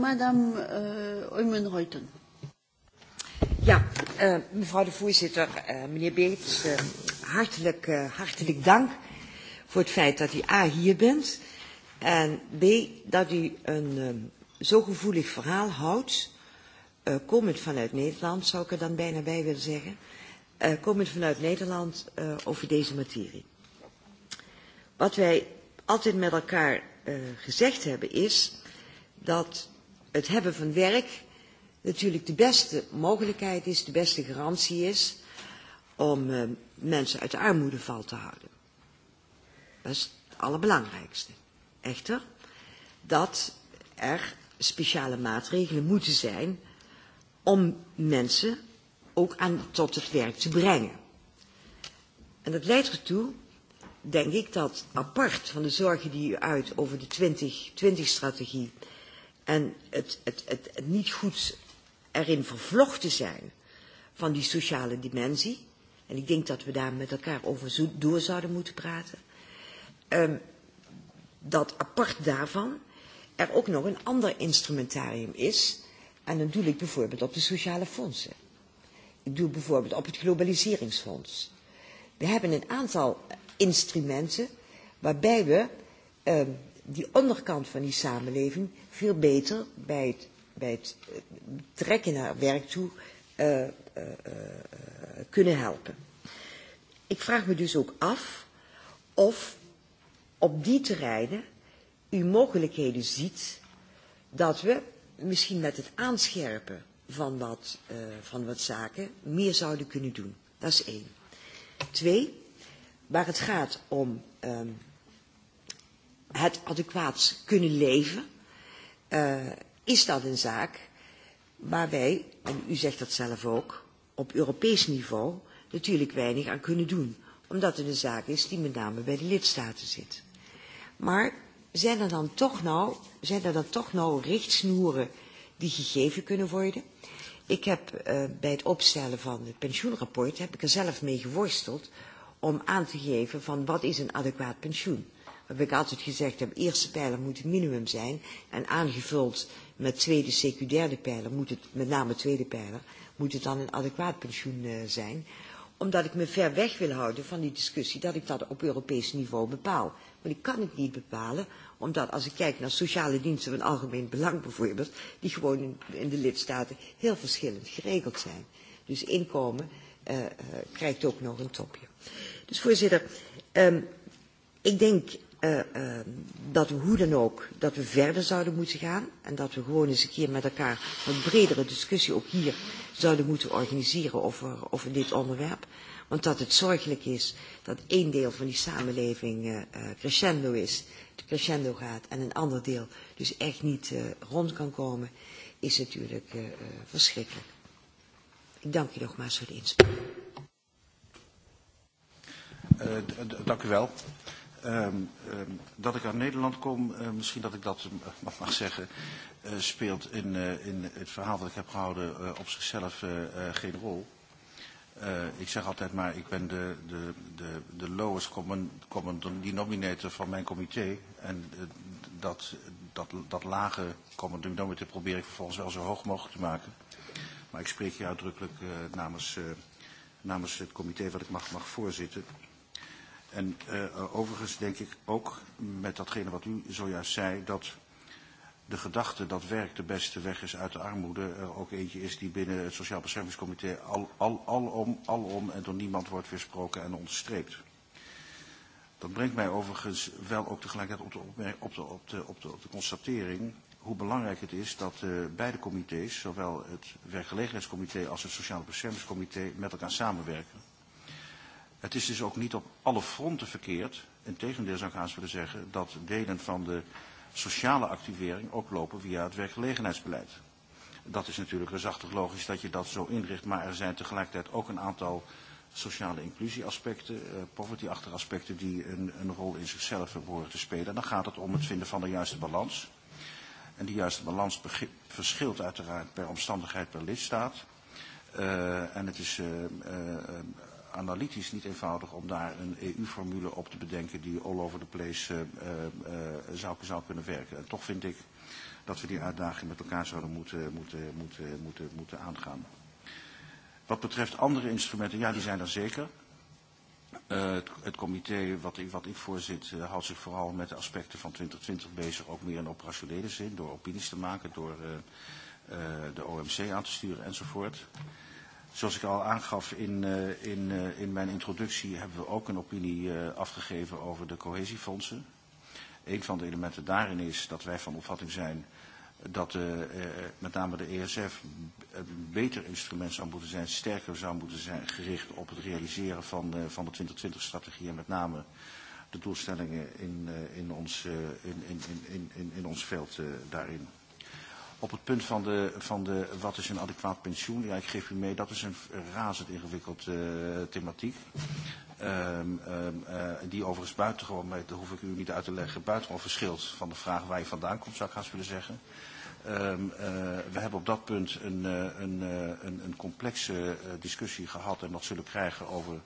Madame uh, reuten Ja, uh, mevrouw de voorzitter, uh, meneer Beets, uh, hartelijk, uh, hartelijk dank voor het feit dat u A hier bent en B dat u een zo gevoelig verhaal houdt, uh, komend vanuit Nederland zou ik er dan bijna bij willen zeggen, uh, komend vanuit Nederland uh, over deze materie. Wat wij altijd met elkaar uh, gezegd hebben is dat het hebben van werk natuurlijk de beste mogelijkheid is, de beste garantie is om uh, mensen uit de armoedeval te houden. Dat is het allerbelangrijkste. Echter, dat er speciale maatregelen moeten zijn om mensen ook aan, tot het werk te brengen. En dat leidt ertoe, denk ik, dat apart van de zorgen die u uit over de 2020-strategie 20 En het, het, het, het niet goed erin vervlochten zijn van die sociale dimensie. En ik denk dat we daar met elkaar over zo, door zouden moeten praten. Um, dat apart daarvan er ook nog een ander instrumentarium is. En dan doe ik bijvoorbeeld op de sociale fondsen. Ik doe bijvoorbeeld op het globaliseringsfonds. We hebben een aantal instrumenten waarbij we um, die onderkant van die samenleving veel beter bij het, bij het eh, trekken naar werk toe uh, uh, uh, kunnen helpen. Ik vraag me dus ook af of op die terreinen u mogelijkheden ziet dat we misschien met het aanscherpen van wat, uh, van wat zaken meer zouden kunnen doen. Dat is één. Twee, waar het gaat om um, het adequaat kunnen leven uh, is dat een zaak waar wij, en u zegt dat zelf ook, op Europees niveau natuurlijk weinig aan kunnen doen. Omdat het een zaak is die met name bij de lidstaten zit. Maar zijn er dan toch nou, zijn er dan toch nou richtsnoeren die gegeven kunnen worden? Ik heb uh, bij het opstellen van het pensioenrapport heb ik er zelf mee geworsteld om aan te geven van wat is een adequaat pensioen. Heb ik altijd gezegd heb, eerste pijler moet het minimum zijn en aangevuld met tweede, secundaire pijler, moet het, met name tweede pijler, moet het dan een adequaat pensioen uh, zijn. Omdat ik me ver weg wil houden van die discussie dat ik dat op Europees niveau bepaal. Want ik kan het niet bepalen, omdat als ik kijk naar sociale diensten van algemeen belang bijvoorbeeld, die gewoon in, in de lidstaten heel verschillend geregeld zijn. Dus inkomen uh, krijgt ook nog een topje. Dus voorzitter, um, ik denk uh, uh, dat we hoe dan ook, dat we verder zouden moeten gaan en dat we gewoon eens een keer met elkaar een bredere discussie ook hier zouden moeten organiseren over, over dit onderwerp. Want dat het zorgelijk is dat één deel van die samenleving uh, crescendo is, crescendo gaat en een ander deel dus echt niet uh, rond kan komen, is natuurlijk uh, verschrikkelijk. Ik dank u nogmaals voor de inspraak. Uh, dank u wel um, um, dat ik uit Nederland kom, uh, misschien dat ik dat uh, mag zeggen, uh, speelt in, uh, in het verhaal dat ik heb gehouden uh, op zichzelf uh, uh, geen rol. Uh, ik zeg altijd maar, ik ben de, de, de, de lowest common, common denominator van mijn comité. En uh, dat, dat, dat lage common denominator probeer ik vervolgens wel zo hoog mogelijk te maken. Maar ik spreek hier uitdrukkelijk uh, namens, uh, namens het comité wat ik mag, mag voorzitten. En uh, overigens denk ik ook met datgene wat u zojuist zei, dat de gedachte dat werk de beste weg is uit de armoede er ook eentje is die binnen het Sociaal Beschermingscomité al, al, alom, alom en door niemand wordt weersproken en onderstreept. Dat brengt mij overigens wel ook tegelijkertijd op de, op de, op de, op de, op de constatering hoe belangrijk het is dat uh, beide comité's, zowel het werkgelegenheidscomité als het Sociaal Beschermingscomité, met elkaar samenwerken. Het is dus ook niet op alle fronten verkeerd. Integendeel zou ik haast willen zeggen dat delen van de sociale activering ook lopen via het werkgelegenheidsbeleid. Dat is natuurlijk reusachtig logisch dat je dat zo inricht, maar er zijn tegelijkertijd ook een aantal sociale inclusieaspecten, uh, poverty-achtige aspecten die een, een rol in zichzelf behoren te spelen. En dan gaat het om het vinden van de juiste balans. En die juiste balans verschilt uiteraard per omstandigheid per lidstaat. Uh, en het is uh, uh, analytisch niet eenvoudig om daar een EU-formule op te bedenken die all over the place uh, uh, zou, zou kunnen werken. En toch vind ik dat we die uitdaging met elkaar zouden moeten, moeten, moeten, moeten, moeten aangaan. Wat betreft andere instrumenten, ja, die zijn er zeker. Uh, het, het comité wat, wat ik voorzit uh, houdt zich vooral met de aspecten van 2020 bezig, ook meer in operationele zin, door opinies te maken, door uh, uh, de OMC aan te sturen enzovoort. Zoals ik al aangaf in, uh, in, uh, in mijn introductie hebben we ook een opinie uh, afgegeven over de cohesiefondsen. Een van de elementen daarin is dat wij van opvatting zijn dat uh, uh, met name de ESF een beter instrument zou moeten zijn, sterker zou moeten zijn gericht op het realiseren van, uh, van de 2020-strategie en met name de doelstellingen in, uh, in, ons, uh, in, in, in, in, in ons veld uh, daarin. Op het punt van, de, van de, wat is een adequaat pensioen, ja, ik geef u mee, dat is een razend ingewikkeld uh, thematiek. Um, um, uh, die overigens buitengewoon, maar dat hoef ik u niet uit te leggen, buitengewoon verschilt van de vraag waar je vandaan komt, zou ik haast willen zeggen. Um, uh, we hebben op dat punt een, uh, een, uh, een, een complexe discussie gehad en dat zullen krijgen over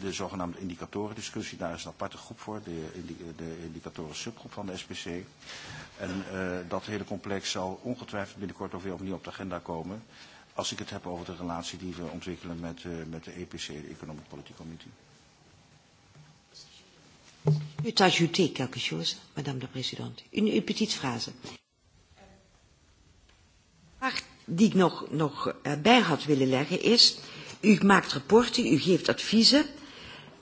de zogenaamde indicatoren discussie, Daar is een aparte groep voor, de, de indicatoren subgroep van de SPC. En uh, dat hele complex zal ongetwijfeld binnenkort of weer opnieuw op de agenda komen. Als ik het heb over de relatie die we ontwikkelen met, uh, met de EPC, de Economic Policy Committee. U t'as ajouté quelque chose, Madame la Présidente? Une, une petite phrase. Vraag die ik nog, nog eh, bij had willen leggen is, u maakt rapporten, u geeft adviezen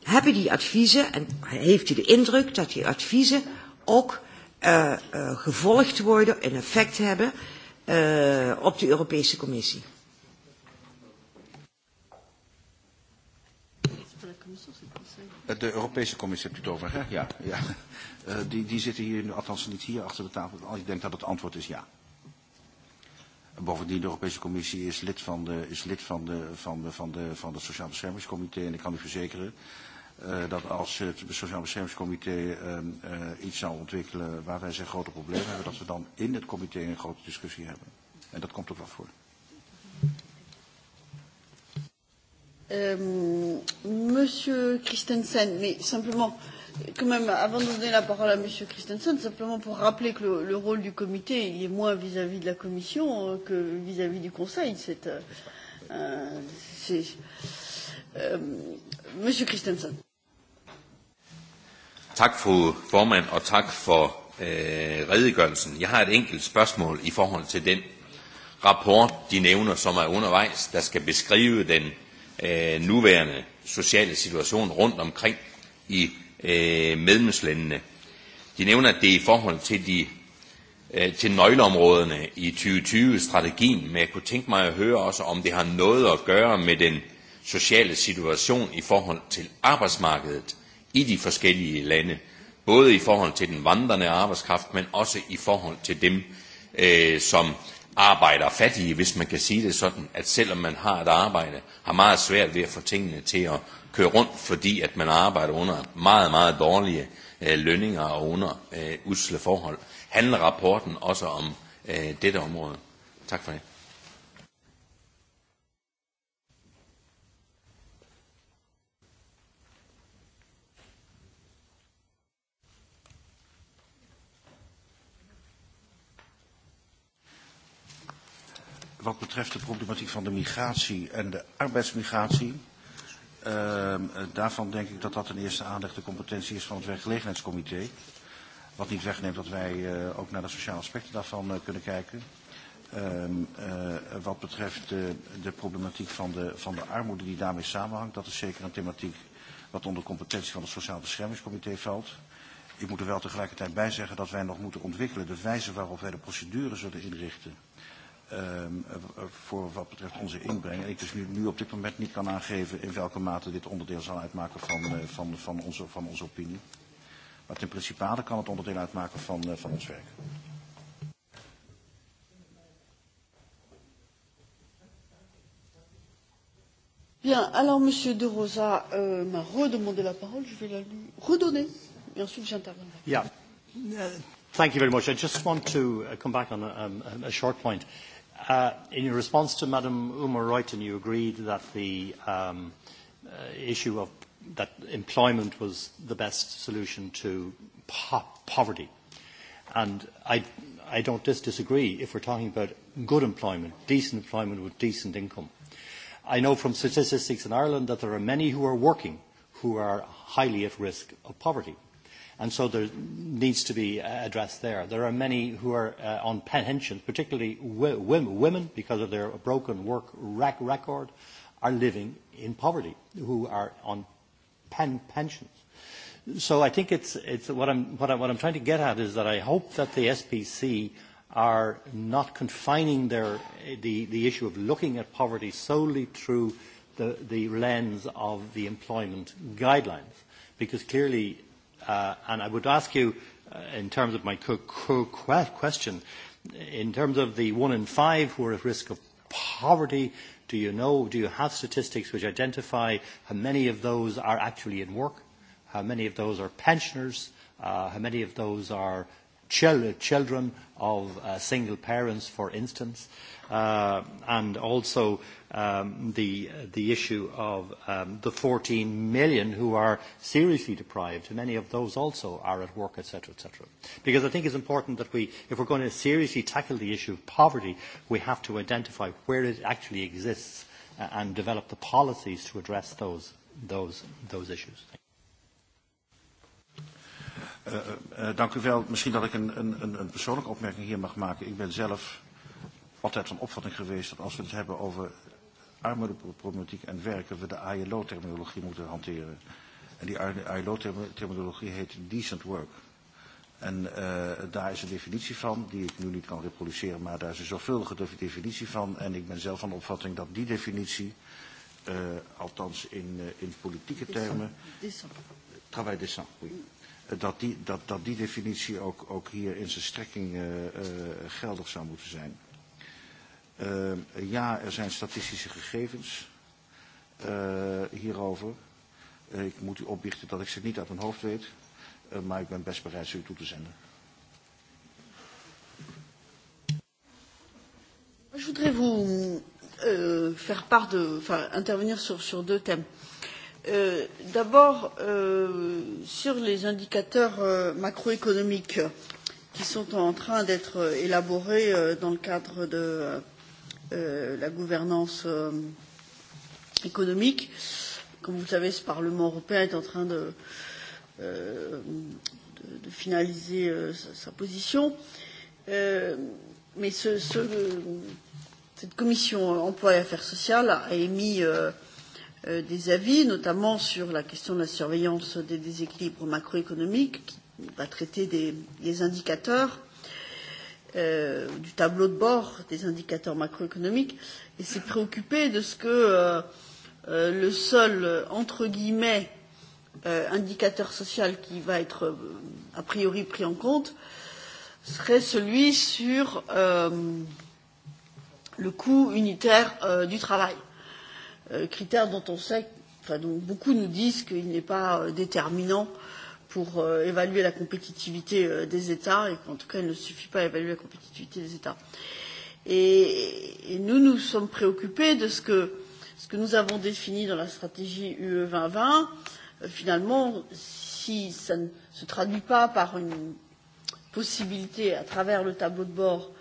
hebben die adviezen, en heeft u de indruk dat die adviezen ook uh, uh, gevolgd worden, en effect hebben uh, op de Europese Commissie? De Europese Commissie hebt u het over, hè? Ja. ja. Uh, die, die zitten hier, althans niet hier achter de tafel. Ik denk dat het antwoord is ja. Bovendien, de Europese Commissie is lid van, de, is lid van, de, van, de, van, de, van het Sociaal Beschermingscomité. En ik kan u verzekeren Eh, dat als het Sociaal Beschermingscomité uh, uh, iets zou ontwikkelen waar wij zijn grote problemen hebben, dat we dan in het comité een grote discussie hebben. En dat komt ook wel voor. Um, Monsieur Christensen, mais simplement, quand même, avant de donner la parole à Monsieur Christensen, simplement pour rappeler que le, le rôle du comité, il est moins vis-à-vis -vis de la Commission euh, que vis-à-vis -vis du Conseil. euh, euh, euh, Monsieur Christensen. Tak, fru formand, og tak for øh, redegørelsen. Jeg har et enkelt spørgsmål i forhold til den rapport, de nævner, som er undervejs, der skal beskrive den øh, nuværende sociale situation rundt omkring i øh, medlemslandene. De nævner, at det er i forhold til, de, øh, til nøgleområderne i 2020-strategien, men jeg kunne tænke mig at høre også, om det har noget at gøre med den sociale situation i forhold til arbejdsmarkedet, i de forskellige lande, både i forhold til den vandrende arbejdskraft, men også i forhold til dem, øh, som arbejder fattige, hvis man kan sige det sådan, at selvom man har et arbejde, har meget svært ved at få tingene til at køre rundt, fordi at man arbejder under meget, meget dårlige øh, lønninger og under øh, usle forhold. Handler rapporten også om øh, dette område? Tak for det. wat betreft de problematiek van de migratie en de arbeidsmigratie, uh, daarvan denk ik dat dat een eerste aandacht de competentie is van het werkgelegenheidscomité. Wat niet wegneemt dat wij uh, ook naar de sociale aspecten daarvan uh, kunnen kijken. Uh, uh, wat betreft de, de problematiek van de, van de armoede die daarmee samenhangt, dat is zeker een thematiek wat onder competentie van het Sociaal Beschermingscomité valt. Ik moet er wel tegelijkertijd bij zeggen dat wij nog moeten ontwikkelen de wijze waarop wij de procedure zullen inrichten um, voor wat betreft onze inbreng. En ik dus nu, nu op dit moment niet kan aangeven in welke mate dit onderdeel zal uitmaken van, uh, van, van, onze, van onze opinie. Maar ten principale kan het onderdeel uitmaken van, uh, van ons werk. Bien, alors Monsieur De Rosa euh, m'a redemandé la parole, je vais la lui redonner et ensuite j'interviendrai. Yeah. Uh, thank you very much. I just want to uh, come back on a, um, a short point. Uh, Uh, in your response to Madam Umer-Reuten, you agreed that the um, uh, issue of that employment was the best solution to po poverty. And I, I don't dis disagree if we're talking about good employment, decent employment with decent income. I know from statistics in Ireland that there are many who are working who are highly at risk of poverty. And so there needs to be addressed there. There are many who are uh, on pensions, particularly women, because of their broken work rec record, are living in poverty, who are on pen pensions. So I think it's, it's what, I'm, what, I, what I'm trying to get at is that I hope that the SPC are not confining their, the, the issue of looking at poverty solely through the, the lens of the employment guidelines, because clearly Uh, and I would ask you, uh, in terms of my question, in terms of the one in five who are at risk of poverty, do you know, do you have statistics which identify how many of those are actually in work, how many of those are pensioners, uh, how many of those are chil children of uh, single parents, for instance, uh, and also um, the, the issue of um, the 14 million who are seriously deprived. Many of those also are at work, etc., etc. Because I think it's important that we, if we're going to seriously tackle the issue of poverty, we have to identify where it actually exists uh, and develop the policies to address those, those, those issues. Eh, eh, dank u wel. Misschien dat ik een, een, een persoonlijke opmerking hier mag maken. Ik ben zelf altijd van opvatting geweest dat als we het hebben over armoedeproblematiek en werken, we de ILO-terminologie moeten hanteren. En die ILO-terminologie heet decent work. En uh, daar is een definitie van, die ik nu niet kan reproduceren, maar daar is een zorgvuldige definitie van. En ik ben zelf van opvatting dat die definitie, uh, althans in, uh, in politieke termen, travail décent, oui dat die, dat, dat die definitie ook, ook hier in zijn strekking uh, uh, geldig zou moeten zijn. Uh, ja, er zijn statistische gegevens uh, hierover. Uh, ik moet u opbiechten dat ik ze niet uit mijn hoofd weet, uh, maar ik ben best bereid ze u toe te zenden. Je voudrais vous euh, faire part de, enfin, intervenir sur, sur deux thèmes. Euh, D'abord, euh, sur les indicateurs euh, macroéconomiques qui sont en train d'être élaborés euh, dans le cadre de euh, la gouvernance euh, économique. Comme vous le savez, ce Parlement européen est en train de, euh, de, de finaliser euh, sa, sa position. Euh, mais ce, ce, cette commission emploi et affaires sociales a émis euh, Euh, des avis, notamment sur la question de la surveillance des déséquilibres macroéconomiques, qui va traiter des, des indicateurs, euh, du tableau de bord des indicateurs macroéconomiques, et s'est préoccupé de ce que euh, euh, le seul, entre guillemets, euh, indicateur social qui va être euh, a priori pris en compte serait celui sur euh, le coût unitaire euh, du travail euh, critère dont on sait, enfin, dont beaucoup nous disent qu'il n'est pas euh, déterminant pour euh, évaluer la compétitivité euh, des États et qu'en tout cas, il ne suffit pas à évaluer la compétitivité des États. Et, et nous, nous sommes préoccupés de ce que, ce que nous avons défini dans la stratégie UE 2020. Euh, finalement, si ça ne se traduit pas par une possibilité à travers le tableau de bord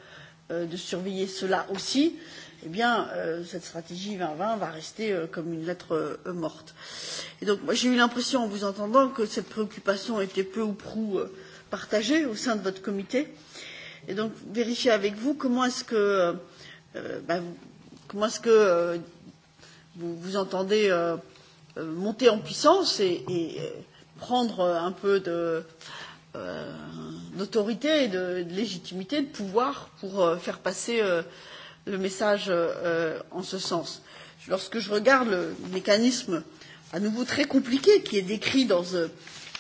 euh, de surveiller cela aussi, euh, eh bien, euh, cette stratégie 2020 va rester euh, comme une lettre euh, morte. Et donc, moi, j'ai eu l'impression, en vous entendant, que cette préoccupation était peu ou prou euh, partagée au sein de votre comité. Et donc, vérifier avec vous comment est-ce que, euh, bah, comment est-ce que euh, vous, vous entendez euh, monter en puissance et, et prendre un peu de d'autorité et de, de légitimité, de pouvoir pour euh, faire passer euh, le message euh, en ce sens. Lorsque je regarde le mécanisme à nouveau très compliqué qui est décrit dans euh,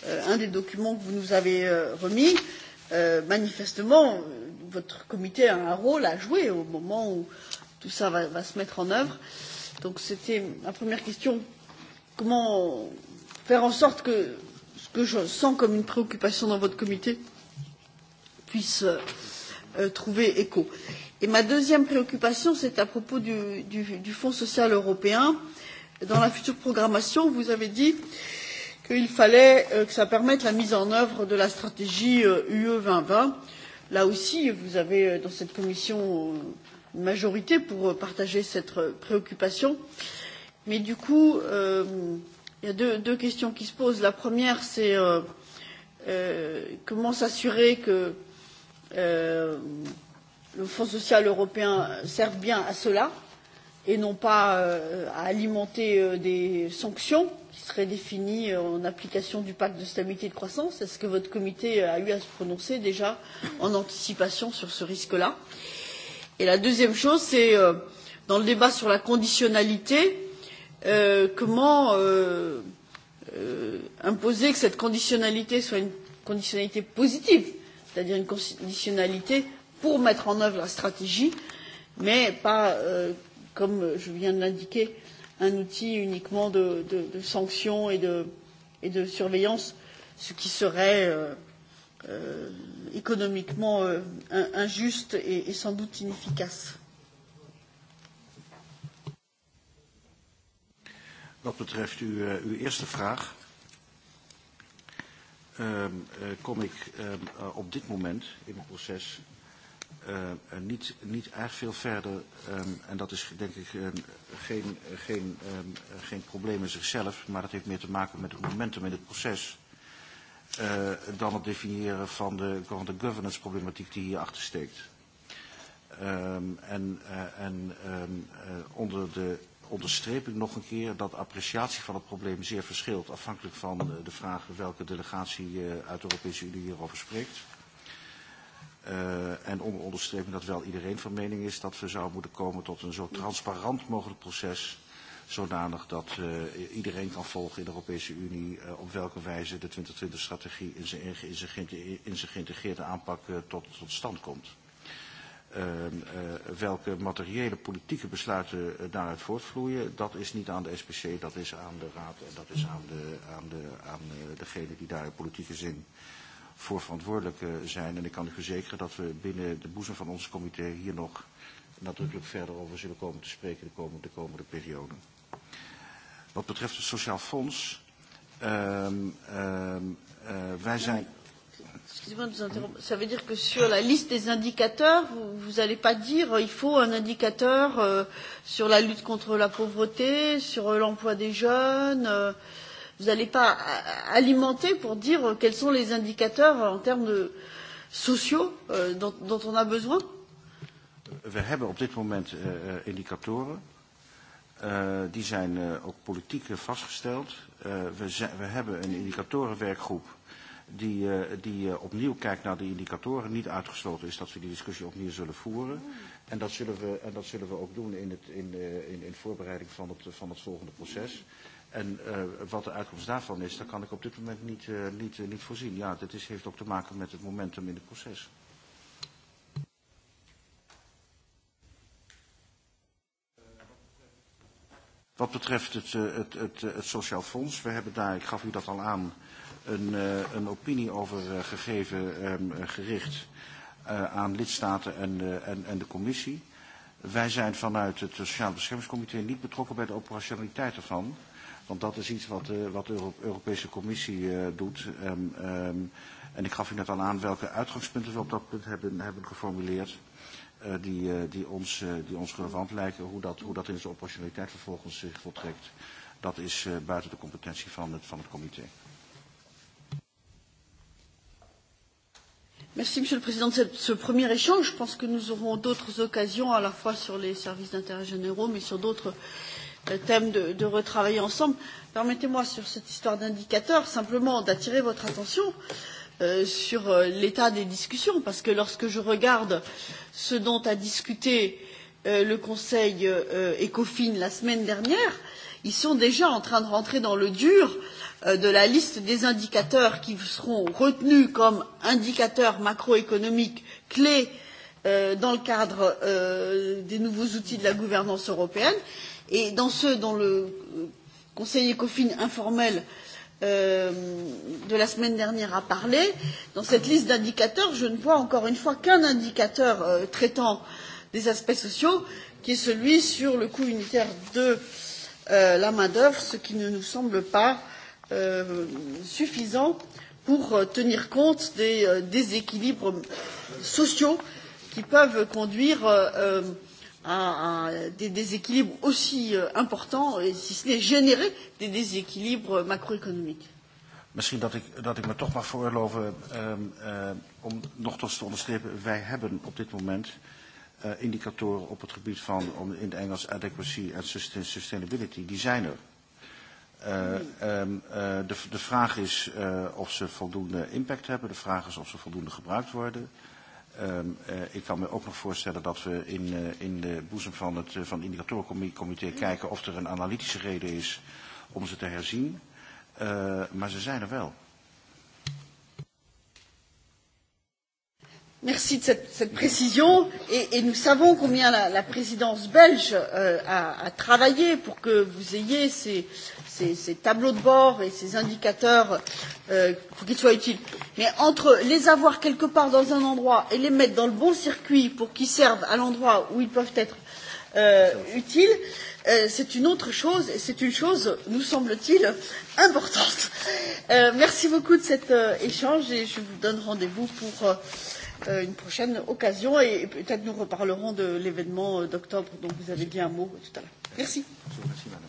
euh un des documents que vous nous avez euh, remis, euh, manifestement, euh, votre comité a un rôle à jouer au moment où tout ça va, va se mettre en œuvre. Donc c'était ma première question. Comment faire en sorte que ce que je sens comme une préoccupation dans votre comité puisse euh, Euh, trouver écho. Et ma deuxième préoccupation, c'est à propos du, du, du Fonds social européen. Dans la future programmation, vous avez dit qu'il fallait euh, que ça permette la mise en œuvre de la stratégie euh, UE 2020. Là aussi, vous avez euh, dans cette commission euh, une majorité pour partager cette préoccupation. Mais du coup, euh, il y a deux, deux questions qui se posent. La première, c'est euh, euh, comment s'assurer que Euh, le Fonds social européen serve bien à cela et non pas euh, à alimenter euh, des sanctions qui seraient définies euh, en application du pacte de stabilité et de croissance. Est-ce que votre comité a eu à se prononcer déjà en anticipation sur ce risque-là Et la deuxième chose, c'est euh, dans le débat sur la conditionnalité, euh, comment euh, euh, imposer que cette conditionnalité soit une conditionnalité positive euh, c'est-à-dire une conditionnalité pour mettre en œuvre la stratégie, mais pas, euh, comme je viens de l'indiquer, un outil uniquement de, de, de sanctions et de, et de surveillance, ce qui serait euh, euh, économiquement euh, injuste et, et sans doute inefficace. Wat betreft uw, eh, uw eerste vraag, um, uh, kom ik um, uh, op dit moment in het proces uh, niet, niet erg veel verder. Um, en dat is denk ik um, geen, geen, um, geen probleem in zichzelf, maar dat heeft meer te maken met het momentum in het proces. Uh, dan het definiëren van de, van de governance problematiek die hierachter steekt. Um, en uh, en um, uh, onder de onderstreep ik nog een keer dat de appreciatie van het probleem zeer verschilt, afhankelijk van eh, de vraag welke delegatie eh, uit de Europese Unie hierover spreekt. Uh, en onder onderstreping dat wel iedereen van mening is dat we zouden moeten komen tot een zo transparant mogelijk proces, zodanig dat uh, iedereen kan volgen in de Europese Unie uh, op welke wijze de 2020-strategie in zijn, in zijn geïntegreerde aanpak uh, tot, tot stand komt uh, welke materiële politieke besluiten eh, daaruit voortvloeien, dat is niet aan de SPC, dat is aan de Raad en dat is aan, de, aan, de, aan eh, degene die daar in politieke zin voor verantwoordelijk zijn. En ik kan u verzekeren dat we binnen de boezem van ons comité hier nog nadrukkelijk verder over zullen komen te spreken de komende, de komende periode. Wat betreft het Sociaal Fonds, um, um, uh, wij zijn... Excusez-moi de vous interrompre. Ça veut dire que sur la liste des indicateurs, vous n'allez pas dire euh, il faut un indicateur euh, sur la lutte contre la pauvreté, sur euh, l'emploi des jeunes. Euh, vous n'allez pas euh, alimenter pour dire euh, quels sont les indicateurs euh, en termes de sociaux euh, dont, dont on a besoin We hebben op dit moment uh, indicatoren. Uh, die zijn uh, ook politiek vastgesteld. Uh, we, we hebben een indicatorenwerkgroep die, uh, die uh, opnieuw kijkt naar de indicatoren. Niet uitgesloten is dat we die discussie opnieuw zullen voeren. En dat zullen we, en dat zullen we ook doen in, het, in, uh, in, in voorbereiding van het, van het volgende proces. En uh, wat de uitkomst daarvan is, dat kan ik op dit moment niet, uh, niet, uh, niet voorzien. Ja, dat is, heeft ook te maken met het momentum in het proces. Wat betreft het, het, het, het, het Sociaal Fonds, we hebben daar, ik gaf u dat al aan, een, uh, een opinie over uh, gegeven um, gericht uh, aan lidstaten en, uh, en, en de commissie. Wij zijn vanuit het Sociaal Beschermingscomité niet betrokken bij de operationaliteit ervan. Want dat is iets wat, uh, wat de Euro Europese Commissie uh, doet. Um, um, en ik gaf u net al aan welke uitgangspunten we op dat punt hebben, hebben geformuleerd. Uh, die, uh, die, ons, uh, die ons relevant lijken. Hoe dat, hoe dat in zijn operationaliteit vervolgens zich voltrekt. Dat is uh, buiten de competentie van het, van het comité. Merci, Monsieur le Président, de ce premier échange. Je pense que nous aurons d'autres occasions, à la fois sur les services d'intérêt généraux, mais sur d'autres euh, thèmes de, de retravailler ensemble. Permettez-moi, sur cette histoire d'indicateurs, simplement d'attirer votre attention euh, sur euh, l'état des discussions, parce que lorsque je regarde ce dont a discuté euh, le Conseil euh, ECOFIN la semaine dernière, euh, ils sont déjà en train de rentrer dans le dur euh, de la liste des indicateurs qui seront retenus comme indicateurs macroéconomiques clés euh, dans le cadre euh, des nouveaux outils de la gouvernance européenne et dans ceux dont le conseil ECOFIN informel euh, de la semaine dernière a parlé, dans cette liste d'indicateurs, je ne vois encore une fois qu'un indicateur euh, traitant des aspects sociaux, qui est celui sur le coût unitaire de euh, Euh, la main-d'œuvre, ce qui ne nous semble pas euh, suffisant pour euh, tenir compte des euh, déséquilibres sociaux qui peuvent conduire euh, à, à des déséquilibres aussi euh, importants, et si ce n'est générer des déséquilibres macroéconomiques. Misschien dat ik, dat ik me toch mag veroorloven um, um, om nog te onderstrepen, wij hebben op dit moment uh, uh, indicatoren op het gebied van, om, in het Engels, adequacy en sustainability, die zijn er. Uh, um, uh, de, de vraag is uh, of ze voldoende impact hebben, de vraag is of ze voldoende gebruikt worden. Um, uh, ik kan me ook nog voorstellen dat we in, uh, in de boezem van het uh, van het indicatorencomité kijken of er een analytische reden is om ze te herzien. Uh, maar ze zijn er wel. Merci de cette, cette précision et, et nous savons combien la, la présidence belge euh, a, a travaillé pour que vous ayez ces, ces, ces tableaux de bord et ces indicateurs euh, pour qu'ils soient utiles. Mais entre les avoir quelque part dans un endroit et les mettre dans le bon circuit pour qu'ils servent à l'endroit où ils peuvent être euh, utiles, euh, c'est une autre chose et c'est une chose, nous semble-t-il, importante. Euh, merci beaucoup de cet euh, échange et je vous donne rendez-vous pour. Euh, euh, une prochaine occasion et, et peut-être nous reparlerons de l'événement d'octobre dont vous avez dit un mot tout à l'heure. Merci. Merci, madame.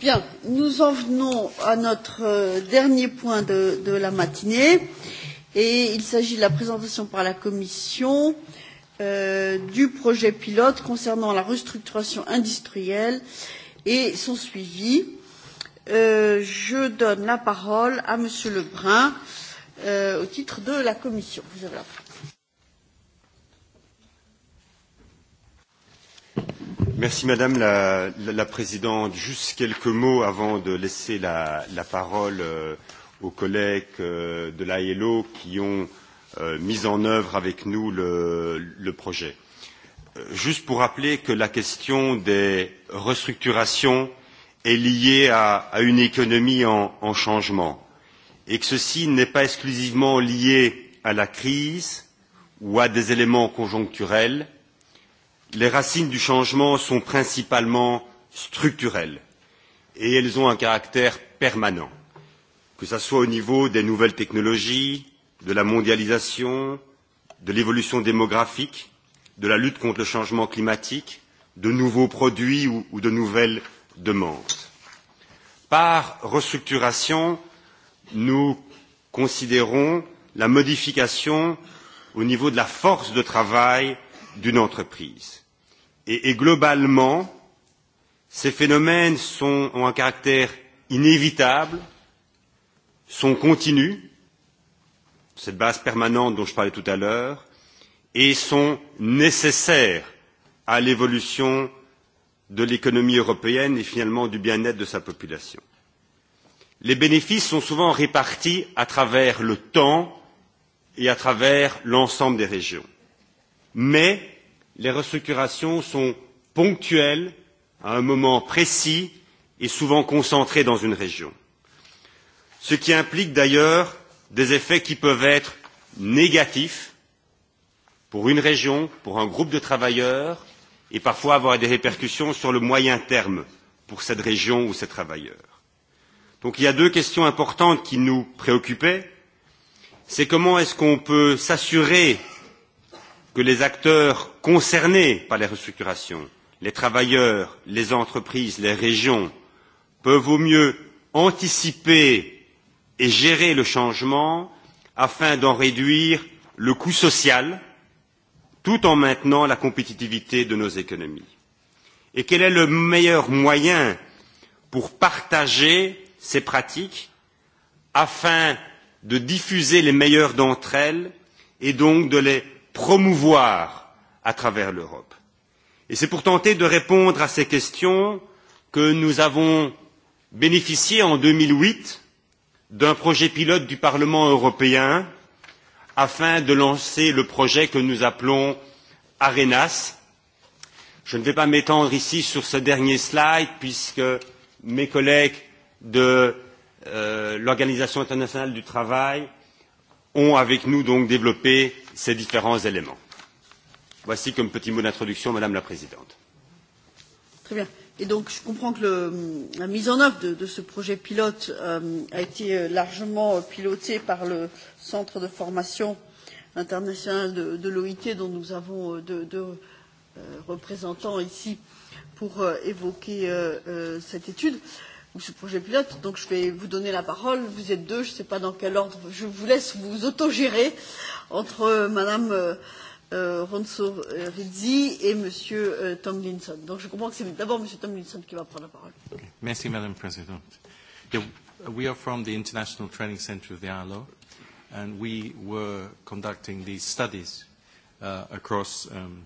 Bien, nous en venons à notre euh, dernier point de, de la matinée et il s'agit de la présentation par la Commission euh, du projet pilote concernant la restructuration industrielle et son suivi. Euh, je donne la parole à Monsieur Lebrun euh, au titre de la Commission. Vous avez la parole. Merci Madame la, la, la Présidente. Juste quelques mots avant de laisser la, la parole euh, aux collègues euh, de l'ALO qui ont euh, mis en œuvre avec nous le, le projet. Euh, juste pour rappeler que la question des restructurations est liée à, à une économie en, en changement et que ceci n'est pas exclusivement lié à la crise ou à des éléments conjoncturels, les racines du changement sont principalement structurelles et elles ont un caractère permanent, que ce soit au niveau des nouvelles technologies, de la mondialisation, de l'évolution démographique, de la lutte contre le changement climatique, de nouveaux produits ou, ou de nouvelles demandes. Par restructuration, nous considérons la modification au niveau de la force de travail d'une entreprise. Et, et globalement, ces phénomènes sont, ont un caractère inévitable, sont continus, cette base permanente dont je parlais tout à l'heure, et sont nécessaires à l'évolution de l'économie européenne et finalement du bien-être de sa population. Les bénéfices sont souvent répartis à travers le temps et à travers l'ensemble des régions. Mais les restructurations sont ponctuelles, à un moment précis et souvent concentrées dans une région. Ce qui implique d'ailleurs des effets qui peuvent être négatifs pour une région, pour un groupe de travailleurs, et parfois avoir des répercussions sur le moyen terme pour cette région ou ces travailleurs. Donc il y a deux questions importantes qui nous préoccupaient. C'est comment est-ce qu'on peut s'assurer que les acteurs concernés par les restructurations, les travailleurs, les entreprises, les régions, peuvent au mieux anticiper et gérer le changement afin d'en réduire le coût social tout en maintenant la compétitivité de nos économies. Et quel est le meilleur moyen pour partager ces pratiques afin de diffuser les meilleures d'entre elles et donc de les promouvoir à travers l'Europe. Et c'est pour tenter de répondre à ces questions que nous avons bénéficié en 2008 d'un projet pilote du Parlement européen afin de lancer le projet que nous appelons Arenas. Je ne vais pas m'étendre ici sur ce dernier slide puisque mes collègues de euh, l'Organisation internationale du travail ont avec nous donc développé ces différents éléments. Voici comme petit mot d'introduction, Madame la Présidente. Très bien. Et donc, je comprends que le, la mise en œuvre de, de ce projet pilote euh, a été largement pilotée par le Centre de formation international de, de l'OIT, dont nous avons euh, deux, de, euh, représentants ici pour euh, évoquer euh, euh cette étude. Euh, ou ce projet pilote. Donc je vais vous donner la parole. Vous êtes deux, je ne sais pas dans quel ordre. Je vous laisse vous autogérer entre euh, Madame euh, euh, Ronso Rizzi et Monsieur euh, Tomlinson. Donc je comprends que c'est d'abord Monsieur Tomlinson qui va prendre la parole. Okay. Merci Madame la Présidente. Yeah, we are from the International Training Center of the ILO and we were conducting these studies uh, across um,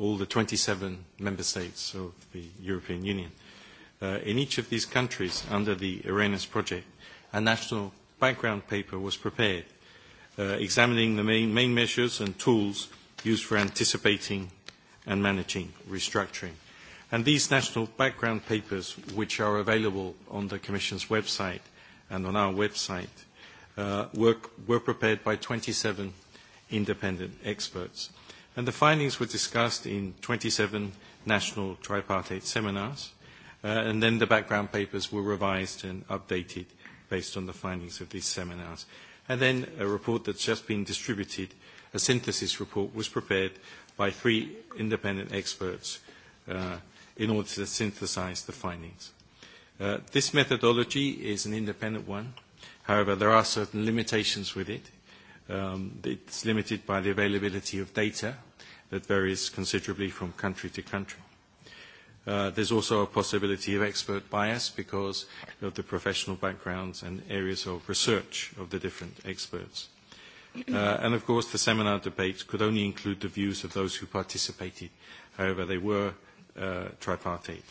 all the 27 member states of the European Union uh, in each of these countries under the Arenas project, a national background paper was prepared, uh, examining the main, main measures and tools used for anticipating and managing restructuring. And these national background papers, which are available on the Commission's website and on our website, uh, were, were prepared by 27 independent experts. And the findings were discussed in 27 national tripartite seminars, Uh, and then the background papers were revised and updated based on the findings of these seminars. And then a report that's just been distributed, a synthesis report, was prepared by three independent experts uh, in order to synthesize the findings. Uh, this methodology is an independent one. However, there are certain limitations with it. Um, it's limited by the availability of data that varies considerably from country to country. Uh, there's also a possibility of expert bias because of the professional backgrounds and areas of research of the different experts. Uh, and of course, the seminar debate could only include the views of those who participated. However, they were uh, tripartite.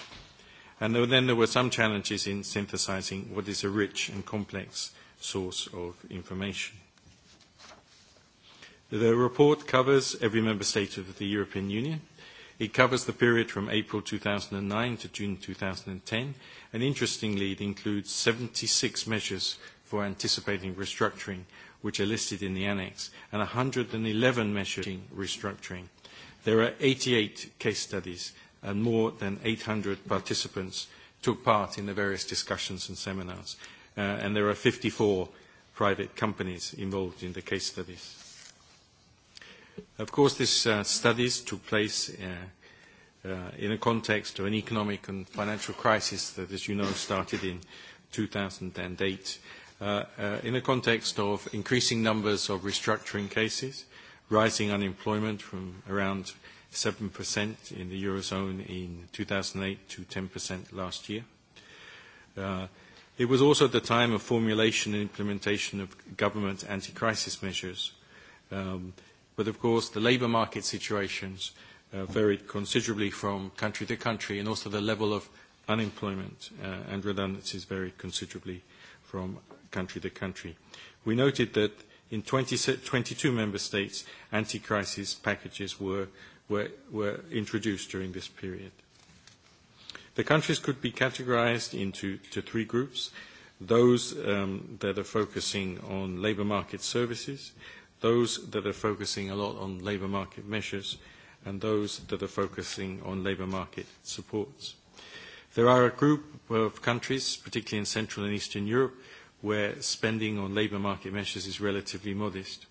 And then there were some challenges in synthesizing what is a rich and complex source of information. The report covers every member state of the European Union It covers the period from April 2009 to June 2010, and interestingly, it includes 76 measures for anticipating restructuring, which are listed in the annex, and 111 measures restructuring. There are 88 case studies, and more than 800 participants took part in the various discussions and seminars, uh, and there are 54 private companies involved in the case studies. Of course, this uh, studies took place uh, uh, in a context of an economic and financial crisis that, as you know, started in 2008, uh, uh, in a context of increasing numbers of restructuring cases, rising unemployment from around 7% in the Eurozone in 2008 to 10% last year. Uh, it was also at the time of formulation and implementation of government anti-crisis measures, um, But of course, the labour market situations uh, varied considerably from country to country, and also the level of unemployment uh, and redundancies varied considerably from country to country. We noted that in 20, 22 member states, anti-crisis packages were, were, were introduced during this period. The countries could be categorized into to three groups, those um, that are focusing on labor market services, those that are focusing a lot on labour market measures and those that are focusing on labour market supports. There are a group of countries, particularly in Central and Eastern Europe, where spending on labour market measures is relatively modest.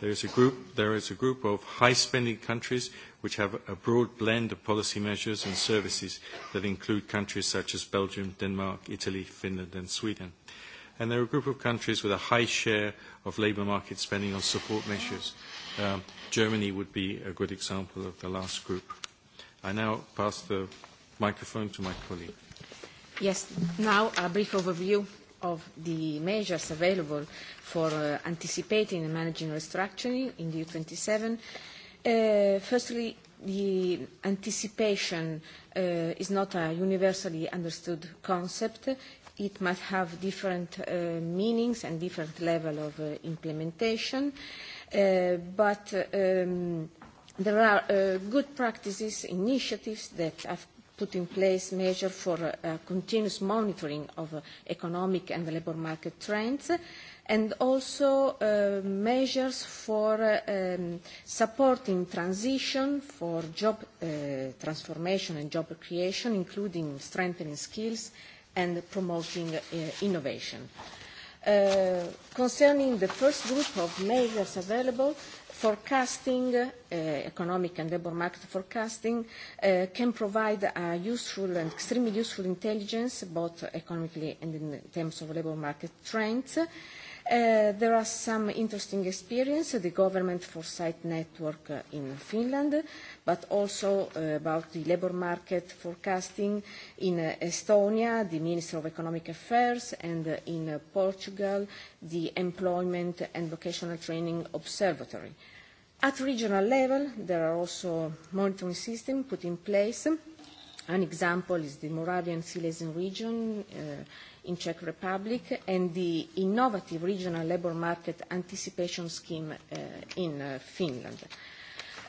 There is a group, there is a group of high spending countries which have a broad blend of policy measures and services that include countries such as Belgium, Denmark, Italy, Finland and Sweden and they're a group of countries with a high share of labour market spending on support measures. Um, Germany would be a good example of the last group. I now pass the microphone to my colleague. Yes, now a brief overview of the measures available for uh, anticipating and managing restructuring in the U27. Uh, firstly, the anticipation uh, is not a universally understood concept it must have different uh, meanings and different level of uh, implementation. Uh, but um, there are uh, good practices, initiatives that have put in place measures for uh, continuous monitoring of uh, economic and labour market trends and also uh, measures for uh, um, supporting transition for job uh, transformation and job creation, including strengthening skills and promoting uh, innovation. Uh, concerning the first group of measures available, forecasting, uh, economic and labour market forecasting, uh, can provide a useful and extremely useful intelligence, both economically and in terms of labour market trends. Uh, Uh, there are some interesting experience, the government foresight network uh, in Finland, but also uh, about the labor market forecasting in Estonia, the Minister of Economic Affairs, and in Portugal, the Employment and Vocational Training Observatory. At regional level, there are also monitoring systems put in place. An example is the Moravian Silesian region, uh, in Czech Republic and the innovative regional labour market anticipation scheme uh, in uh, Finland.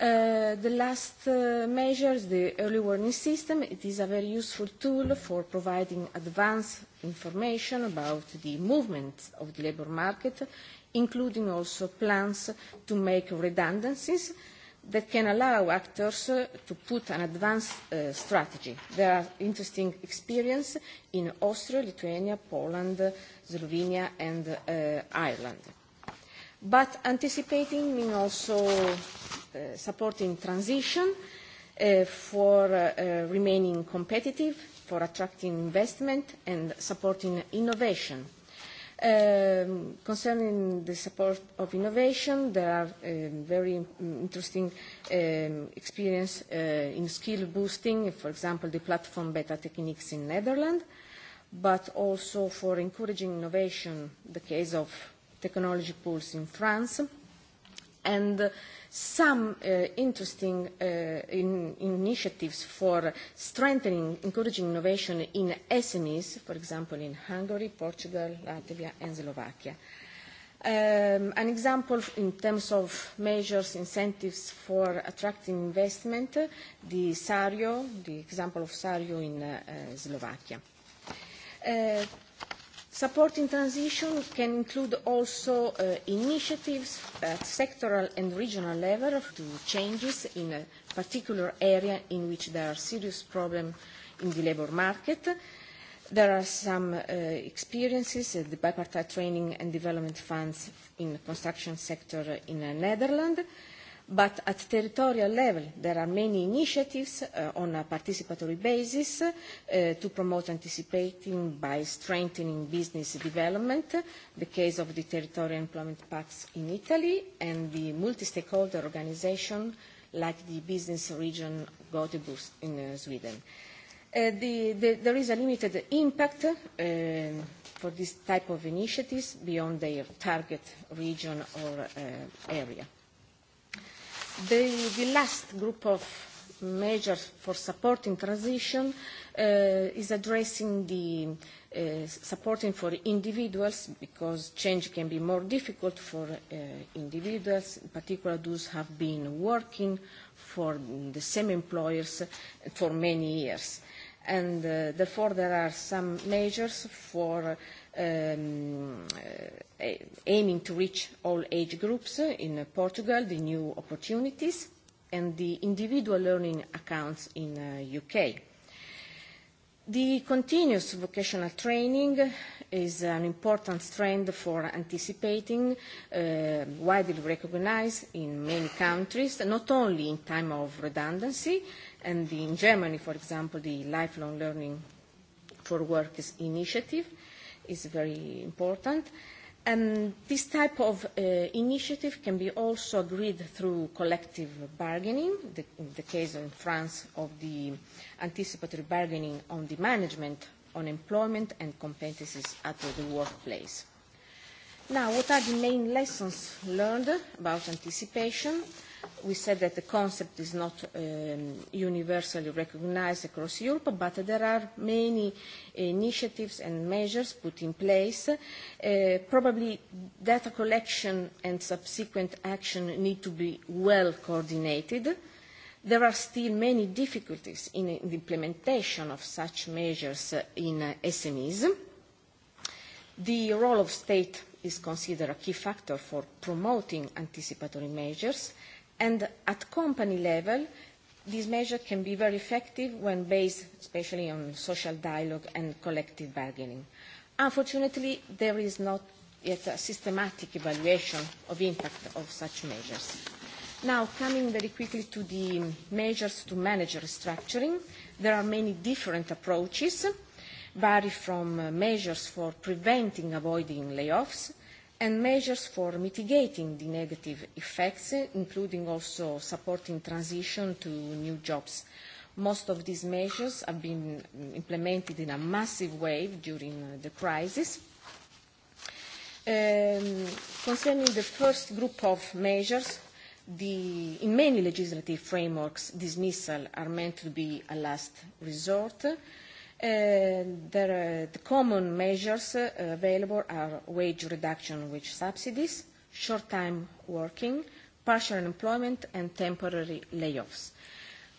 Uh, the last uh, is the early warning system, it is a very useful tool for providing advanced information about the movement of the labour market, including also plans to make redundancies that can allow actors uh, to put an advanced uh, strategy. There are interesting experience in Austria, Lithuania, Poland, uh, Slovenia and uh, Ireland. But anticipating means also uh, supporting transition uh, for uh, uh, remaining competitive, for attracting investment and supporting innovation Um, concerning the support of innovation, there are um, very interesting um, experience uh, in skill boosting, for example, the platform beta techniques in Netherlands, but also for encouraging innovation, the case of technology pools in France and some uh, interesting uh, in initiatives for strengthening, encouraging innovation in SMEs, for example in Hungary, Portugal, Latvia and Slovakia. Um, an example in terms of measures, incentives for attracting investment, the SARIO, the example of SARIO in uh, uh, Slovakia. Uh, Support in transition can include also uh, initiatives at sectoral and regional level to changes in a particular area in which there are serious problems in the labour market. There are some uh, experiences at uh, the bipartite training and development funds in the construction sector in the uh, Netherlands. But at territorial level, there are many initiatives uh, on a participatory basis uh, to promote anticipating by strengthening business development, the case of the territorial employment pacts in Italy and the multi-stakeholder organization like the business region Göteborg in uh, Sweden. Uh, the, the, there is a limited impact uh, for this type of initiatives beyond their target region or uh, area. The, the last group of measures for supporting transition uh, is addressing the uh, supporting for individuals because change can be more difficult for uh, individuals, in particular those who have been working for the same employers for many years. And uh, therefore there are some measures for uh, um, eh, aiming to reach all age groups in Portugal, the new opportunities, and the individual learning accounts in uh, UK. The continuous vocational training is an important strand for anticipating, uh, widely recognized in many countries, not only in time of redundancy, and in Germany, for example, the Lifelong Learning for Workers initiative, is very important. And this type of uh, initiative can be also agreed through collective bargaining, the, in the case in France of the anticipatory bargaining on the management on employment and competencies at the workplace. Now, what are the main lessons learned about anticipation? we said that the concept is not um, universally recognized across Europe, but there are many initiatives and measures put in place. Uh, probably data collection and subsequent action need to be well coordinated. There are still many difficulties in the implementation of such measures uh, in uh, SMEs. The role of state is considered a key factor for promoting anticipatory measures And at company level, these measures can be very effective when based especially on social dialogue and collective bargaining. Unfortunately, there is not yet a systematic evaluation of impact of such measures. Now, coming very quickly to the measures to manage restructuring, there are many different approaches, vary from measures for preventing avoiding layoffs, and measures for mitigating the negative effects, including also supporting transition to new jobs. Most of these measures have been implemented in a massive way during uh, the crisis. Um, concerning the first group of measures, the, in many legislative frameworks, dismissal are meant to be a last resort there, the common measures uh, available are wage reduction with subsidies, short-time working, partial unemployment and temporary layoffs.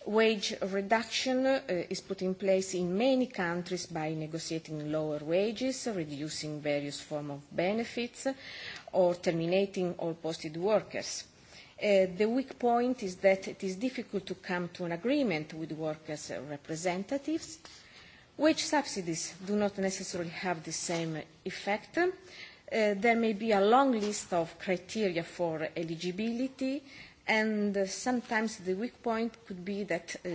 Wage reduction uh, is put in place in many countries by negotiating lower wages, reducing various forms of benefits, or terminating all posted workers. Uh, the weak point is that it is difficult to come to an agreement with workers' representatives, Wage subsidies do not necessarily have the same effect. Uh, there may be a long list of criteria for eligibility, and uh, sometimes the weak point could be that uh,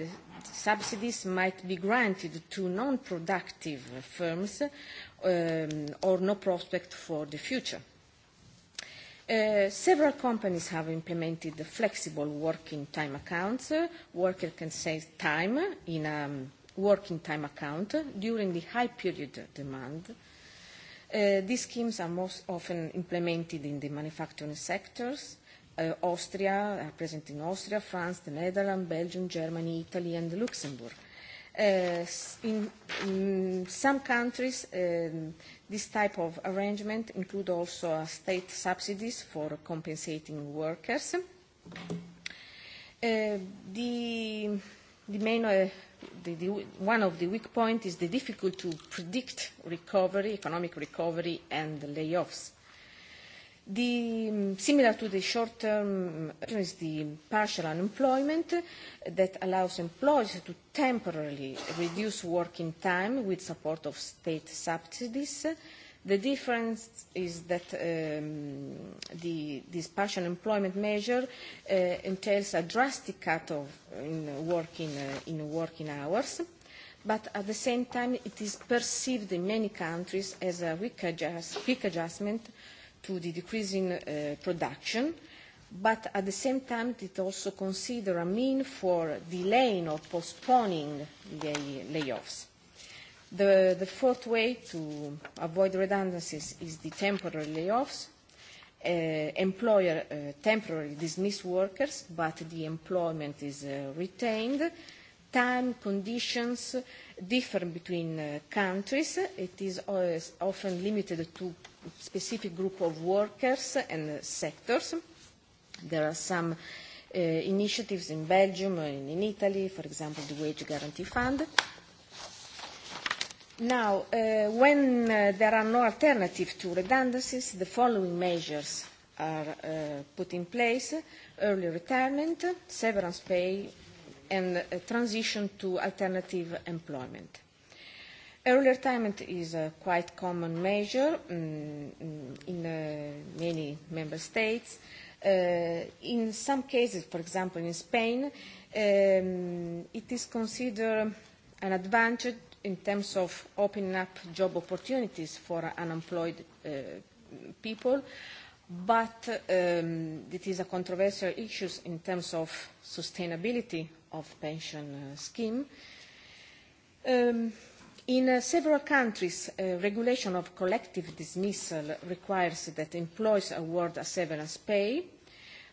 subsidies might be granted to non-productive firms um, or no prospect for the future. Uh, several companies have implemented the flexible working time accounts. Uh, worker can save time in a um, working time account during the high period demand. Uh, these schemes are most often implemented in the manufacturing sectors, uh, Austria, are uh, present in Austria, France, the Netherlands, Belgium, Germany, Italy and Luxembourg. Uh, in, in some countries, uh, this type of arrangement include also uh, state subsidies for compensating workers. Uh, the, the main uh, the, the, one of the weak points is the difficult to predict recovery, economic recovery and layoffs. The, mm, similar to the short-term mm, is the partial unemployment that allows employers to temporarily reduce working time with support of state subsidies. Uh, The difference is that um, the, this partial employment measure uh, entails a drastic cut of in working, uh, in working hours, but at the same time it is perceived in many countries as a quick, adjust, quick adjustment to the decreasing uh, production, but at the same time it also considers a mean for delaying or postponing the layoffs. The, the fourth way to avoid redundancies is the temporary layoffs. Uh, employer uh, temporarily dismiss workers, but the employment is uh, retained. Time conditions differ between uh, countries. It is always uh, often limited to specific group of workers and uh, sectors. There are some uh, initiatives in Belgium and in Italy, for example, the Wage Guarantee Fund. Now, uh, when uh, there are no alternative to redundancies, the following measures are uh, put in place, early retirement, severance pay, and uh, transition to alternative employment. Early retirement is a quite common measure um, in uh, many member states. Uh, in some cases, for example in Spain, um, it is considered an advantage in terms of opening up job opportunities for unemployed uh, people, but um, it is a controversial issue in terms of sustainability of pension uh, scheme. Um, in uh, several countries, uh, regulation of collective dismissal requires that employees award a severance pay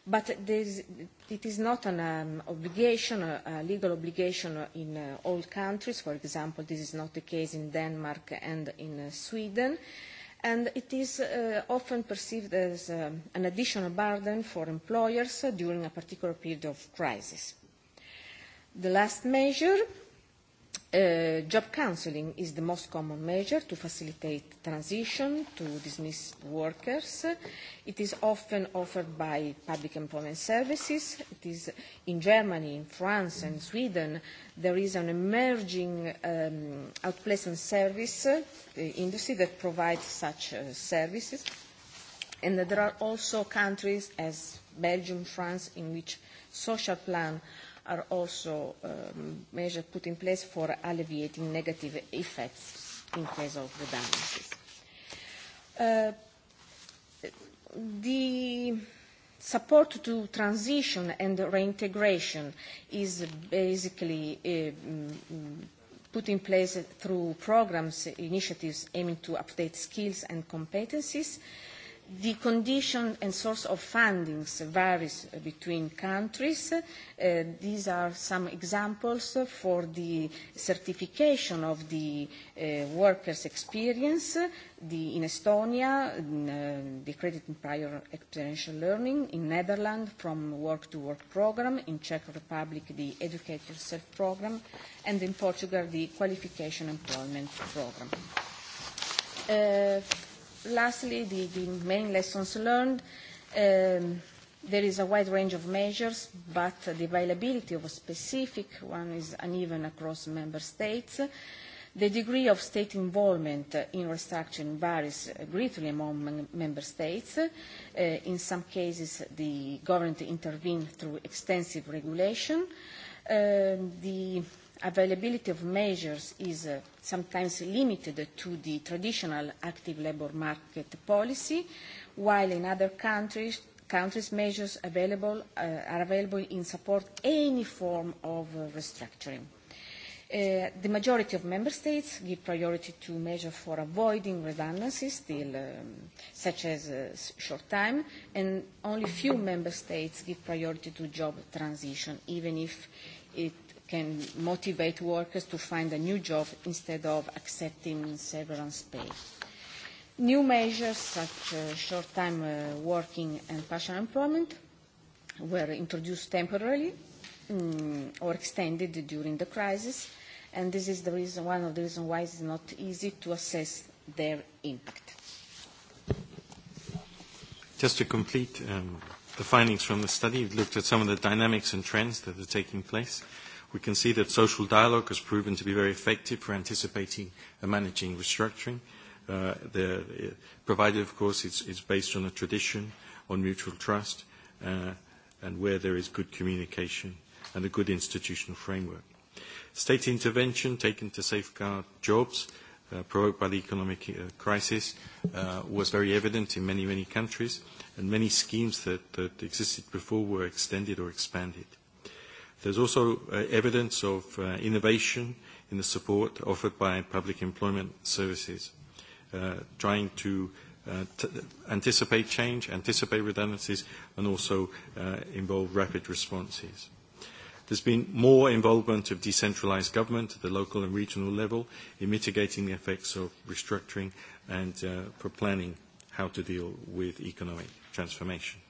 But it is not an um, obligation, a, legal obligation in uh, all countries. For example, this is not the case in Denmark and in uh, Sweden. And it is uh, often perceived as um, an additional burden for employers uh, during a particular period of crisis. The last measure Uh, job counseling is the most common measure to facilitate transition to dismissed workers. It is often offered by public employment services. It is in Germany, in France and Sweden, there is an emerging um, outplacement service uh, industry that provides such uh, services. And there are also countries as Belgium, France, in which social plan uh, are also um, measures put in place for alleviating negative effects in case of the damages. Uh, the support to transition and reintegration is basically uh, mm, put in place through programs, initiatives aiming to update skills and competencies. Uh, The condition and source of fundings varies uh, between countries. Uh, these are some examples for the certification of the uh, workers' experience. The, in Estonia, in, uh, the credit in prior experiential learning. In Netherlands, from work to work program. In Czech Republic, the educate yourself program. And in Portugal, the qualification employment program. Uh, lastly, the, the main lessons learned. Um, there is a wide range of measures, but the availability of a specific one is uneven across member states. The degree of state involvement in restructuring varies greatly among member states. Uh, in some cases, the government intervened through extensive regulation. Uh, the availability of measures is uh, sometimes limited to the traditional active labour market policy, while in other countries, countries measures available, uh, are available in support any form of uh, restructuring. Uh, the majority of member states give priority to measures for avoiding redundancies, still, um, such as uh, short time, and only few member states give priority to job transition, even if it can motivate workers to find a new job instead of accepting severance pay. New measures such as short-time uh, working and partial employment were introduced temporarily um, or extended during the crisis, and this is the reason, one of the reasons why it's not easy to assess their impact. Just to complete um, the findings from the study, we've looked at some of the dynamics and trends that are taking place. We can see that social dialogue has proven to be very effective for anticipating and managing restructuring. Uh, the, uh, provided, of course, it's, it's based on a tradition, on mutual trust, uh, and where there is good communication and a good institutional framework. State intervention taken to safeguard jobs uh, provoked by the economic uh, crisis uh, was very evident in many, many countries, and many schemes that, that existed before were extended or expanded. There's also uh, evidence of uh, innovation in the support offered by public employment services, uh, trying to uh, t anticipate change, anticipate redundancies, and also uh, involve rapid responses. There's been more involvement of decentralized government at the local and regional level in mitigating the effects of restructuring and uh, for planning how to deal with economic transformation.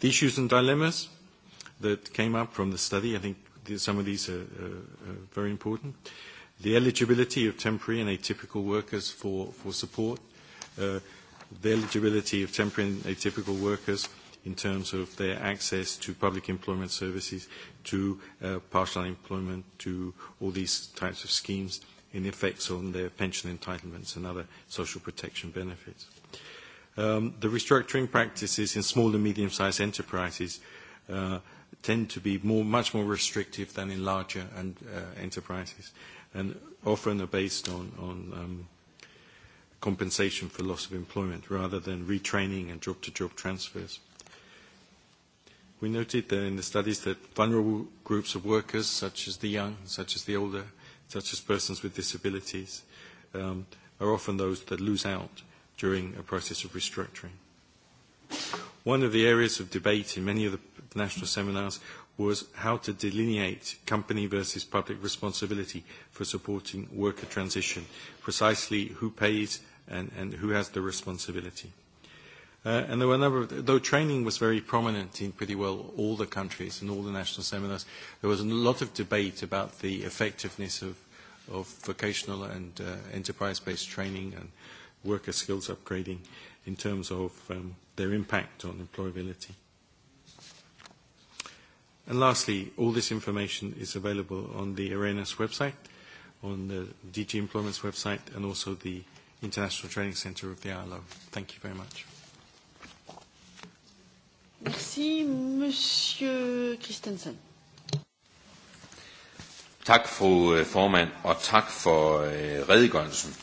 The issues and dilemmas that came up from the study. I think some of these are, are, are very important. The eligibility of temporary and atypical workers for, for support, uh, the eligibility of temporary and atypical workers in terms of their access to public employment services, to uh, partial employment, to all these types of schemes in effects on their pension entitlements and other social protection benefits. Um, the restructuring practices in small and medium-sized enterprises uh, tend to be more, much more restrictive than in larger and, uh, enterprises and often are based on, on um, compensation for loss of employment rather than retraining and job-to-job -job transfers. We noted that in the studies that vulnerable groups of workers, such as the young, such as the older, such as persons with disabilities, um, are often those that lose out during a process of restructuring. One of the areas of debate in many of the international seminars was how to delineate company versus public responsibility for supporting worker transition, precisely who pays and, and who has the responsibility. Uh, and there were a number of, though training was very prominent in pretty well all the countries and all the national seminars, there was a lot of debate about the effectiveness of, of vocational and uh, enterprise-based training and worker skills upgrading in terms of um, their impact on employability. And lastly, all this information is available on the ARENAS website, on the DG Employment's website, and also the International Training Center of the ILO. Thank you very much. Merci, Monsieur Christensen. Tak, fru øh, formand, og tak for øh, redegørelsen.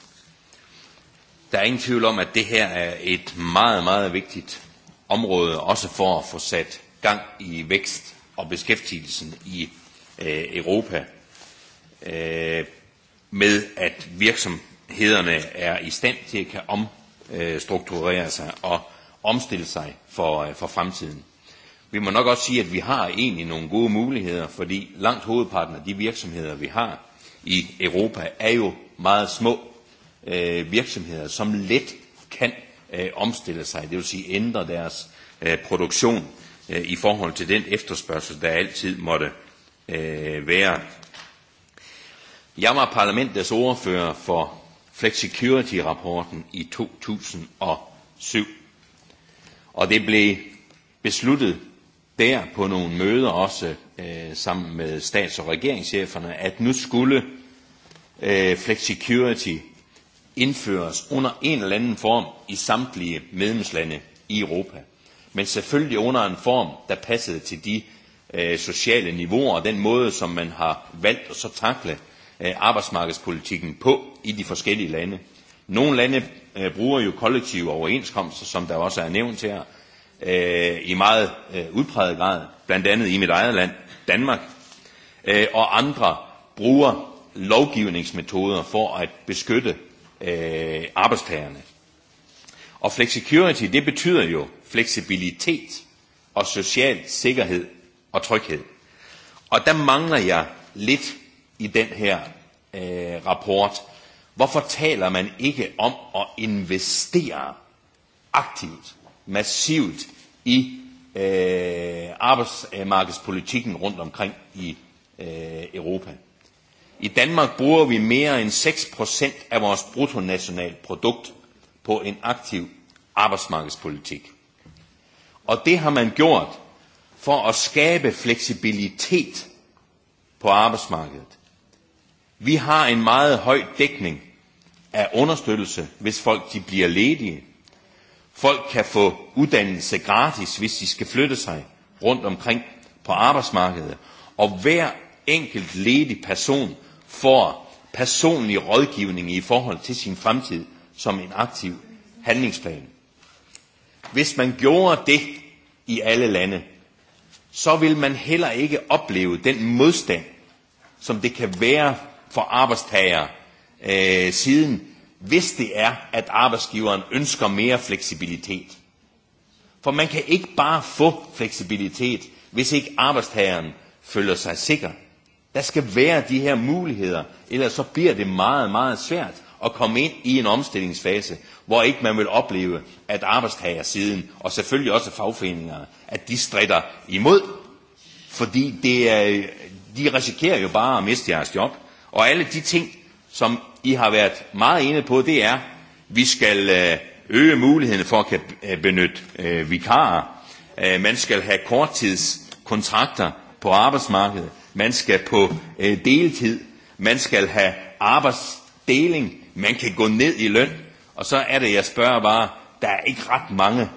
Der er ingen tvivl om, at det her er et meget, meget vigtigt område, også for at få sat gang i vækst og beskæftigelsen i øh, Europa øh, med, at virksomhederne er i stand til at kan omstrukturere øh, sig og omstille sig for, øh, for fremtiden. Vi må nok også sige, at vi har egentlig nogle gode muligheder, fordi langt hovedparten af de virksomheder, vi har i Europa, er jo meget små øh, virksomheder, som let kan øh, omstille sig, det vil sige ændre deres øh, produktion Øh, i forhold til den efterspørgsel, der altid måtte øh, være. Jeg var parlamentets ordfører for Flexicurity-rapporten i 2007, og det blev besluttet der på nogle møder også øh, sammen med stats- og regeringscheferne, at nu skulle øh, flexicurity indføres under en eller anden form i samtlige medlemslande i Europa men selvfølgelig under en form, der passede til de øh, sociale niveauer og den måde, som man har valgt at så takle øh, arbejdsmarkedspolitikken på i de forskellige lande. Nogle lande øh, bruger jo kollektive overenskomster, som der også er nævnt her, øh, i meget øh, udpræget grad, blandt andet i mit eget land, Danmark, øh, og andre bruger lovgivningsmetoder for at beskytte øh, arbejdstagerne. Og flexicurity, det betyder jo, fleksibilitet og social sikkerhed og tryghed. Og der mangler jeg lidt i den her øh, rapport. Hvorfor taler man ikke om at investere aktivt, massivt i øh, arbejdsmarkedspolitikken rundt omkring i øh, Europa? I Danmark bruger vi mere end 6% af vores bruttonationalprodukt på en aktiv arbejdsmarkedspolitik. Og det har man gjort for at skabe fleksibilitet på arbejdsmarkedet. Vi har en meget høj dækning af understøttelse, hvis folk de bliver ledige. Folk kan få uddannelse gratis, hvis de skal flytte sig rundt omkring på arbejdsmarkedet. Og hver enkelt ledig person får personlig rådgivning i forhold til sin fremtid som en aktiv handlingsplan. Hvis man gjorde det, i alle lande, så vil man heller ikke opleve den modstand, som det kan være for arbejdstagere øh, siden, hvis det er, at arbejdsgiveren ønsker mere fleksibilitet. For man kan ikke bare få fleksibilitet, hvis ikke arbejdstageren føler sig sikker. Der skal være de her muligheder, ellers så bliver det meget, meget svært og komme ind i en omstillingsfase, hvor ikke man vil opleve, at arbejdstagersiden og selvfølgelig også fagforeningerne, at de strider imod. Fordi det er, de risikerer jo bare at miste jeres job. Og alle de ting, som I har været meget enige på, det er, at vi skal øh, øge muligheden for at kan øh, benytte øh, vikarer. Man skal have korttidskontrakter på arbejdsmarkedet. Man skal på deltid. Man skal have arbejdsdeling man kan gå ned i løn, og så er det, jeg spørger bare, der er ikke ret mange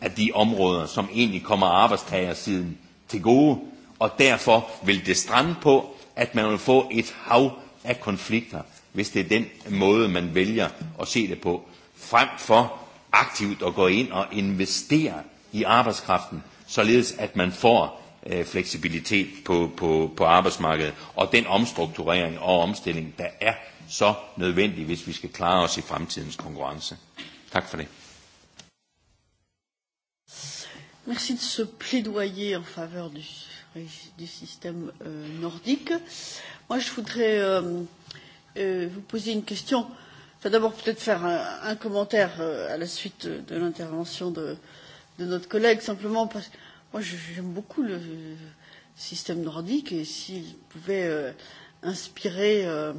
af de områder, som egentlig kommer arbejdstagersiden til gode, og derfor vil det strande på, at man vil få et hav af konflikter, hvis det er den måde, man vælger at se det på, frem for aktivt at gå ind og investere i arbejdskraften, således at man får øh, fleksibilitet på, på, på arbejdsmarkedet, og den omstrukturering og omstilling, der er så nødvendig, hvis vi skal klare os i fremtidens konkurrence. Tak for det. Merci de ce plaidoyer en faveur du, du système euh, nordique. Moi, je voudrais euh, euh, vous poser une question. Enfin, d'abord, peut-être faire un, un commentaire euh, à la suite de l'intervention de, de notre collègue, simplement parce que moi, j'aime beaucoup le système nordique et s'il pouvait euh, inspirer euh,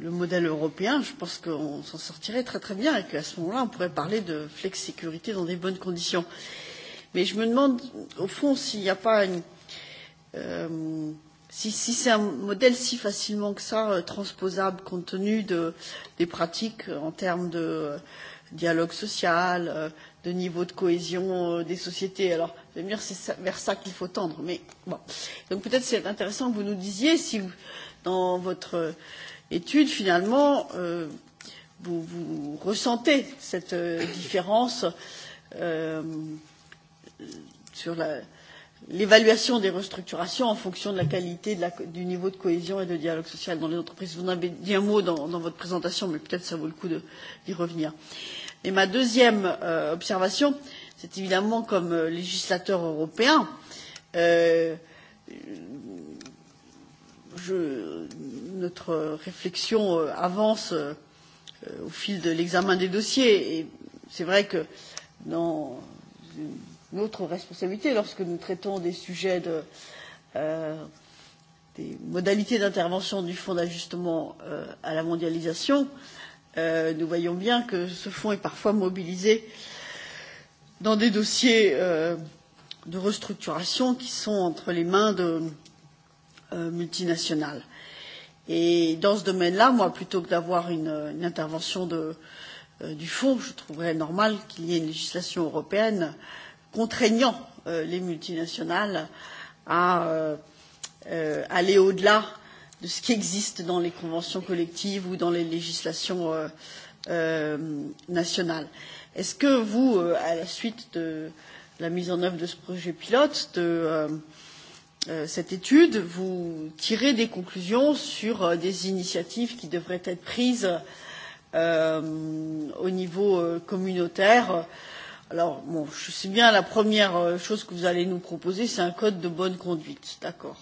le modèle européen, je pense qu'on s'en sortirait très très bien et qu'à ce moment-là, on pourrait parler de flex-sécurité dans des bonnes conditions. Mais je me demande, au fond, s'il n'y a pas une. Euh, si, si c'est un modèle si facilement que ça, euh, transposable compte tenu de, des pratiques euh, en termes de euh, dialogue social, euh, de niveau de cohésion euh, des sociétés. Alors, je vais me dire, c'est vers ça qu'il faut tendre. Mais bon. Donc peut-être c'est intéressant que vous nous disiez si vous dans votre étude, finalement, euh, vous, vous ressentez cette euh, différence euh, sur l'évaluation des restructurations en fonction de la qualité de la, du niveau de cohésion et de dialogue social dans les entreprises. Vous en avez dit un mot dans, dans votre présentation, mais peut-être ça vaut le coup d'y revenir. Et ma deuxième euh, observation, c'est évidemment comme euh, législateur européen, euh, je, notre réflexion euh, avance euh, euh, au fil de l'examen des dossiers et c'est vrai que dans notre responsabilité, lorsque nous traitons des sujets de, euh, des modalités d'intervention du Fonds d'ajustement euh, à la mondialisation, euh, nous voyons bien que ce fonds est parfois mobilisé dans des dossiers euh, de restructuration qui sont entre les mains de, euh, Euh, multinationales. Et dans ce domaine-là, moi, plutôt que d'avoir une, une intervention de, euh, du fonds, je trouverais normal qu'il y ait une législation européenne contraignant euh, les multinationales à euh, euh, aller au-delà de ce qui existe dans les conventions collectives ou dans les législations euh, euh, nationales. Est-ce que vous, euh, à la suite de la mise en œuvre de ce projet pilote, de, euh, Euh, cette étude, vous tirez des conclusions sur euh, des initiatives qui devraient être prises euh, au niveau euh, communautaire. Alors, bon, je sais bien, la première chose que vous allez nous proposer, c'est un code de bonne conduite, d'accord.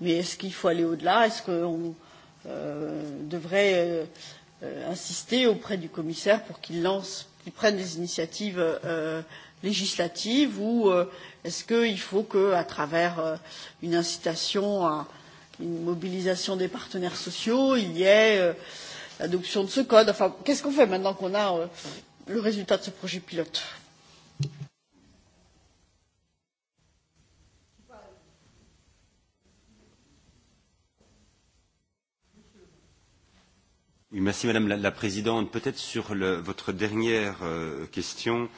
Mais est-ce qu'il faut aller au-delà Est-ce qu'on euh, devrait euh, insister auprès du commissaire pour qu'il lance, qu'il prenne des initiatives euh, législative ou euh, est-ce qu'il faut que, à travers euh, une incitation à une mobilisation des partenaires sociaux, il y ait euh, l'adoption de ce code Enfin, qu'est-ce qu'on fait maintenant qu'on a euh, le résultat de ce projet pilote Oui, merci Madame la, la Présidente. Peut-être sur le, votre dernière euh, question,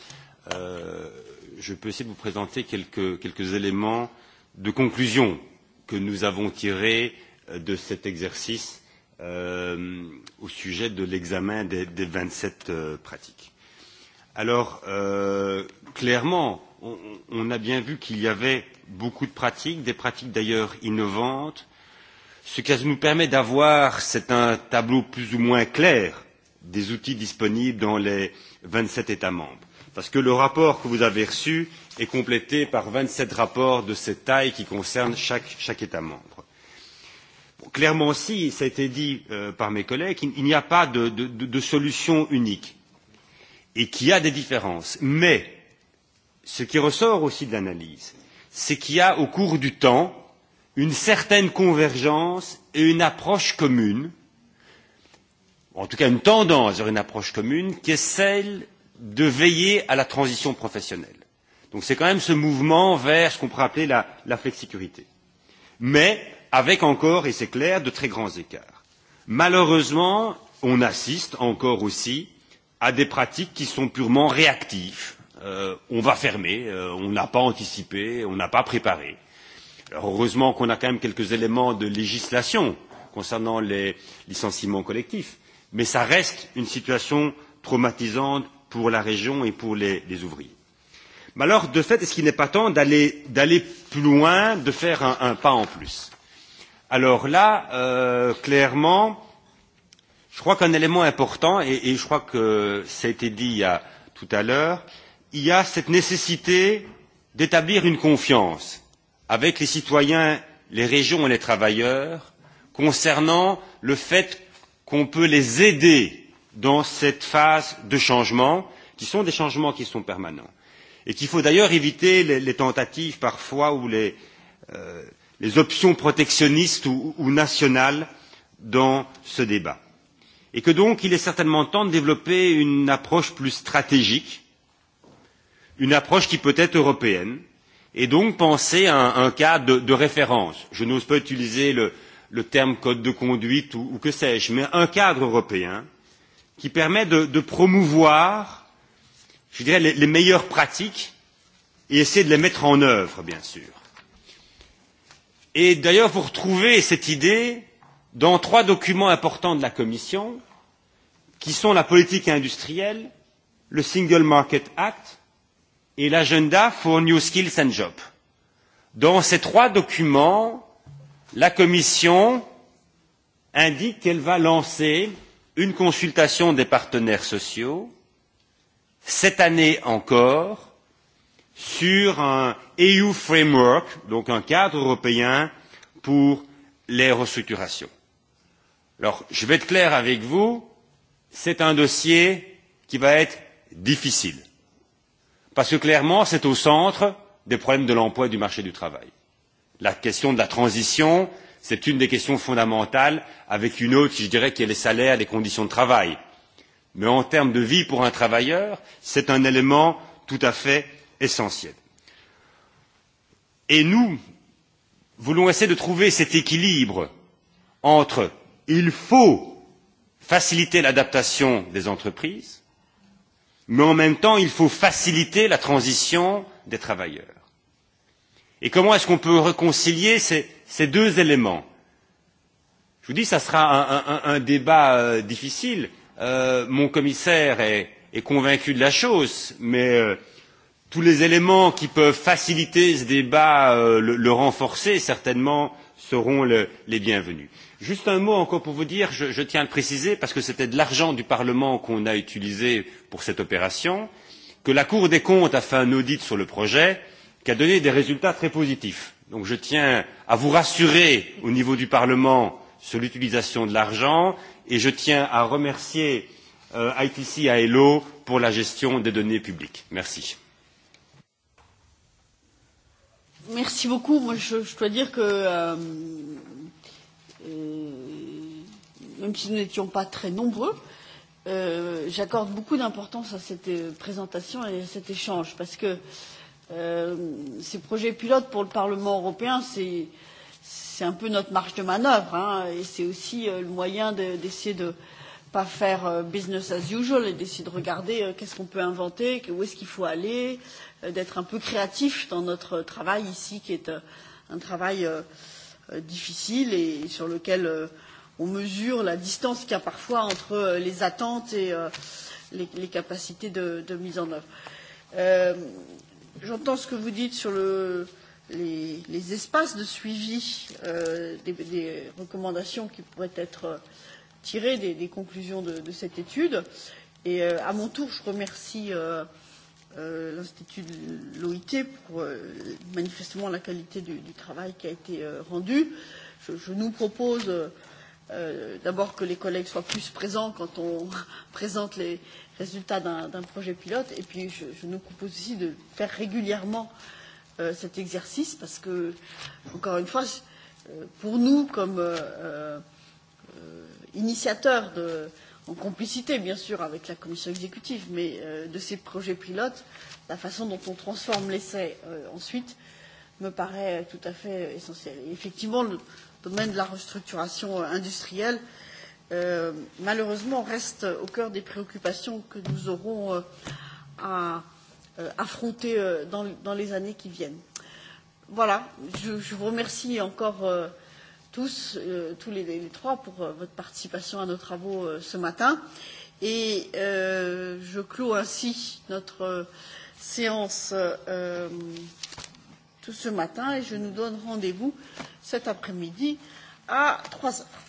Euh, je peux essayer de vous présenter quelques, quelques éléments de conclusion que nous avons tirés euh, de cet exercice euh, au sujet de l'examen des, des 27 euh, pratiques. Alors, euh, clairement, on, on a bien vu qu'il y avait beaucoup de pratiques, des pratiques d'ailleurs innovantes, ce qui nous permet d'avoir, c'est un tableau plus ou moins clair des outils disponibles dans les 27 États membres parce que le rapport que vous avez reçu est complété par 27 rapports de cette taille qui concernent chaque, chaque État membre. Bon, clairement aussi, ça a été dit euh, par mes collègues, il, il n'y a pas de, de, de solution unique et qu'il y a des différences. Mais ce qui ressort aussi de l'analyse, c'est qu'il y a au cours du temps une certaine convergence et une approche commune, en tout cas une tendance vers une approche commune, qui est celle de veiller à la transition professionnelle. Donc c'est quand même ce mouvement vers ce qu'on pourrait appeler la, la flexicurité. Mais avec encore, et c'est clair, de très grands écarts. Malheureusement, on assiste encore aussi à des pratiques qui sont purement réactives. Euh, on va fermer, euh, on n'a pas anticipé, on n'a pas préparé. Alors heureusement qu'on a quand même quelques éléments de législation concernant les licenciements collectifs, mais ça reste une situation traumatisante pour la région et pour les, les ouvriers. Mais alors, de fait, est-ce qu'il n'est pas temps d'aller plus loin, de faire un, un pas en plus Alors là, euh, clairement, je crois qu'un élément important, et, et je crois que ça a été dit il y a, tout à l'heure, il y a cette nécessité d'établir une confiance avec les citoyens, les régions et les travailleurs concernant le fait qu'on peut les aider dans cette phase de changement, qui sont des changements qui sont permanents. Et qu'il faut d'ailleurs éviter les, les tentatives parfois ou les, euh, les options protectionnistes ou, ou nationales dans ce débat. Et que donc il est certainement temps de développer une approche plus stratégique, une approche qui peut être européenne, et donc penser à un, un cas de, de référence. Je n'ose pas utiliser le, le terme code de conduite ou, ou que sais-je, mais un cadre européen qui permet de, de promouvoir, je dirais, les, les meilleures pratiques et essayer de les mettre en œuvre, bien sûr. Et d'ailleurs, vous retrouvez cette idée dans trois documents importants de la Commission, qui sont la politique industrielle, le Single Market Act et l'agenda for New Skills and Jobs. Dans ces trois documents, la Commission indique qu'elle va lancer une consultation des partenaires sociaux, cette année encore, sur un EU framework, donc un cadre européen pour les restructurations. Alors, je vais être clair avec vous, c'est un dossier qui va être difficile. Parce que clairement, c'est au centre des problèmes de l'emploi et du marché du travail. La question de la transition, C'est une des questions fondamentales, avec une autre, je dirais, qui est les salaires, les conditions de travail. Mais en termes de vie pour un travailleur, c'est un élément tout à fait essentiel. Et nous voulons essayer de trouver cet équilibre entre il faut faciliter l'adaptation des entreprises, mais en même temps il faut faciliter la transition des travailleurs. Et comment est-ce qu'on peut réconcilier ces, ces deux éléments Je vous dis, ça sera un, un, un débat euh, difficile. Euh, mon commissaire est, est convaincu de la chose, mais euh, tous les éléments qui peuvent faciliter ce débat, euh, le, le renforcer, certainement, seront le, les bienvenus. Juste un mot encore pour vous dire, je, je tiens à le préciser, parce que c'était de l'argent du Parlement qu'on a utilisé pour cette opération, que la Cour des comptes a fait un audit sur le projet, qui a donné des résultats très positifs. Donc je tiens à vous rassurer au niveau du Parlement sur l'utilisation de l'argent et je tiens à remercier euh, ITC ALO pour la gestion des données publiques. Merci. Merci beaucoup. Moi, je, je dois dire que euh, euh, même si nous n'étions pas très nombreux, euh, j'accorde beaucoup d'importance à cette euh, présentation et à cet échange parce que euh, Euh, ces projets pilotes pour le Parlement européen, c'est c'est un peu notre marge de manœuvre hein, et c'est aussi euh, le moyen d'essayer de ne de pas faire euh, business as usual et d'essayer de regarder euh, qu'est-ce qu'on peut inventer, où est-ce qu'il faut aller, euh, d'être un peu créatif dans notre travail ici qui est euh, un travail euh, euh, difficile et sur lequel euh, on mesure la distance qu'il y a parfois entre euh, les attentes et euh, les, les capacités de, de mise en œuvre. Euh, j'entends ce que vous dites sur le, les, les espaces de suivi euh, des, des recommandations qui pourraient être euh, tirées des, des conclusions de, de cette étude. Et euh, à mon tour, je remercie euh, euh, l'Institut de l'OIT pour euh, manifestement la qualité du, du travail qui a été euh, rendu. Je, je nous propose euh, d'abord que les collègues soient plus présents quand on <laughs> présente les, résultat d'un projet pilote. Et puis, je, je nous propose aussi de faire régulièrement euh, cet exercice parce que, encore une fois, euh, pour nous, comme euh, euh, initiateurs, de, en complicité bien sûr avec la commission exécutive, mais euh, de ces projets pilotes, la façon dont on transforme l'essai euh, ensuite me paraît tout à fait essentielle. Et effectivement, le domaine de la restructuration industrielle euh, Euh, malheureusement reste au cœur des préoccupations que nous aurons euh, à euh, affronter euh, dans, dans les années qui viennent. Voilà, je, je vous remercie encore euh, tous, euh, tous les, les trois pour euh, votre participation à nos travaux euh, ce matin et euh, je clôt ainsi notre euh, séance euh, tout ce matin et je nous donne rendez-vous cet après-midi à 3 heures.